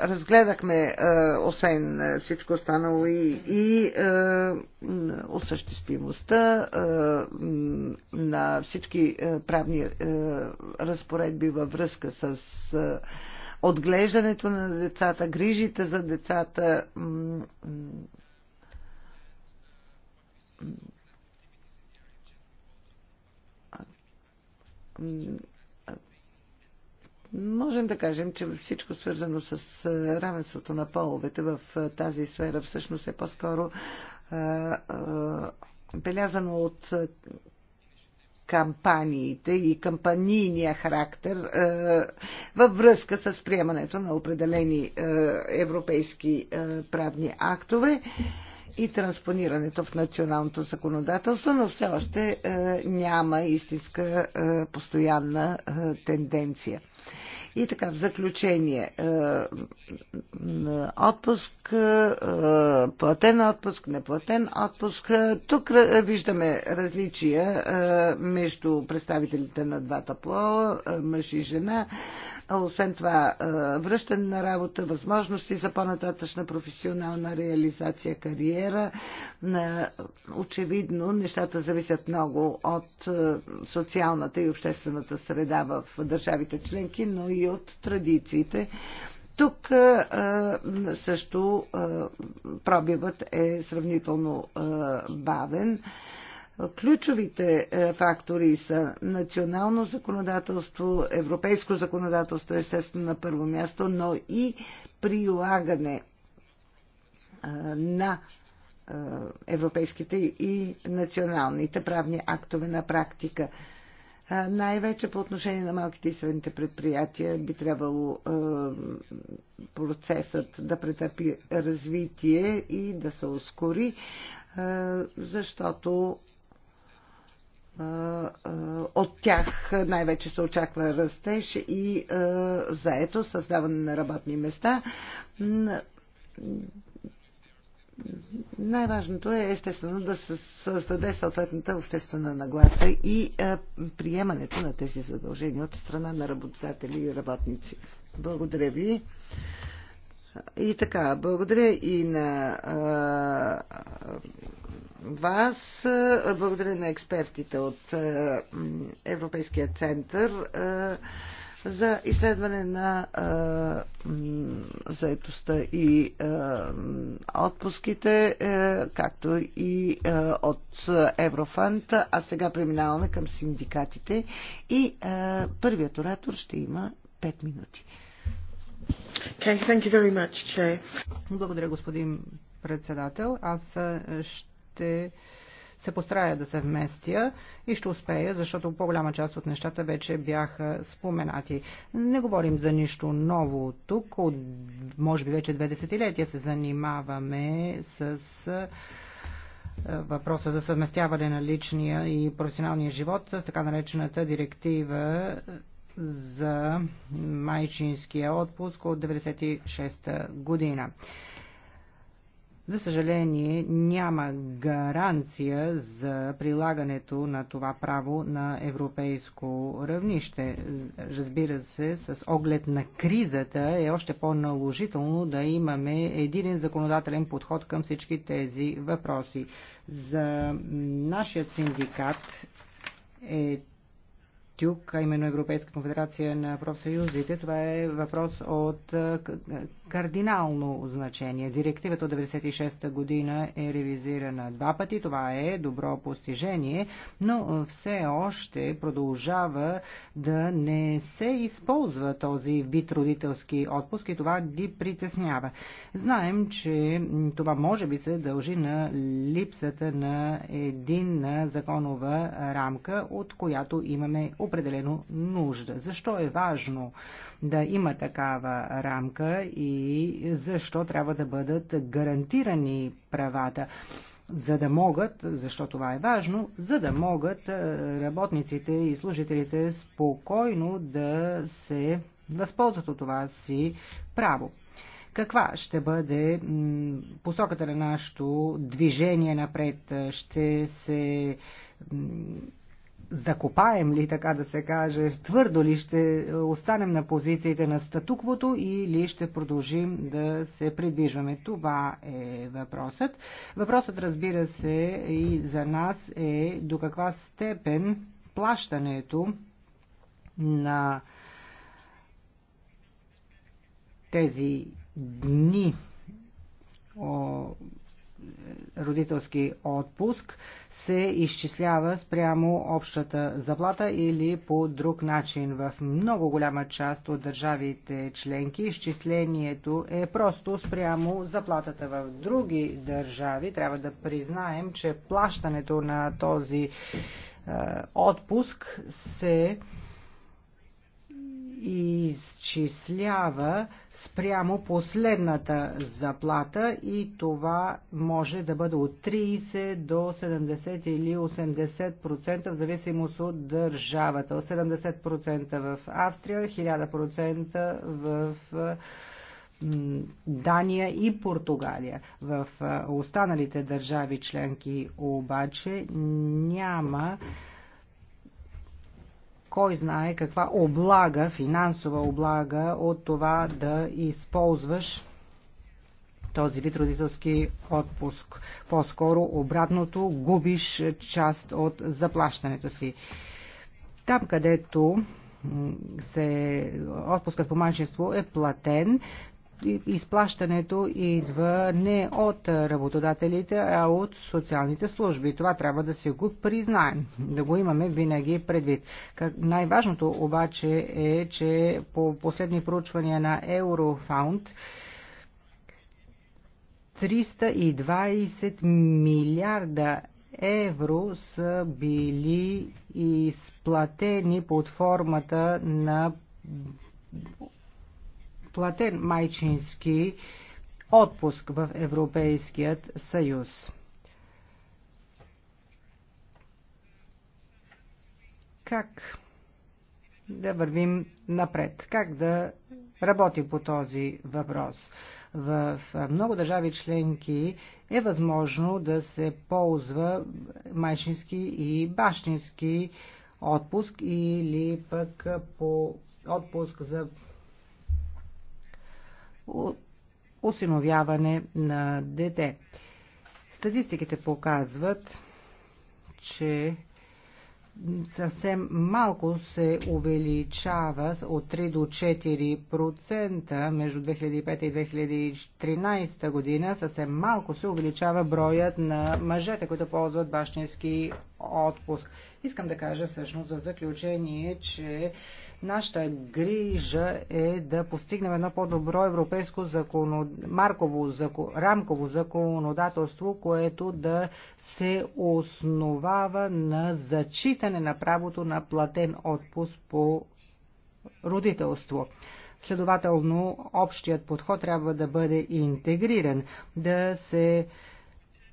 разгледахме, освен всичко останало, и, и осъществимостта на всички правни разпоредби във връзка с отглеждането на децата, грижите за децата. Можем да кажем, че всичко свързано с равенството на половете в тази сфера всъщност е по-скоро белязано от кампаниите и кампанийния характер във връзка с приемането на определени европейски правни актове и транспонирането в националното законодателство, но все още е, няма истинска е, постоянна е, тенденция. И така, в заключение, отпуск, платен отпуск, неплатен отпуск. Тук виждаме различия между представителите на двата пола, мъж и жена. Освен това, връщане на работа, възможности за по-нататъчна професионална реализация, кариера. Очевидно, нещата зависят много от социалната и обществената среда в държавите членки, но и от традициите тук също пробивът е сравнително бавен. Ключовите е, фактори са национално законодателство, европейско законодателство, естествено на първо място, но и прилагане е, на е, европейските и националните правни актове на практика. Най-вече по отношение на малките и средните предприятия би трябвало процесът да претърпи развитие и да се ускори, защото от тях най-вече се очаква растеж и заето създаване на работни места. Най-важното е естествено да се създаде съответната обществена нагласа и приемането на тези задължения от страна на работодатели и работници. Благодаря ви. И така, благодаря и на а, вас, благодаря на експертите от а, Европейския център а, за изследване на а, заетостта и а, отпуските, а, както и а, от Еврофанд. А сега преминаваме към синдикатите и а, първият оратор ще има 5 минути. Благодаря, господин председател. Аз ще се постарая да се вместя и ще успея, защото по-голяма част от нещата вече бяха споменати. Не говорим за нищо ново тук. От, може би вече две десетилетия се занимаваме с въпроса за съвместяване на личния и професионалния живот с така наречената директива за майчинския отпуск от 1996 година. За съжаление, няма гаранция за прилагането на това право на европейско равнище. Разбира се, с оглед на кризата е още по-наложително да имаме един законодателен подход към всички тези въпроси. За нашия синдикат е ТЮК, а именно Европейска конфедерация на профсъюзите. Това е въпрос от кардинално значение. Директивата от 96-та година е ревизирана два пъти. Това е добро постижение, но все още продължава да не се използва този вид родителски отпуск и това ги притеснява. Знаем, че това може би се дължи на липсата на единна законова рамка, от която имаме определено нужда. Защо е важно да има такава рамка и защо трябва да бъдат гарантирани правата за да могат, защо това е важно, за да могат работниците и служителите спокойно да се възползват от това си право. Каква ще бъде посоката на нашето движение напред? Ще се закопаем ли, така да се каже, твърдо ли ще останем на позициите на статуквото или ще продължим да се придвижваме? Това е въпросът. Въпросът, разбира се, и за нас е до каква степен плащането на тези дни родителски отпуск се изчислява спрямо общата заплата или по друг начин. В много голяма част от държавите членки изчислението е просто спрямо заплатата. В други държави трябва да признаем, че плащането на този е, отпуск се изчислява спрямо последната заплата и това може да бъде от 30 до 70 или 80% в зависимост от държавата. 70% в Австрия, 1000% в Дания и Португалия. В останалите държави членки обаче няма кой знае каква облага, финансова облага от това да използваш този вид родителски отпуск. По-скоро обратното губиш част от заплащането си. Там, където се отпускът по майчество е платен, изплащането идва не от работодателите, а от социалните служби. Това трябва да се го признаем, да го имаме винаги предвид. Най-важното обаче е, че по последни проучвания на Eurofound 320 милиарда евро са били изплатени под формата на платен майчински отпуск в Европейският съюз. Как да вървим напред? Как да работим по този въпрос? в много държави членки е възможно да се ползва майчински и бащински отпуск или пък по отпуск за осиновяване на дете. Статистиките показват, че съвсем малко се увеличава от 3 до 4% между 2005 и 2013 година. Съвсем малко се увеличава броят на мъжете, които ползват бащински отпуск. Искам да кажа всъщност за заключение, че Нашата грижа е да постигнем едно по-добро европейско закон, марково, закон, рамково законодателство, което да се основава на зачитане на правото на платен отпуск по родителство. Следователно, общият подход трябва да бъде интегриран, да се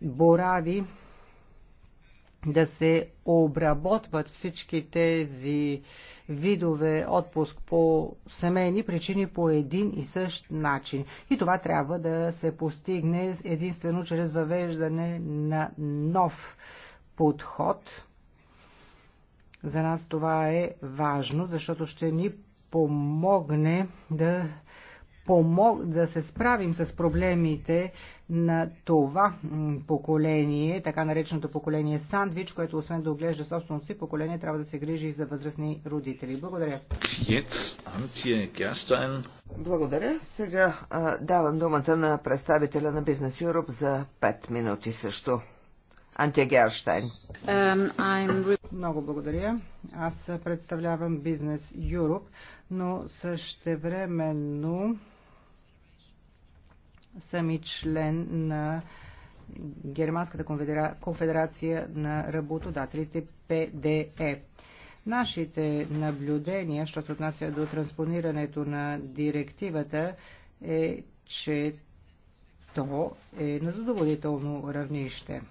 борави да се обработват всички тези видове отпуск по семейни причини по един и същ начин. И това трябва да се постигне единствено чрез въвеждане на нов подход. За нас това е важно, защото ще ни помогне да помог, да се справим с проблемите на това поколение, така нареченото поколение сандвич, което освен да оглежда собственото си поколение, трябва да се грижи и за възрастни родители. Благодаря. Благодаря. Сега а, давам думата на представителя на Бизнес Юроп за 5 минути също. Антия Герштайн. Um, Много благодаря. Аз представлявам Бизнес Юроп, но същевременно съм и член на Германската конфедерация на работодателите ПДЕ. Нашите наблюдения, що се отнася до транспонирането на директивата, е, че то е на задоволително равнище.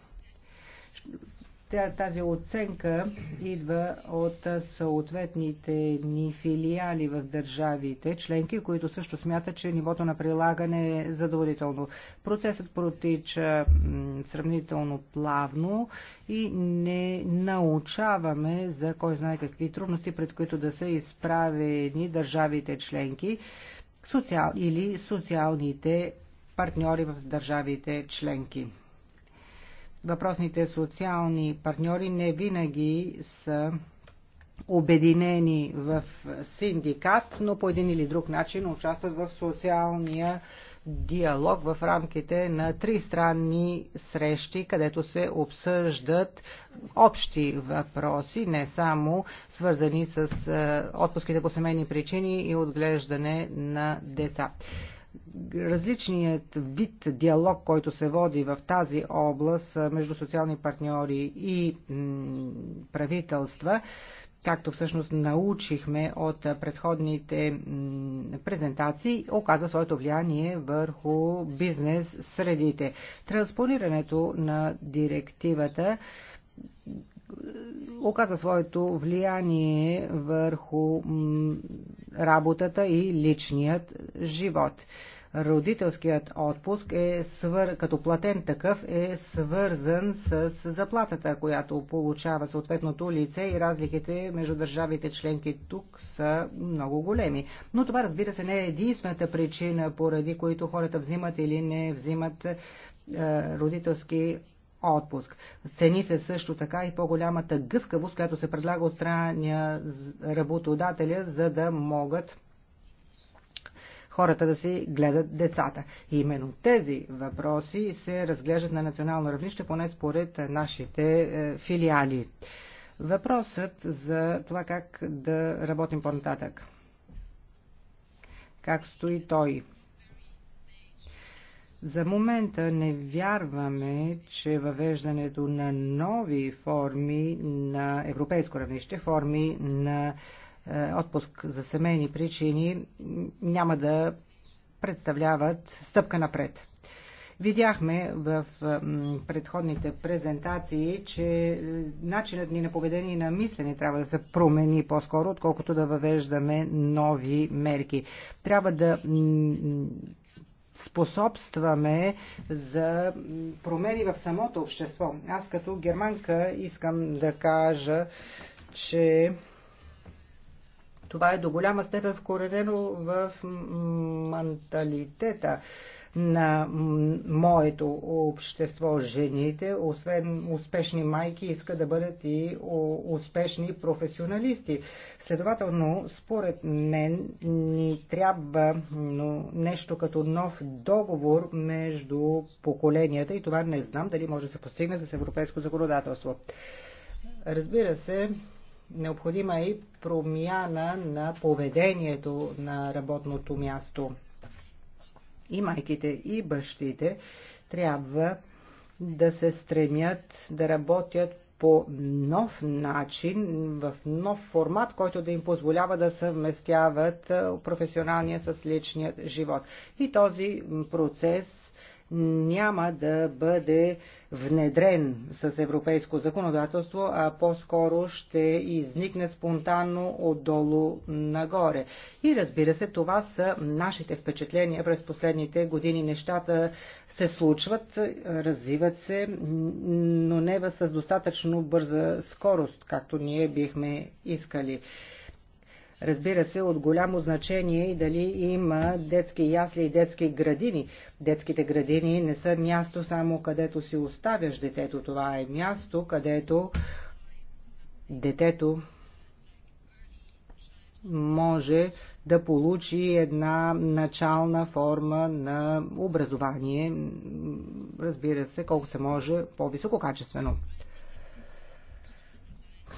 Тази оценка идва от съответните ни филиали в държавите, членки, които също смятат, че нивото на прилагане е задоволително. Процесът протича сравнително плавно и не научаваме за кой знае какви трудности, пред които да са изправени държавите членки социал, или социалните партньори в държавите членки въпросните социални партньори не винаги са обединени в синдикат, но по един или друг начин участват в социалния диалог в рамките на три странни срещи, където се обсъждат общи въпроси, не само свързани с е, отпуските по семейни причини и отглеждане на деца различният вид диалог, който се води в тази област между социални партньори и правителства, както всъщност научихме от предходните презентации, оказа своето влияние върху бизнес средите. Транспонирането на директивата оказа своето влияние върху работата и личният живот. Родителският отпуск е свър... като платен такъв е свързан с заплатата, която получава съответното лице и разликите между държавите членки тук са много големи. Но това разбира се не е единствената причина, поради които хората взимат или не взимат е, родителски отпуск. Цени се също така и по-голямата гъвкавост, която се предлага от страна работодателя, за да могат хората да си гледат децата. И именно тези въпроси се разглеждат на национално равнище, поне според нашите е, филиали. Въпросът за това как да работим по-нататък. Как стои той? За момента не вярваме, че въвеждането на нови форми на европейско равнище, форми на е, отпуск за семейни причини няма да представляват стъпка напред. Видяхме в предходните презентации, че е, начинът ни на поведение и на мислене трябва да се промени по-скоро, отколкото да въвеждаме нови мерки. Трябва да способстваме за промени в самото общество. Аз като германка искам да кажа, че това е до голяма степен вкоренено в менталитета на моето общество жените, освен успешни майки, искат да бъдат и успешни професионалисти. Следователно, според мен, ни трябва нещо като нов договор между поколенията и това не знам дали може да се постигне с европейско законодателство. Разбира се, необходима е и промяна на поведението на работното място и майките, и бащите трябва да се стремят да работят по нов начин, в нов формат, който да им позволява да съвместяват професионалния с личният живот. И този процес няма да бъде внедрен с европейско законодателство, а по-скоро ще изникне спонтанно отдолу нагоре. И разбира се, това са нашите впечатления през последните години. Нещата се случват, развиват се, но не с достатъчно бърза скорост, както ние бихме искали. Разбира се, от голямо значение и дали има детски ясли и детски градини. Детските градини не са място само където си оставяш детето. Това е място, където детето може да получи една начална форма на образование, разбира се, колко се може по-високо качествено.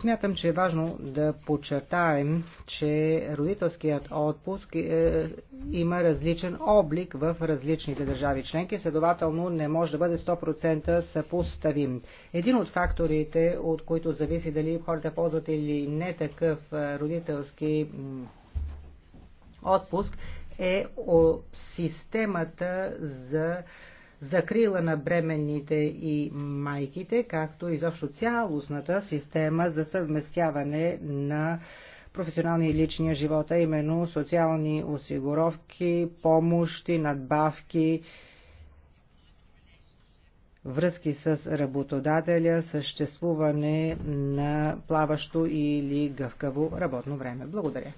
Смятам, че е важно да подчертаем, че родителският отпуск е, има различен облик в различните държави членки, следователно не може да бъде 100% съпоставим. Един от факторите, от които зависи дали хората ползват или не такъв е, родителски отпуск, е системата за закрила на бременните и майките, както изобщо цялостната система за съвместяване на професионалния и личния живота, именно социални осигуровки, помощи, надбавки, връзки с работодателя, съществуване на плаващо или гъвкаво работно време. Благодаря.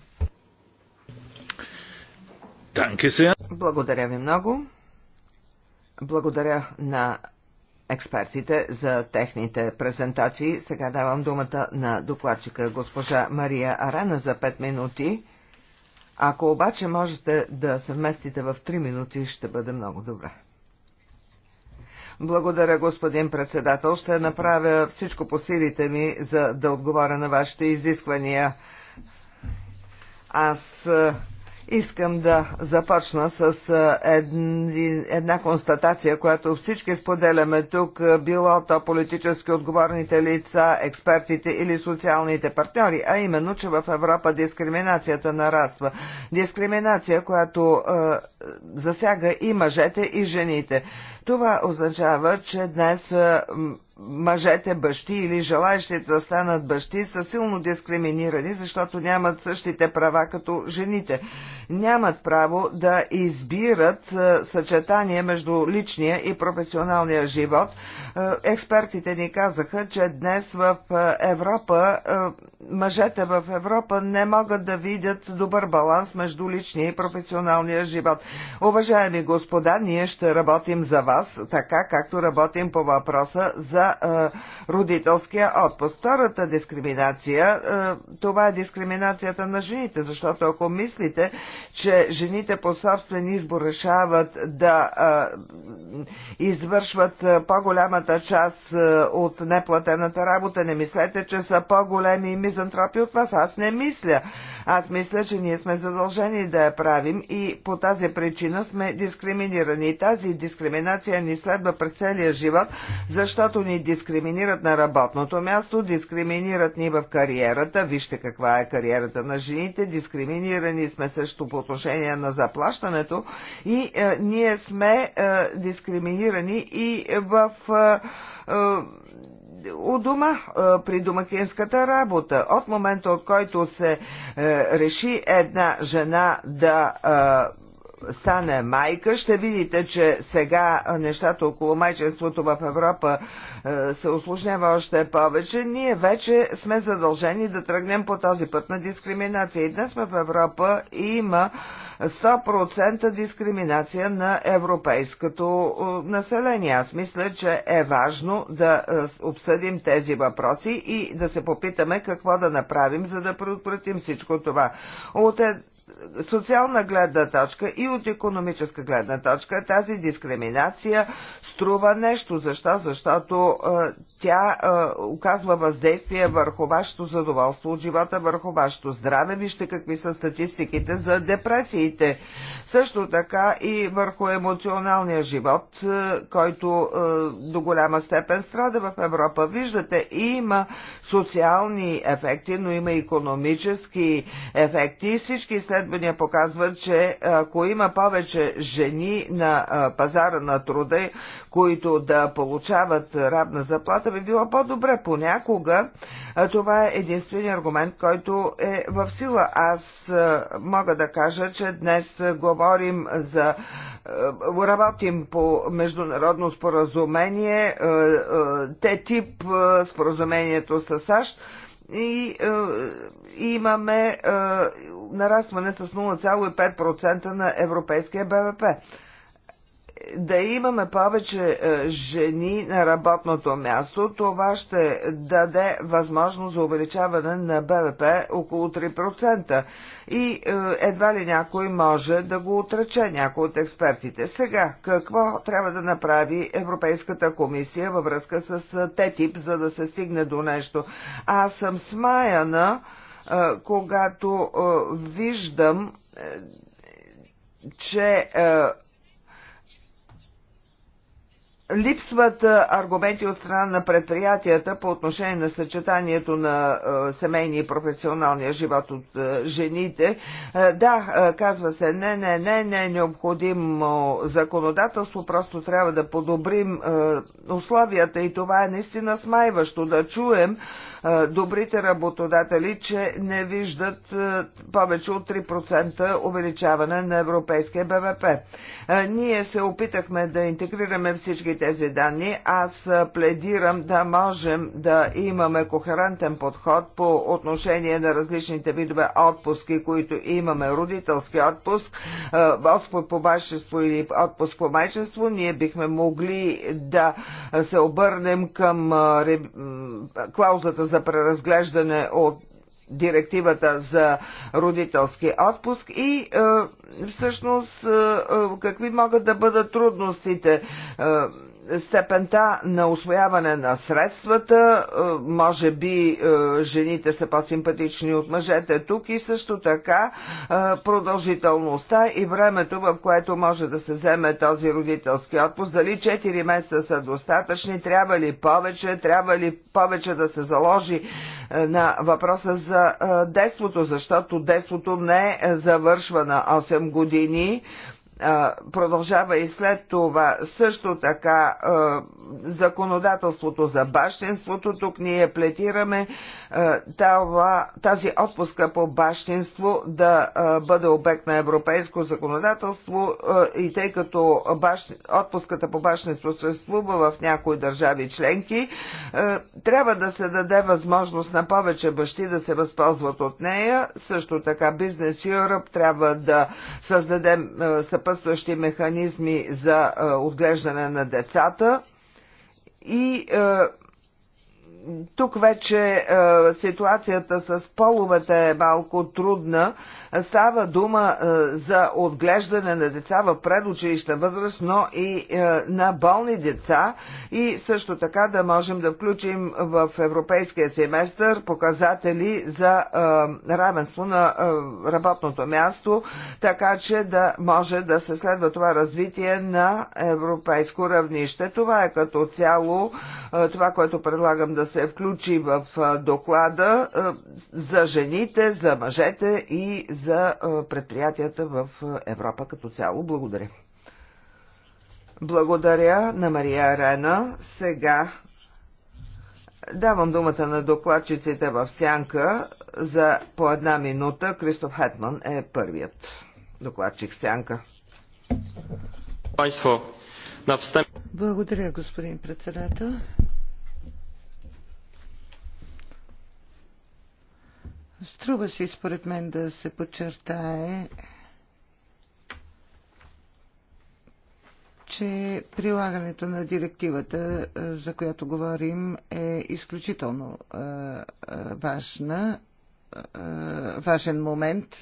Благодаря ви много. Благодаря на експертите за техните презентации. Сега давам думата на докладчика госпожа Мария Арена за 5 минути. Ако обаче можете да се вместите в 3 минути, ще бъде много добре. Благодаря, господин председател. Ще направя всичко по силите ми, за да отговоря на вашите изисквания. Аз Искам да започна с една констатация, която всички споделяме тук, било то политически отговорните лица, експертите или социалните партньори, а именно, че в Европа дискриминацията нараства. Дискриминация, която е, засяга и мъжете, и жените. Това означава, че днес е, мъжете бащи или желаящите да станат бащи са силно дискриминирани, защото нямат същите права като жените. Нямат право да избират е, съчетание между личния и професионалния живот. Е, експертите ни казаха, че днес в е, Европа мъжете в Европа не могат да видят добър баланс между личния и професионалния живот. Уважаеми господа, ние ще работим за вас, така както работим по въпроса за родителския отпуск. Втората дискриминация, това е дискриминацията на жените, защото ако мислите, че жените по собствен избор решават да извършват по-голямата част от неплатената работа, не мислете, че са по-големи мизантропи от вас. Аз не мисля. Аз мисля, че ние сме задължени да я правим и по тази причина сме дискриминирани. И тази дискриминация ни следва през целия живот, защото ни дискриминират на работното място, дискриминират ни в кариерата, вижте каква е кариерата на жените, дискриминирани сме също по отношение на заплащането и е, ние сме е, дискриминирани и в. Е, е, у дома е, при домакинската работа. От момента, от който се е, реши една жена да е, стане майка, ще видите, че сега нещата около майчеството в Европа е, се осложнява още повече. Ние вече сме задължени да тръгнем по този път на дискриминация. И днес в Европа има 100% дискриминация на европейското е, население. Аз мисля, че е важно да е, обсъдим тези въпроси и да се попитаме какво да направим, за да предотвратим всичко това. От социална гледна точка и от економическа гледна точка тази дискриминация струва нещо. Защо? Защото а, тя а, оказва въздействие върху вашето задоволство от живота, върху вашето здраве. Вижте какви са статистиките за депресиите. Също така и върху емоционалния живот, а, който а, до голяма степен страда в Европа. Виждате, и има социални ефекти, но има економически ефекти и всички след изследвания показват, че ако има повече жени на пазара на труда, които да получават равна заплата, би било по-добре. Понякога това е единствения аргумент, който е в сила. Аз мога да кажа, че днес говорим за работим по международно споразумение, те тип споразумението с САЩ, и е, имаме е, нарастване с 0,5% на европейския БВП. Да имаме повече е, жени на работното място, това ще даде възможност за увеличаване на БВП около 3% и е, едва ли някой може да го отрече, някой от експертите. Сега, какво трябва да направи Европейската комисия във връзка с е, ТЕТИП, за да се стигне до нещо? Аз съм смаяна, е, когато виждам, че Липсват аргументи от страна на предприятията по отношение на съчетанието на семейния и професионалния живот от жените. Да, казва се, не, не, не, не е необходимо законодателство, просто трябва да подобрим условията и това е наистина смайващо да чуем добрите работодатели, че не виждат повече от 3% увеличаване на европейския БВП. Ние се опитахме да интегрираме всички тези данни. Аз пледирам да можем да имаме кохерентен подход по отношение на различните видове отпуски, които имаме. Родителски отпуск, отпуск по бащество или отпуск по майчество. Ние бихме могли да се обърнем към клаузата за преразглеждане от директивата за родителски отпуск и е, всъщност е, е какви могат да бъдат трудностите. Е, степента на освояване на средствата, е, може би е, жените са по-симпатични от мъжете тук и също така е, продължителността и времето, в което може да се вземе този родителски отпуск. Дали 4 месеца са достатъчни, трябва ли повече, трябва ли повече да се заложи на въпроса за детството, защото детството не завършва на 8 години продължава и след това също така законодателството за бащинството. Тук ние плетираме е, тази отпуска по бащинство да е, бъде обект на европейско законодателство е, и тъй като отпуската по бащинство съществува в някои държави членки, трябва да се даде възможност на повече бащи да се възползват от нея. Също така Бизнес Europe трябва да създаде съпътстващи механизми за отглеждане на децата и е, тук вече е, ситуацията с половете е малко трудна. Става дума е, за отглеждане на деца в предучилища възраст, но и е, на болни деца и също така да можем да включим в европейския семестър показатели за е, равенство на работното място, така че да може да се следва това развитие на европейско равнище. Това е като цяло това, което предлагам да се включи в доклада за жените, за мъжете и за за предприятията в Европа като цяло. Благодаря. Благодаря на Мария Рена. Сега давам думата на докладчиците в сянка за по една минута. Кристоф Хетман е първият докладчик сянка. Благодаря, господин председател. Струва си според мен да се подчертае, че прилагането на директивата, е, за която говорим, е изключително е, е, важна, важен момент.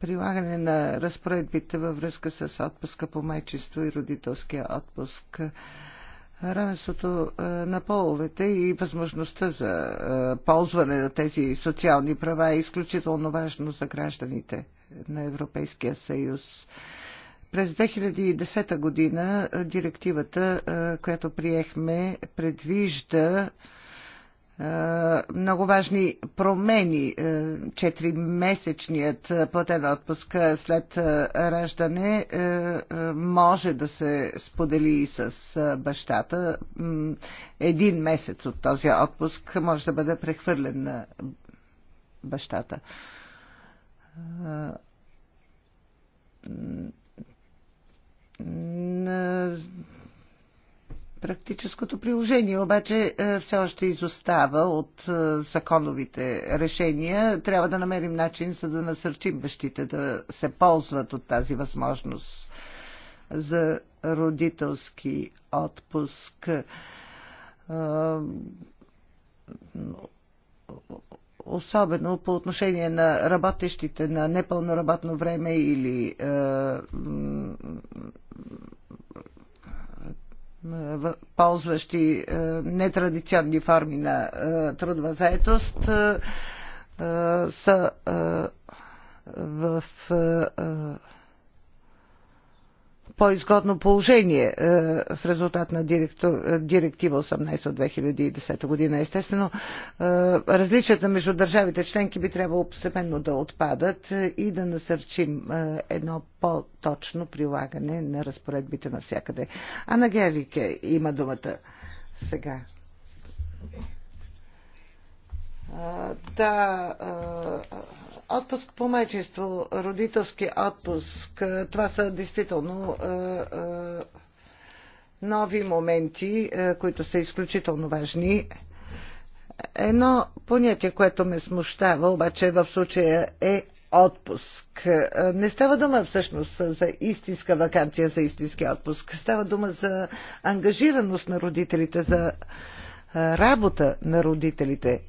Прилагане на разпоредбите във връзка с отпуска по майчество и родителския отпуск равенството е, на половете и възможността за е, ползване на тези социални права е изключително важно за гражданите на Европейския съюз. През 2010 година е, директивата, която приехме, предвижда е, много важни промени. Е, Четири месечният платен отпуск след е, раждане може да се сподели и с бащата. Един месец от този отпуск може да бъде прехвърлен на бащата Практическото приложение обаче е, все още изостава от е, законовите решения. Трябва да намерим начин, за да насърчим бащите да се ползват от тази възможност за родителски отпуск. Е, особено по отношение на работещите на непълноработно време или ползващи е, нетрадиционни форми на е, трудова заетост, е, са в по-изгодно положение е, в резултат на е, директива 18 от 2010 година. Естествено, е, различията между държавите членки би трябвало постепенно да отпадат и да насърчим едно по-точно прилагане на разпоредбите навсякъде. Ана Герике има думата сега. Да, Отпуск по майчество, родителски отпуск, е, това са действително е, е, нови моменти, които са изключително важни. Едно понятие, което ме смущава, обаче в случая е отпуск. Не става дума всъщност за истинска вакансия, за истински отпуск. Става дума за ангажираност на родителите, за работа на родителите.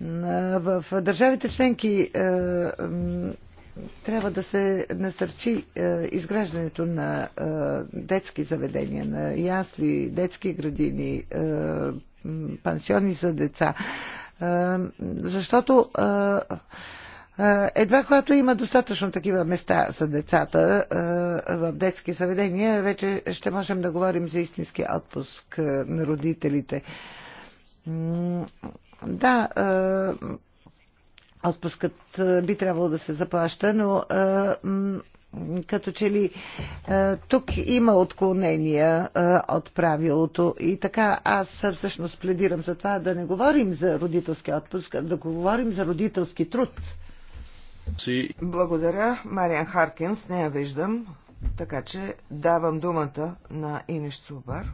В държавите членки е, трябва да се насърчи е, изграждането на е, детски заведения, на ясли, детски градини, пансиони за деца. Защото едва когато има достатъчно такива места за децата в детски заведения, вече ще можем да говорим за истински отпуск на родителите да, отпускът би трябвало да се заплаща, но като че ли тук има отклонения от правилото и така аз всъщност пледирам за това да не говорим за родителски отпуск, а да говорим за родителски труд. Благодаря, Мариан Харкинс, не я виждам, така че давам думата на Иниш Цубар.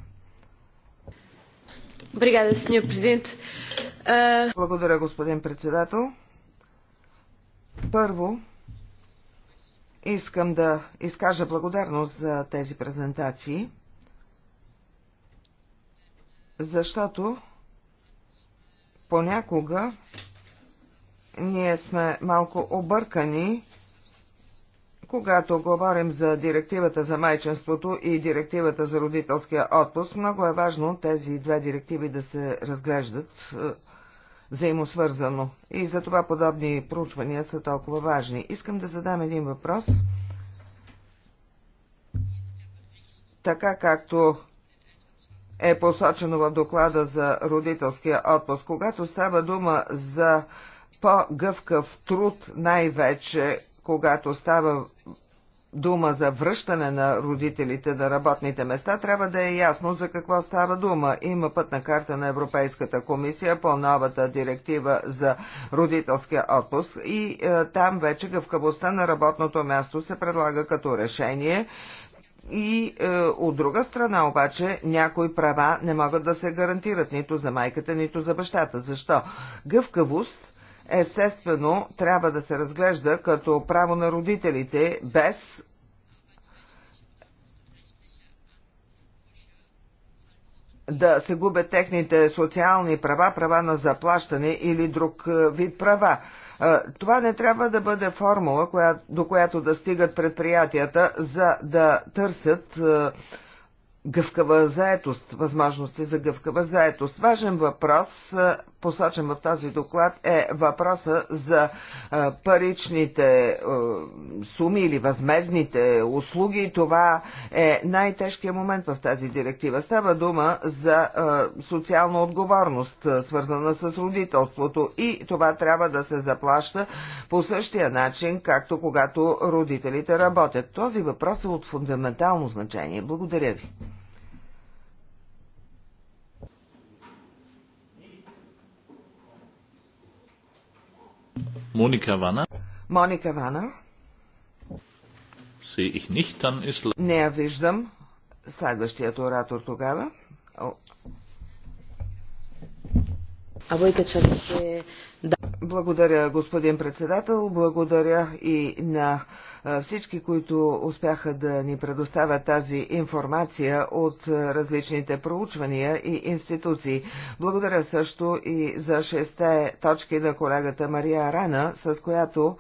Ah, Благодаря, господин председател. Първо, искам да изкажа благодарност за тези презентации, защото понякога ние сме малко объркани когато говорим за директивата за майчинството и директивата за родителския отпуск, много е важно тези две директиви да се разглеждат е, взаимосвързано. И за това подобни проучвания са толкова важни. Искам да задам един въпрос. Така както е посочено в доклада за родителския отпуск, когато става дума за по-гъвкав труд най-вече, когато става дума за връщане на родителите на работните места, трябва да е ясно за какво става дума. Има пътна карта на Европейската комисия по новата директива за родителския отпуск и е, там вече гъвкавостта на работното място се предлага като решение. И е, от друга страна обаче някои права не могат да се гарантират нито за майката, нито за бащата. Защо? Гъвкавост естествено трябва да се разглежда като право на родителите, без да се губят техните социални права, права на заплащане или друг е, вид права. Е, това не трябва да бъде формула, до която да стигат предприятията, за да търсят е, гъвкава заетост, възможности за гъвкава заетост. Важен въпрос, посочен в този доклад, е въпроса за паричните суми или възмезните услуги. Това е най-тежкият момент в тази директива. Става дума за социална отговорност, свързана с родителството и това трябва да се заплаща по същия начин, както когато родителите работят. Този въпрос е от фундаментално значение. Благодаря ви. Моника Вана. Моника Вана. Не я виждам. Следващият оратор тогава. Благодаря, господин председател. Благодаря и на всички, които успяха да ни предоставят тази информация от различните проучвания и институции. Благодаря също и за шесте точки на колегата Мария Рана, с която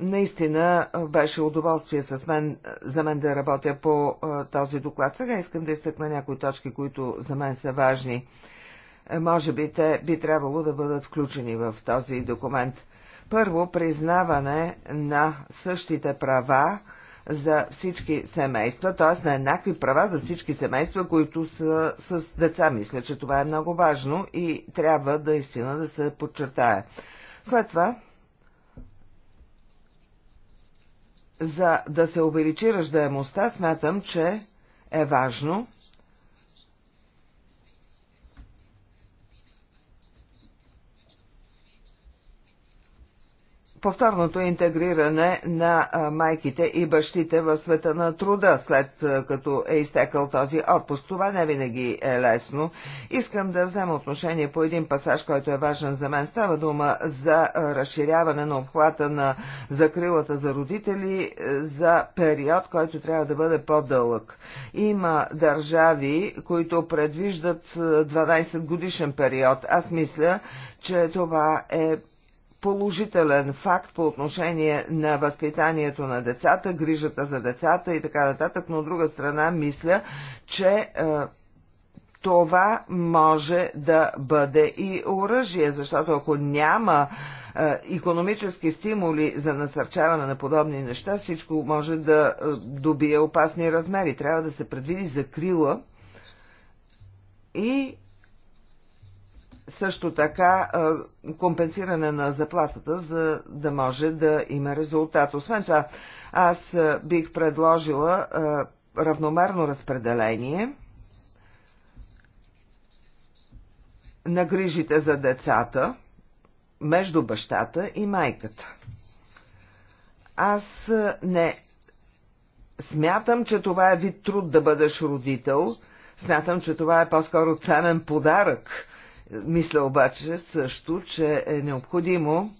Наистина беше удоволствие с мен, за мен да работя по този доклад. Сега искам да изтъкна някои точки, които за мен са важни. Е, може би те би трябвало да бъдат включени в този документ. Първо, признаване на същите права за всички семейства, т.е. на еднакви права за всички семейства, които са с деца. Мисля, че това е много важно и трябва да истина да се подчертая. След това, За да се увеличи ръждаемостта, смятам, че е важно повторното интегриране на майките и бащите в света на труда, след като е изтекал този отпуск. Това не винаги е лесно. Искам да взема отношение по един пасаж, който е важен за мен. Става дума за разширяване на обхвата на закрилата за родители за период, който трябва да бъде по-дълъг. Има държави, които предвиждат 12 годишен период. Аз мисля, че това е положителен факт по отношение на възпитанието на децата, грижата за децата и така нататък, но от друга страна мисля, че е, това може да бъде и оръжие, защото ако няма економически стимули за насърчаване на подобни неща, всичко може да е, добие опасни размери. Трябва да се предвиди закрила и също така компенсиране на заплатата, за да може да има резултат. Освен това, аз бих предложила равномерно разпределение на грижите за децата между бащата и майката. Аз не смятам, че това е вид труд да бъдеш родител. Смятам, че това е по-скоро ценен подарък мисля обаче също, че е необходимо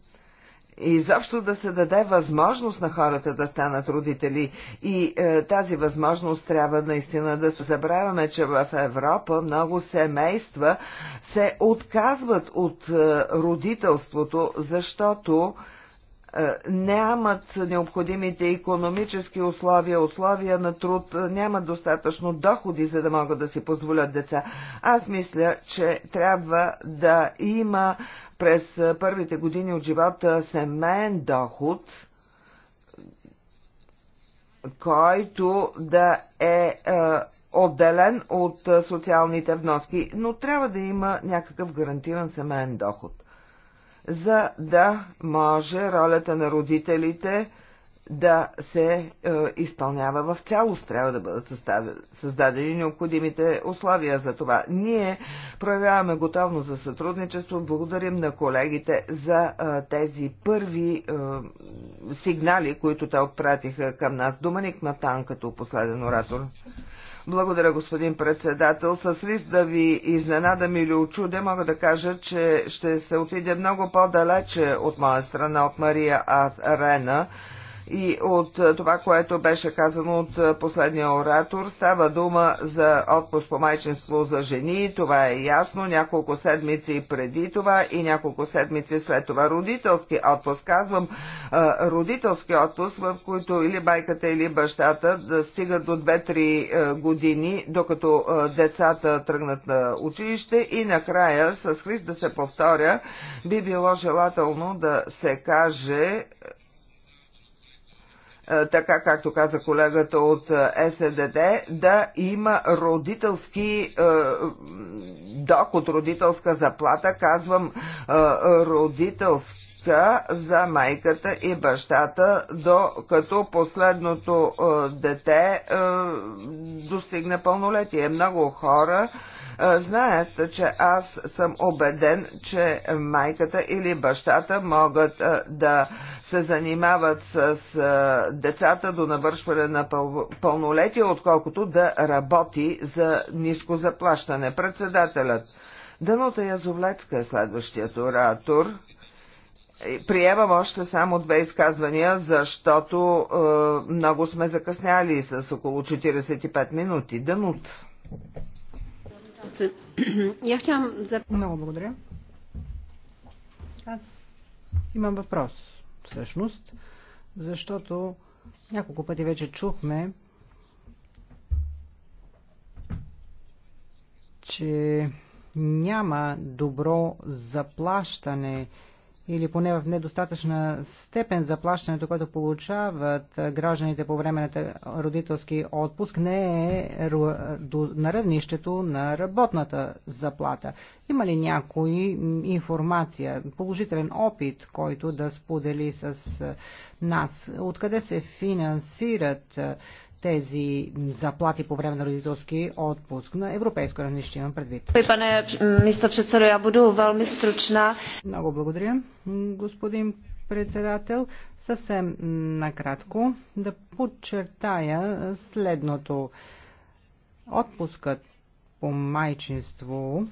и изобщо да се даде възможност на хората да станат родители. И е, тази възможност трябва наистина да се забравяме, че в Европа много семейства се отказват от е, родителството, защото е, е, нямат необходимите економически условия, условия на труд, е, нямат достатъчно доходи, за да могат да си позволят деца. Аз мисля, че трябва да има през първите години от живота семейен доход, който да е, е отделен от социалните вноски, но трябва да има някакъв гарантиран семейен доход за да може ролята на родителите да се е, изпълнява в цялост. Трябва да бъдат създадени необходимите условия за това. Ние проявяваме готовност за сътрудничество. Благодарим на колегите за е, тези първи е, сигнали, които те отпратиха към нас. Доманик Матан като последен оратор. Благодаря, господин председател. С риск да ви изненадам или очудя, мога да кажа, че ще се отиде много по-далече от моя страна, от Мария Арена и от е, това, което беше казано от е, последния оратор. Става дума за отпуск по майчинство за жени, това е ясно, няколко седмици преди това и няколко седмици след това. Родителски отпуск, казвам, е, родителски отпуск, в който или байката, или бащата да стигат до 2-3 години, докато децата тръгнат на училище и накрая, с Христ да се повторя, би било желателно да се каже е, така както каза колегата от е, СДД, да има родителски е, доход, родителска заплата, казвам родителска за майката и бащата, докато последното дете достигне пълнолетие. Много хора знаят, че аз съм убеден, че майката или бащата могат да се занимават с децата до навършване на пълнолетие, отколкото да работи за ниско заплащане. Председателят Данута Язовлецка е следващият оратор. Приемам още само две изказвания, защото е, много сме закъсняли с около 45 минути. Данут. Много благодаря. Аз имам въпрос, всъщност, защото няколко пъти вече чухме, че няма добро заплащане или поне в недостатъчна степен заплащането, което получават гражданите по време на родителски отпуск, не е на равнището на работната заплата. Има ли някой информация, положителен опит, който да сподели с нас? Откъде се финансират тези заплати по време на родителски отпуск на европейско равнище имам предвид. Пане мистер председател, я буду велми стручна. Много благодаря, господин председател. Съвсем накратко да подчертая следното. Отпускът по майчинство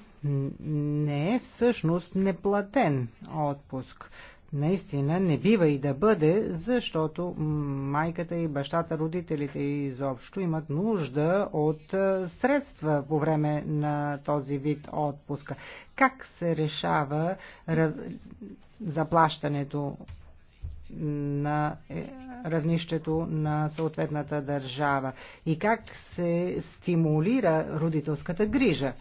не е всъщност неплатен отпуск наистина не бива и да бъде, защото майката и бащата, родителите изобщо имат нужда от средства по време на този вид отпуска. Как се решава заплащането на е, равнището на съответната държава и как се стимулира родителската грижа?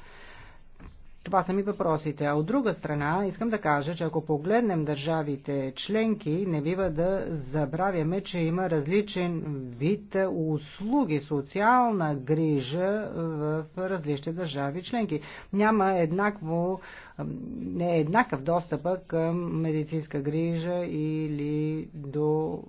Това са ми въпросите. А от друга страна, искам да кажа, че ако погледнем държавите членки, не бива да забравяме, че има различен вид услуги, социална грижа в различни държави членки. Няма еднакво, не е еднакъв достъпа към медицинска грижа или до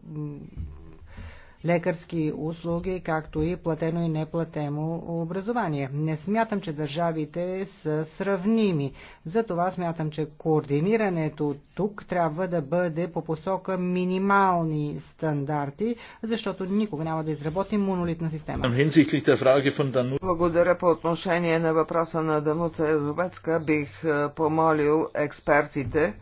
лекарски услуги, както и платено и неплатено образование. Не смятам, че държавите са сравними. Затова смятам, че координирането тук трябва да бъде по посока минимални стандарти, защото никога няма да изработим монолитна система. Благодаря по отношение на въпроса на Дануца Езовецка. Бих е, помолил експертите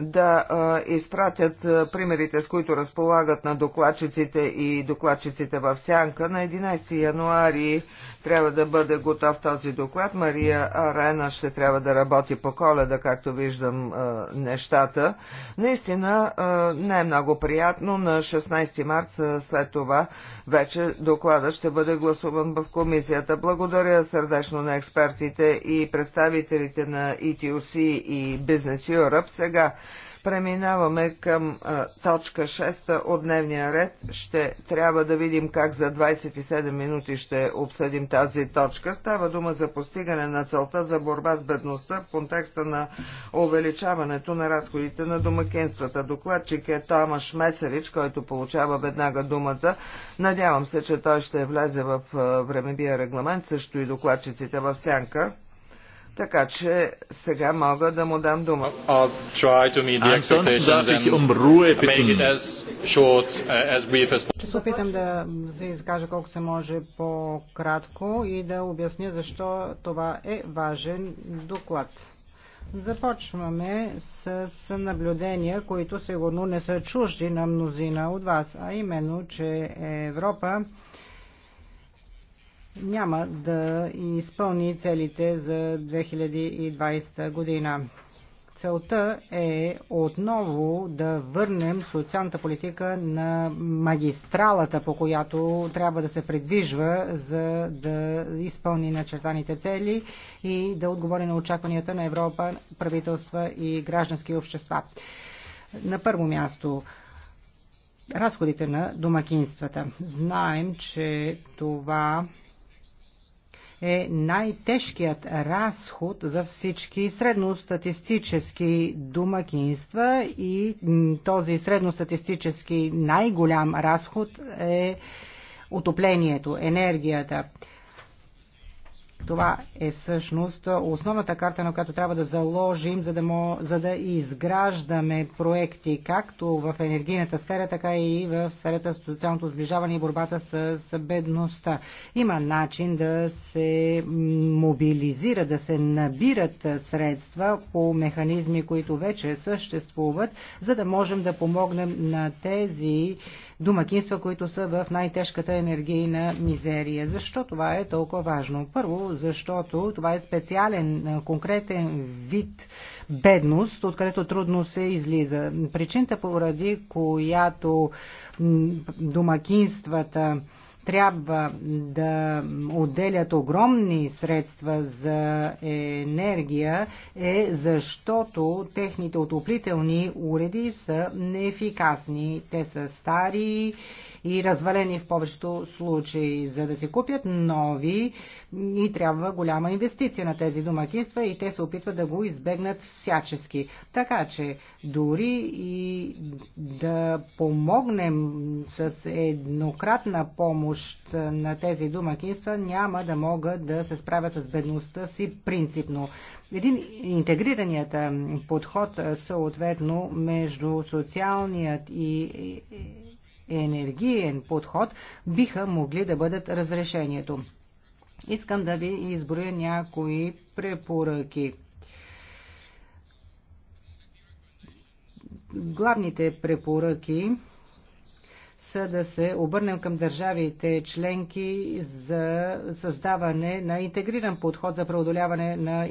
да изпратят примерите, с които разполагат на докладчиците и докладчиците в сянка. На 11 януари трябва да бъде готов този доклад. Мария Арена ще трябва да работи по коледа, както виждам нещата. Наистина не е много приятно. На 16 март след това вече доклада ще бъде гласуван в комисията. Благодаря сърдечно на експертите и представителите на ETUC и Business Europe. Сега Преминаваме към а, точка 6 от дневния ред. Ще трябва да видим как за 27 минути ще обсъдим тази точка. Става дума за постигане на целта за борба с бедността в контекста на увеличаването на разходите на домакинствата. Докладчик е Томаш Месерич, който получава веднага думата. Надявам се, че той ще влезе в времебия регламент, също и докладчиците в сянка. Така че сега мога да му дам дума. Е uh, Ще се опитам да се изкажа колко се може по-кратко и да обясня защо това е важен доклад. Започваме с наблюдения, които сигурно не са чужди на мнозина от вас, а именно, че Европа няма да изпълни целите за 2020 година. Целта е отново да върнем социалната политика на магистралата, по която трябва да се предвижва, за да изпълни начертаните цели и да отговори на очакванията на Европа, правителства и граждански общества. На първо място разходите на домакинствата. Знаем, че това е най-тежкият разход за всички средностатистически домакинства и този средностатистически най-голям разход е отоплението, енергията. Това е всъщност основната карта, на която трябва да заложим, за да, мо, за да изграждаме проекти както в енергийната сфера, така и в сферата социалното сближаване и борбата с, с бедността. Има начин да се мобилизира, да се набират средства по механизми, които вече съществуват, за да можем да помогнем на тези домакинства, които са в най-тежката енергийна мизерия. Защо това е толкова важно? Първо, защото това е специален, конкретен вид бедност, откъдето трудно се излиза. Причината, поради която домакинствата трябва да отделят огромни средства за енергия е защото техните отоплителни уреди са неефикасни. Те са стари и развалени в повечето случаи. За да се купят нови и трябва голяма инвестиция на тези домакинства и те се опитват да го избегнат всячески. Така че дори и да помогнем с еднократна помощ помощ на тези домакинства няма да могат да се справят с бедността си принципно. Един интегрираният подход съответно между социалният и енергиен подход биха могли да бъдат разрешението. Искам да ви изброя някои препоръки. Главните препоръки са да се обърнем към държавите членки за създаване на интегриран подход за преодоляване на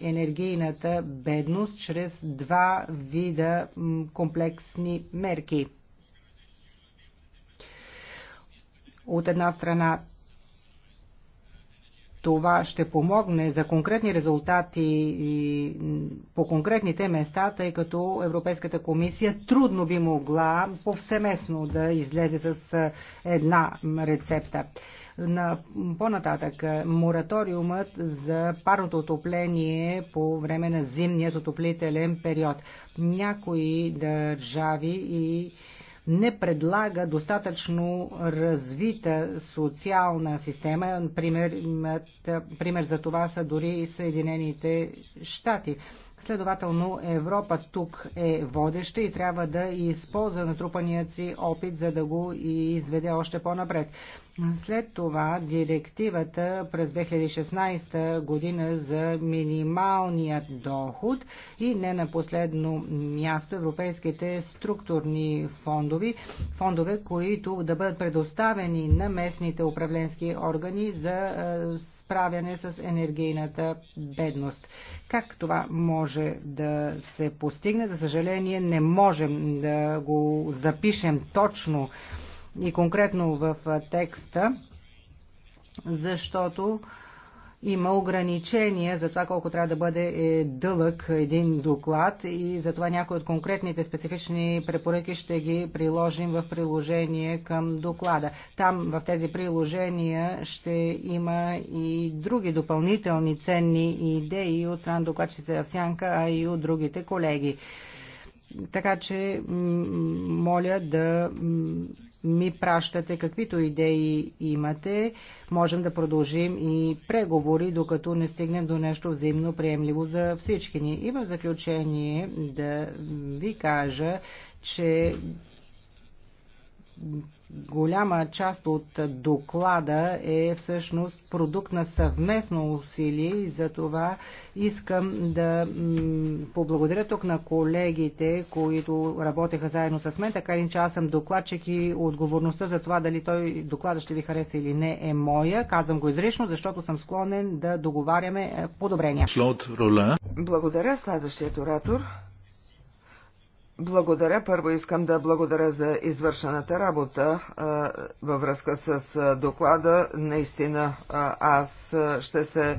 енергийната бедност чрез два вида комплексни мерки. От една страна това ще помогне за конкретни резултати и по конкретните места, тъй като Европейската комисия трудно би могла повсеместно да излезе с една рецепта. На по-нататък мораториумът за парното отопление по време на зимният отоплителен период. Някои държави и не предлага достатъчно развита социална система. Пример, пример за това са дори и Съединените щати. Следователно Европа тук е водеща и трябва да използва натрупаният си опит, за да го изведе още по-напред. След това директивата през 2016 година за минималният доход и не на последно място европейските структурни фондови, фондове, които да бъдат предоставени на местните управленски органи за справяне с енергийната бедност. Как това може да се постигне? За съжаление, не можем да го запишем точно и конкретно в текста, защото има ограничения за това колко трябва да бъде е, дълъг един доклад и затова някои от конкретните специфични препоръки ще ги приложим в приложение към доклада. Там в тези приложения ще има и други допълнителни ценни идеи от страна докладчица Авсянка, а и от другите колеги. Така че моля да ми пращате каквито идеи имате, можем да продължим и преговори, докато не стигнем до нещо взаимно приемливо за всички ни. И в заключение да ви кажа, че голяма част от доклада е всъщност продукт на съвместно усилие и за това искам да поблагодаря тук на колегите, които работеха заедно с мен, така или че аз съм докладчик и отговорността за това дали той доклада ще ви хареса или не е моя. Казвам го изрично, защото съм склонен да договаряме е, подобрения. Благодаря. Следващият оратор. Благодаря. Първо искам да благодаря за извършената работа във връзка с доклада. Наистина аз ще се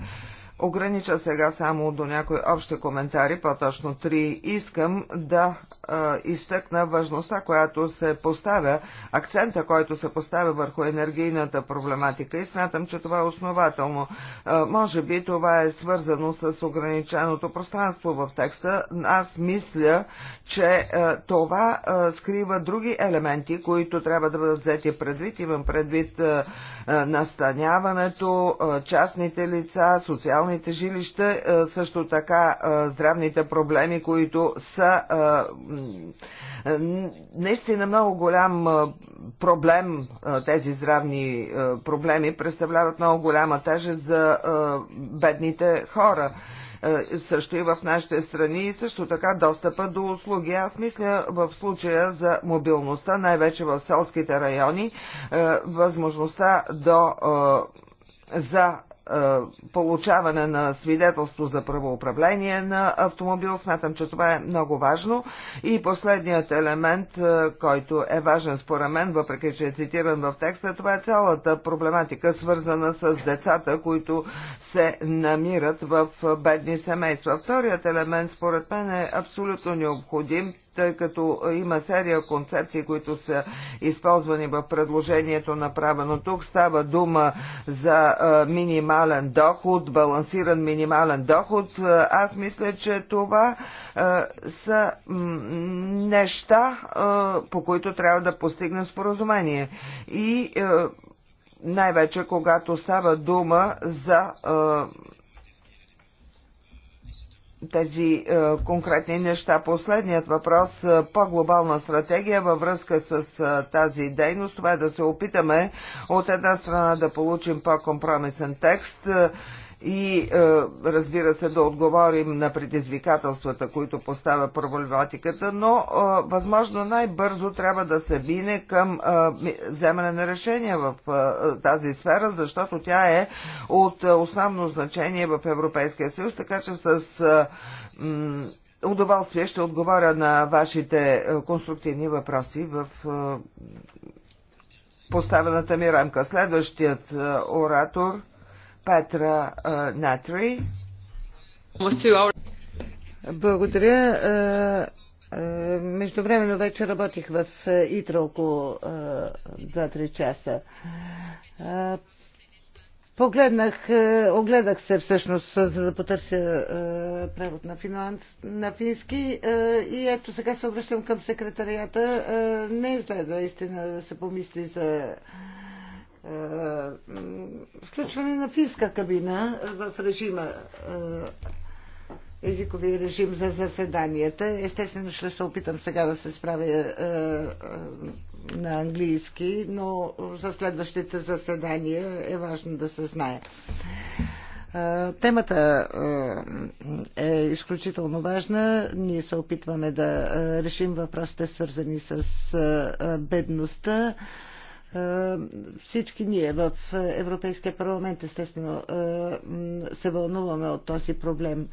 огранича сега само до някои общи коментари, по-точно три. Искам да а, изтъкна важността, която се поставя, акцента, който се поставя върху енергийната проблематика и смятам, че това е основателно. А, може би това е свързано с ограниченото пространство в текста. Аз мисля, че а, това а, скрива други елементи, които трябва да бъдат взети предвид. Имам предвид а, а, настаняването, а, частните лица, социални социалните жилища, е, също така е, здравните проблеми, които са е, наистина много голям проблем, тези здравни проблеми представляват много голяма тежест за бедните хора също и в нашите страни и също така достъпа до услуги. Аз мисля в случая за мобилността, най-вече в селските райони, възможността до, за е, получаване на свидетелство за правоуправление на автомобил. Смятам, че това е много важно. И последният елемент, е, който е важен според мен, въпреки че е цитиран в текста, това е цялата проблематика, свързана с децата, които се намират в бедни семейства. Вторият елемент, според мен, е абсолютно необходим тъй като има серия концепции, които са използвани в предложението направено тук. Става дума за минимален доход, балансиран минимален доход. Аз мисля, че това са неща, по които трябва да постигнем споразумение. И най-вече когато става дума за тези е, конкретни неща. Последният въпрос, е, по-глобална стратегия във връзка с е, тази дейност, това е да се опитаме от една страна да получим по-компромисен текст. Е, и е, разбира се да отговорим на предизвикателствата, които поставя проблематиката, но е, възможно най-бързо трябва да се бине към е, вземане на решения в е, тази сфера, защото тя е от е, основно значение в Европейския съюз, така че с е, удоволствие ще отговоря на вашите е, конструктивни въпроси в е, поставената ми рамка. Следващият е, оратор Петра Натри. Благодаря. Междувременно вече работих в Итра около 2-3 часа. Погледнах, огледах се всъщност, за да потърся превод на, финанс, на фински и ето сега се обръщам към секретарията. Не изгледа истина да се помисли за е, включване на финска кабина в режима е, езиковия режим за заседанията. Естествено ще се опитам сега да се справя е, е, на английски, но за следващите заседания е важно да се знае. Е, темата е изключително важна. Ние се опитваме да решим въпросите, свързани с бедността. Е, всички ние в Европейския парламент естествено е, се вълнуваме от този проблем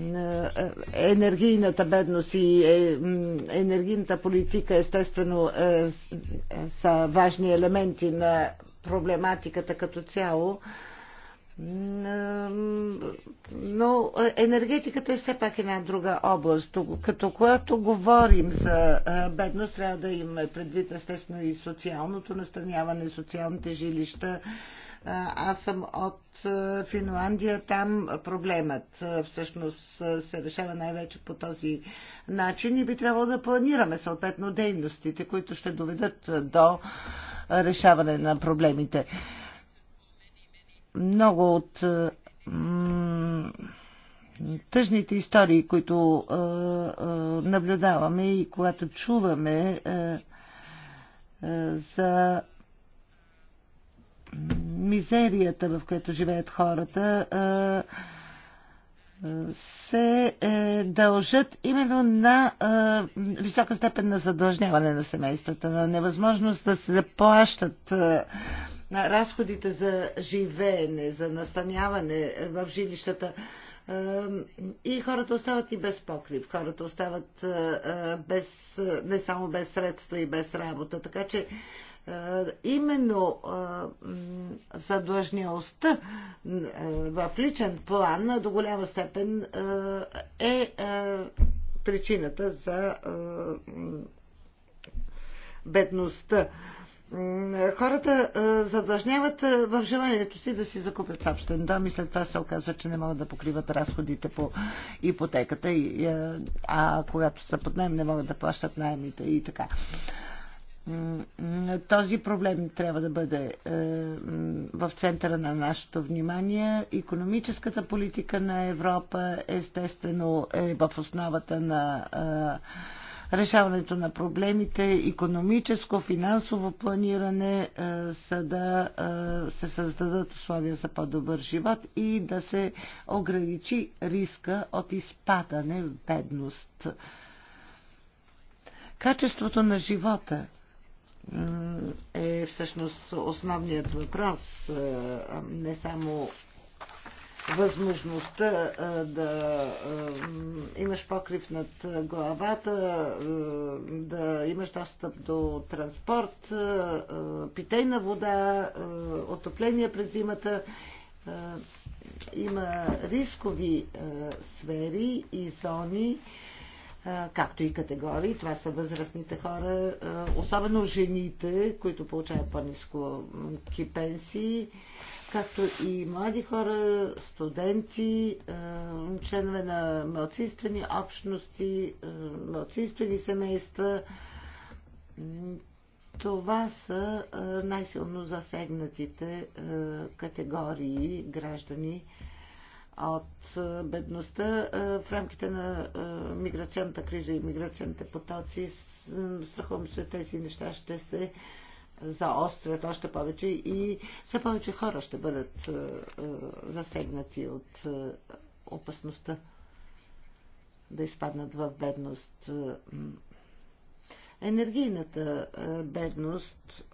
е, енергийната бедност и енергийната политика естествено са важни елементи на проблематиката като цяло, но енергетиката е все пак една друга област. Като когато говорим за бедност, трябва да имаме предвид естествено и социалното настаняване, социалните жилища. Аз съм от Финландия. Там проблемът всъщност се решава най-вече по този начин и би трябвало да планираме съответно дейностите, които ще доведат до решаване на проблемите много от е, тъжните истории, които е, е, наблюдаваме и когато чуваме за мизерията, в която живеят хората, се е, дължат именно на е, висока степен на задължняване на семействата, на невъзможност да се заплащат е, разходите за живеене, за настаняване в жилищата. Е, и хората остават и без покрив, хората остават е, е без, е, не само без средства и без работа. Така че е, именно е, задлъжнялостта е, в личен план до голяма степен е причината за бедността. Хората задлъжняват в желанието си да си закупят собствен дом и след това се оказва, че не могат да покриват разходите по ипотеката, а когато са под найем не могат да плащат найемите и така. Този проблем трябва да бъде е, в центъра на нашето внимание. Економическата политика на Европа естествено е в основата на е, решаването на проблемите, економическо, финансово планиране, е, са да се създадат условия за по-добър живот и да се ограничи риска от изпадане в бедност. Качеството на живота е всъщност основният въпрос. Е, не само възможността е, да е, имаш покрив над главата, да имаш достъп до транспорт, питейна вода, отопление през зимата. Има рискови сфери и зони, както и категории. Това са възрастните хора, особено жените, които получават по низко пенсии, както и млади хора, студенти, членове на младсинствени общности, младсинствени семейства. Това са най-силно засегнатите категории граждани от бедността в рамките на миграционната криза и миграционните потоци. Страхувам се, тези неща ще се заострят още повече и все повече хора ще бъдат засегнати от опасността да изпаднат в бедност. Енергийната бедност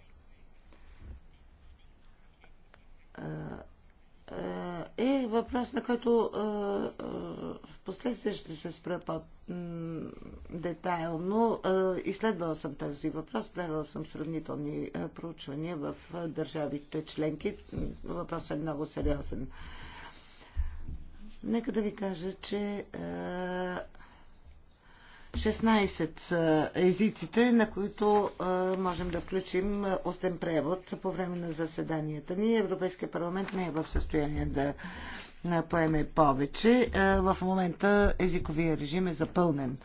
е, е въпрос, на който е, е, в последствие ще се спра по-детайлно. Изследвала съм този въпрос, правила съм сравнителни проучвания в държавите членки. Въпросът е много сериозен. Нека да ви кажа, че 16 са езиците, на които можем да включим устен превод по време на заседанията ни. Европейския парламент не е в състояние да поеме повече. В момента езиковия режим е запълнен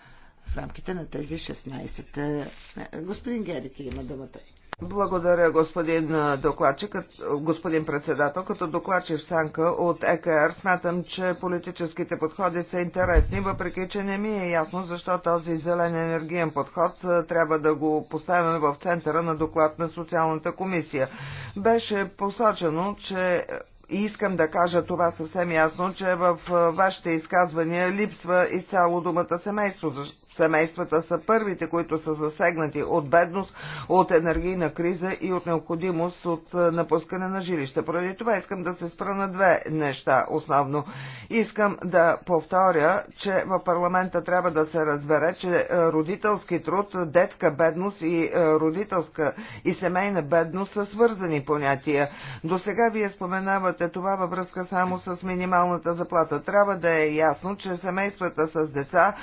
в рамките на тези 16. Господин Герики има думата. Благодаря, господин докладчик, господин председател. Като докладчик Санка от ЕКР смятам, че политическите подходи са интересни, въпреки че не ми е ясно защо този зелен енергиен подход трябва да го поставяме в центъра на доклад на социалната комисия. Беше посочено, че и искам да кажа това съвсем ясно, че в вашите изказвания липсва изцяло думата семейство, Семействата са първите, които са засегнати от бедност, от енергийна криза и от необходимост от е, напускане на жилище. Поради това искам да се спра на две неща основно. Искам да повторя, че в парламента трябва да се разбере, че е, родителски труд, детска бедност и е, родителска и семейна бедност са свързани понятия. До сега вие споменавате това във връзка само с минималната заплата. Трябва да е ясно, че семействата с деца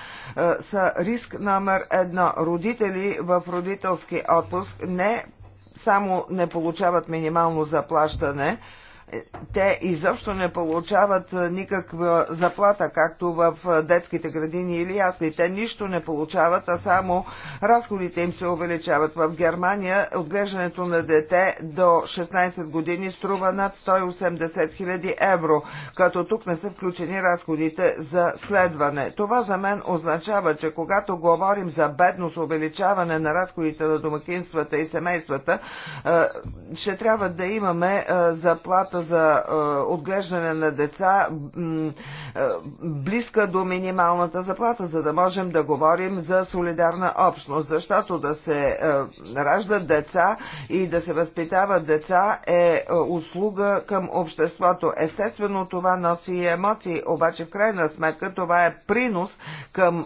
са риск номер едно. Родители в родителски отпуск не само не получават минимално заплащане, те изобщо не получават никаква заплата, както в детските градини или ясли. Те нищо не получават, а само разходите им се увеличават. В Германия отглеждането на дете до 16 години струва над 180 хиляди евро, като тук не са включени разходите за следване. Това за мен означава, че когато говорим за бедност, увеличаване на разходите на домакинствата и семействата, ще трябва да имаме заплата помощта за е, отглеждане на деца е, близка до минималната заплата, за да можем да говорим за солидарна общност, защото да се е, раждат деца и да се възпитават деца е услуга към обществото. Естествено това носи и емоции, обаче в крайна сметка това е принос към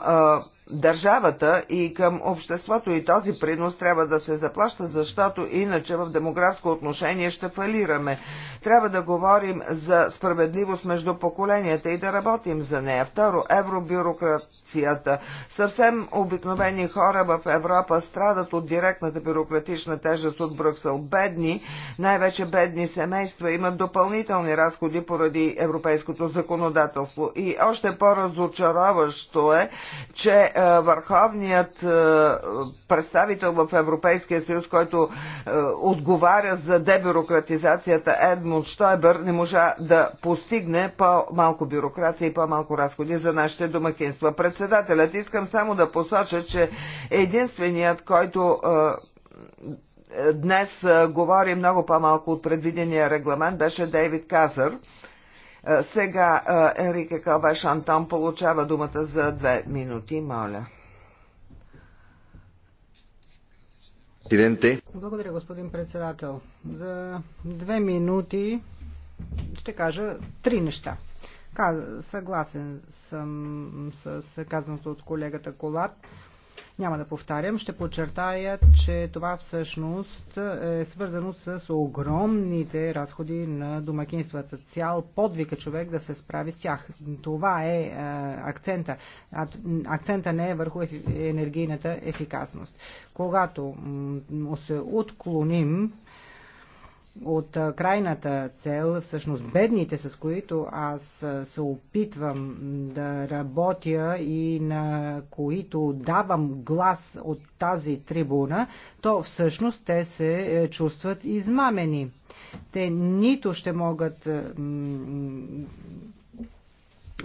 държавата и към обществото и този принос трябва да се заплаща, защото иначе в демографско отношение ще фалираме. Трябва да говорим за справедливост между поколенията и да работим за нея. Второ, евробюрокрацията. Съвсем обикновени хора в Европа страдат от директната бюрократична тежест от Брюксел. Бедни, най-вече бедни семейства имат допълнителни разходи поради европейското законодателство. И още по-разочароващо е, че е, върховният е, представител в Европейския съюз, който е, отговаря за дебюрократизацията Едмунд Штойбер, не можа да постигне по-малко бюрокрация и по-малко разходи за нашите домакинства. Председателят, искам само да посоча, че единственият, който днес говори много по-малко от предвидения регламент, беше Дейвид Казър. Е, сега е, Енрике Калвеш Антон получава думата за две минути, моля. Благодаря, господин председател. За две минути ще кажа три неща. Съгласен съм с казаното от колегата Колат. Няма да повтарям, ще подчертая, че това всъщност е свързано с огромните разходи на домакинствата. Цял подвика е човек да се справи с тях. Това е, е акцента. Акцента не е върху енергийната ефикасност. Когато се отклоним от крайната цел, всъщност бедните, с които аз се опитвам да работя и на които давам глас от тази трибуна, то всъщност те се е, чувстват измамени. Те нито ще могат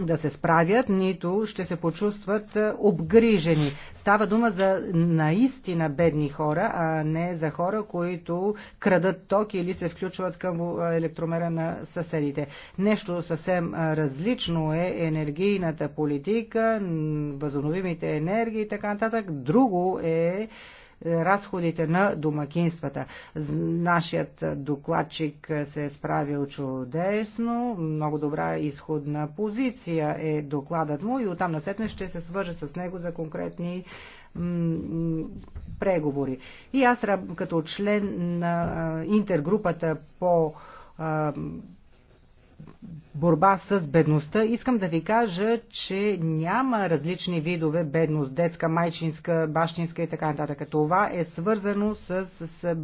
да се справят, нито ще се почувстват е, обгрижени. Става дума за наистина бедни хора, а не за хора, които крадат ток или се включват към е, електромера на съседите. Нещо съвсем е, различно е енергийната политика, възобновимите енергии и така нататък. Друго е разходите на домакинствата. Нашият докладчик се е справил чудесно, много добра изходна позиция е докладът му и оттам сетне ще се свържа с него за конкретни преговори. И аз като член на интергрупата по борба с бедността, искам да ви кажа, че няма различни видове бедност, детска, майчинска, бащинска и така нататък. Това е свързано с, с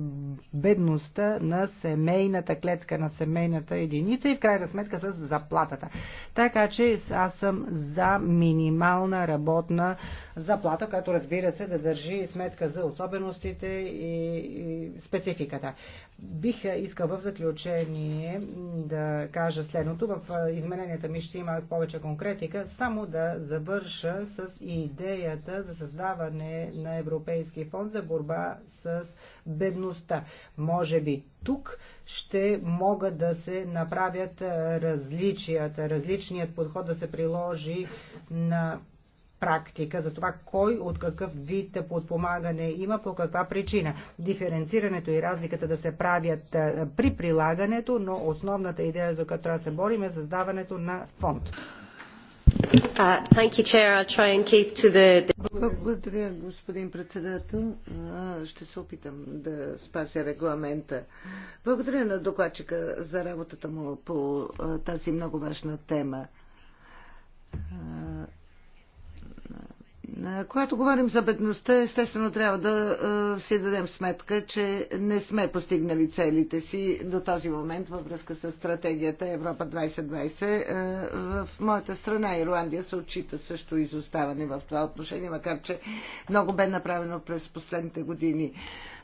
бедността на семейната клетка, на семейната единица и в крайна сметка с заплатата. Така че аз съм за минимална работна заплата, която разбира се да държи сметка за особеностите и, и спецификата. Бих искал в заключение да кажа следното. В в измененията ми ще има повече конкретика, само да завърша с идеята за създаване на Европейски фонд за борба с бедността. Може би тук ще могат да се направят различията, различният подход да се приложи на практика за това кой от какъв вид подпомагане има, по каква причина. Диференцирането и разликата да се правят при прилагането, но основната идея, за която трябва да се борим, е създаването на фонд. Uh, Благодаря, господин председател. Ще се опитам да спася регламента. Благодаря на докладчика за работата му по тази много важна тема. Когато говорим за бедността, естествено трябва да си дадем сметка, че не сме постигнали целите си до този момент във връзка с стратегията Европа 2020. В моята страна Ирландия се отчита също изоставане в това отношение, макар че много бе направено през последните години.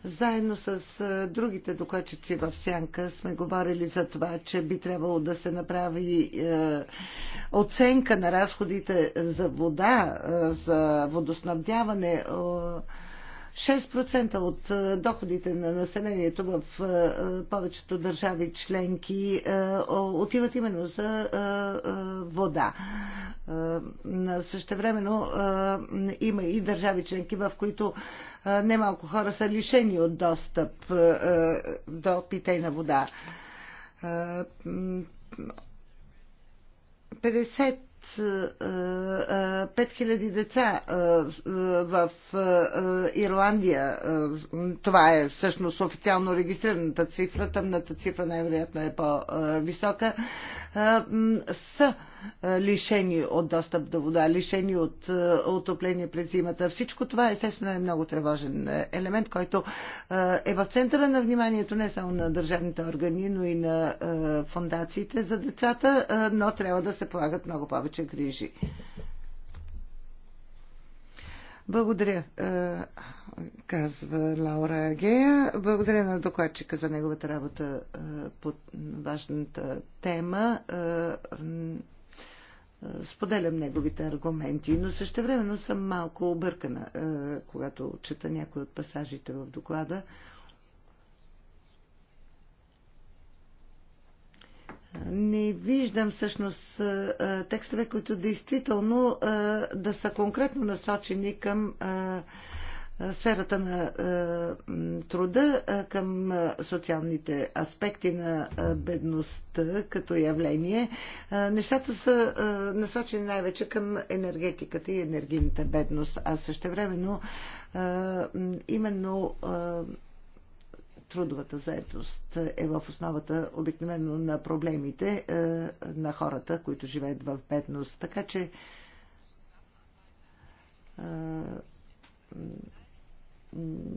Заедно с другите докладчици в Сянка сме говорили за това, че би трябвало да се направи е, оценка на разходите за вода, е, за водоснабдяване е, 6% от е, доходите на населението в е, е, повечето държави членки отиват именно за вода. Същевременно има и държави членки, в които немалко хора са лишени от достъп до питейна вода. 50 5000 деца в Ирландия. Това е всъщност официално регистрираната цифра. Тъмната цифра най-вероятно е по-висока. Са лишени от достъп до вода, лишени от отопление през зимата. Всичко това естествено е много тревожен елемент, който е в центъра на вниманието не само на държавните органи, но и на фундациите за децата, но трябва да се полагат много повече грижи. Благодаря, казва Лаура Агея. Благодаря на докладчика за неговата работа по важната тема споделям неговите аргументи, но същевременно съм малко объркана, когато чета някои от пасажите в доклада. Не виждам всъщност текстове, които действително да са конкретно насочени към сферата на е, труда е, към е, социалните аспекти на бедността като явление. Нещата са насочени най-вече към енергетиката и енергийната бедност, а също времено именно трудовата заедост е в основата обикновено на проблемите на хората, които живеят в бедност. Така че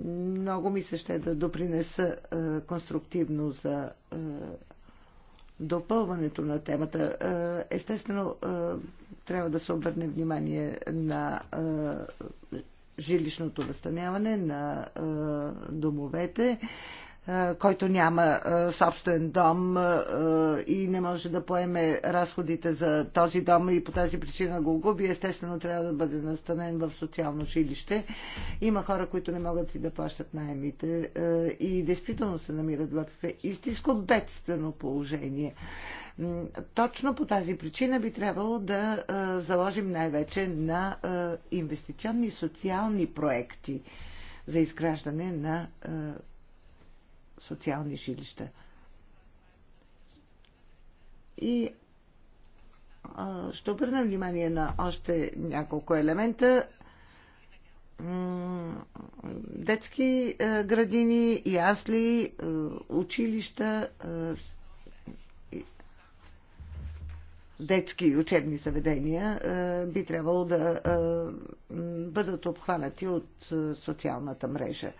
много ми се ще да допринеса е, конструктивно за е, допълването на темата. Е, естествено, трябва да се обърне внимание на жилищното възстаняване, на домовете който няма собствен дом и не може да поеме разходите за този дом и по тази причина го губи, естествено трябва да бъде настанен в социално жилище. Има хора, които не могат и да плащат найемите и действително се намират в истинско бедствено положение. Точно по тази причина би трябвало да заложим най-вече на инвестиционни социални проекти за изграждане на социални жилища. И ще обърна внимание на още няколко елемента. Детски градини, ясли, училища, детски учебни заведения би трябвало да бъдат обхванати от социалната мрежа.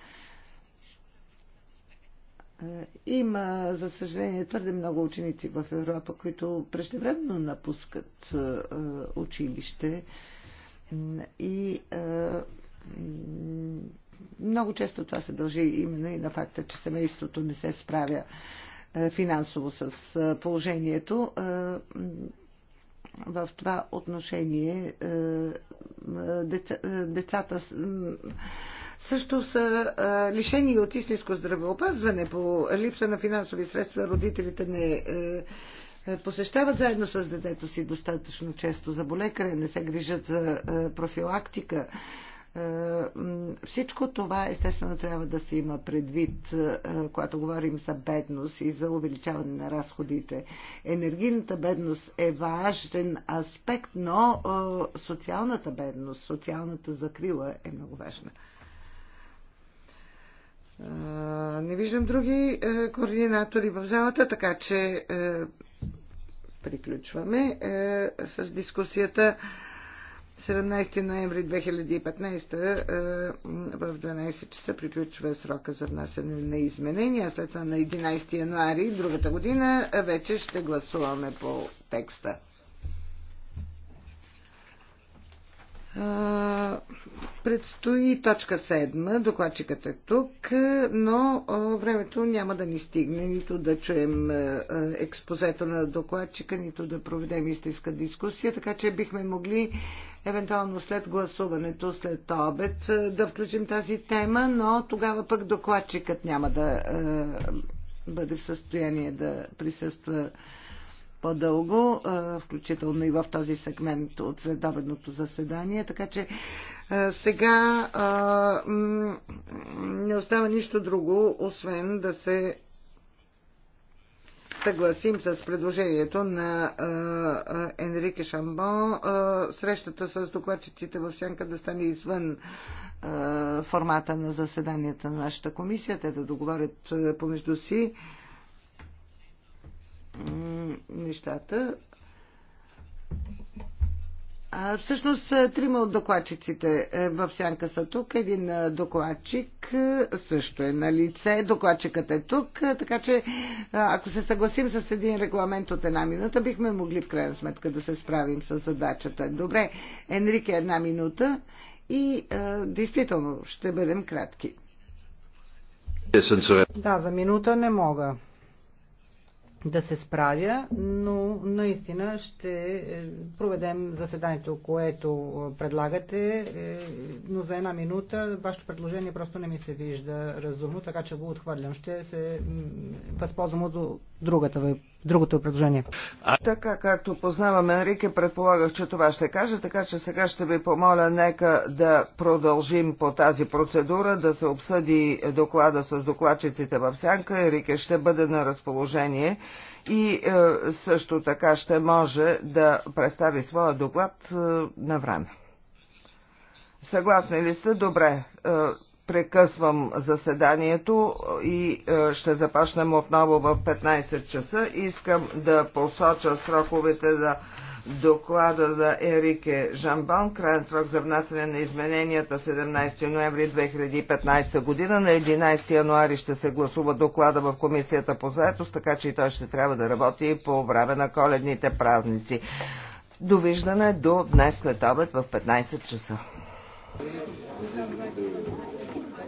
Е, има, за съжаление, твърде много ученици в Европа, които преждевременно напускат е, училище и е, много често това се дължи именно и на факта, че семейството не се справя финансово с положението. В това отношение децата също са а, лишени от истинско здравеопазване по липса на финансови средства. Родителите не а, е, е, посещават заедно с детето си достатъчно често за болекаре, не се грижат за а, е, профилактика. Всичко това естествено трябва да се има предвид, когато говорим за бедност и за увеличаване на разходите. Енергийната бедност е важен аспект, но социалната бедност, социалната закрила е много важна. Не виждам други координатори в залата, така че приключваме с дискусията. 17 ноември 2015 в 12 часа приключва срока за внасяне на изменения. След това на 11 януари другата година вече ще гласуваме по текста. Предстои точка 7, докладчикът е тук, но времето няма да ни стигне, нито да чуем експозето на докладчика, нито да проведем истинска дискусия, така че бихме могли евентуално след гласуването, след обед, да включим тази тема, но тогава пък докладчикът няма да бъде в състояние да присъства по-дълго, включително и в този сегмент от следобедното заседание, така че сега не остава нищо друго, освен да се съгласим с предложението на Енрике Шамбон срещата с докладчиците в Сянка да стане извън формата на заседанията на нашата комисия, те да договорят помежду си нещата. А, всъщност е, трима от докладчиците е, в сянка са тук. Един е, докладчик също е на лице. Докладчикът е тук. Така че ако се съгласим с един регламент от една минута, бихме могли в крайна сметка да се справим с задачата. Добре, Енрик е една минута и а, действително ще бъдем кратки. Да, за минута не мога да се справя, но наистина ще е, проведем заседанието, което е, предлагате, е, но за една минута вашето предложение просто не ми се вижда разумно, така че го отхвърлям. Ще се възползвам от другата ви другото е предложение. Така както познавам Енрике, предполагах, че това ще каже, така че сега ще ви помоля нека да продължим по тази процедура, да се обсъди доклада с докладчиците в сянка. Енрике ще бъде на разположение и е, също така ще може да представи своя доклад е, на време. Съгласни ли сте? Добре. Е, прекъсвам заседанието и е, ще започнем отново в 15 часа. Искам да посоча сроковете за доклада за Ерике Жамбан, крайен срок за внасяне на измененията 17 ноември 2015 година. На 11 януари ще се гласува доклада в Комисията по заетост, така че и той ще трябва да работи по време на коледните празници. Довиждане до днес след обед в 15 часа.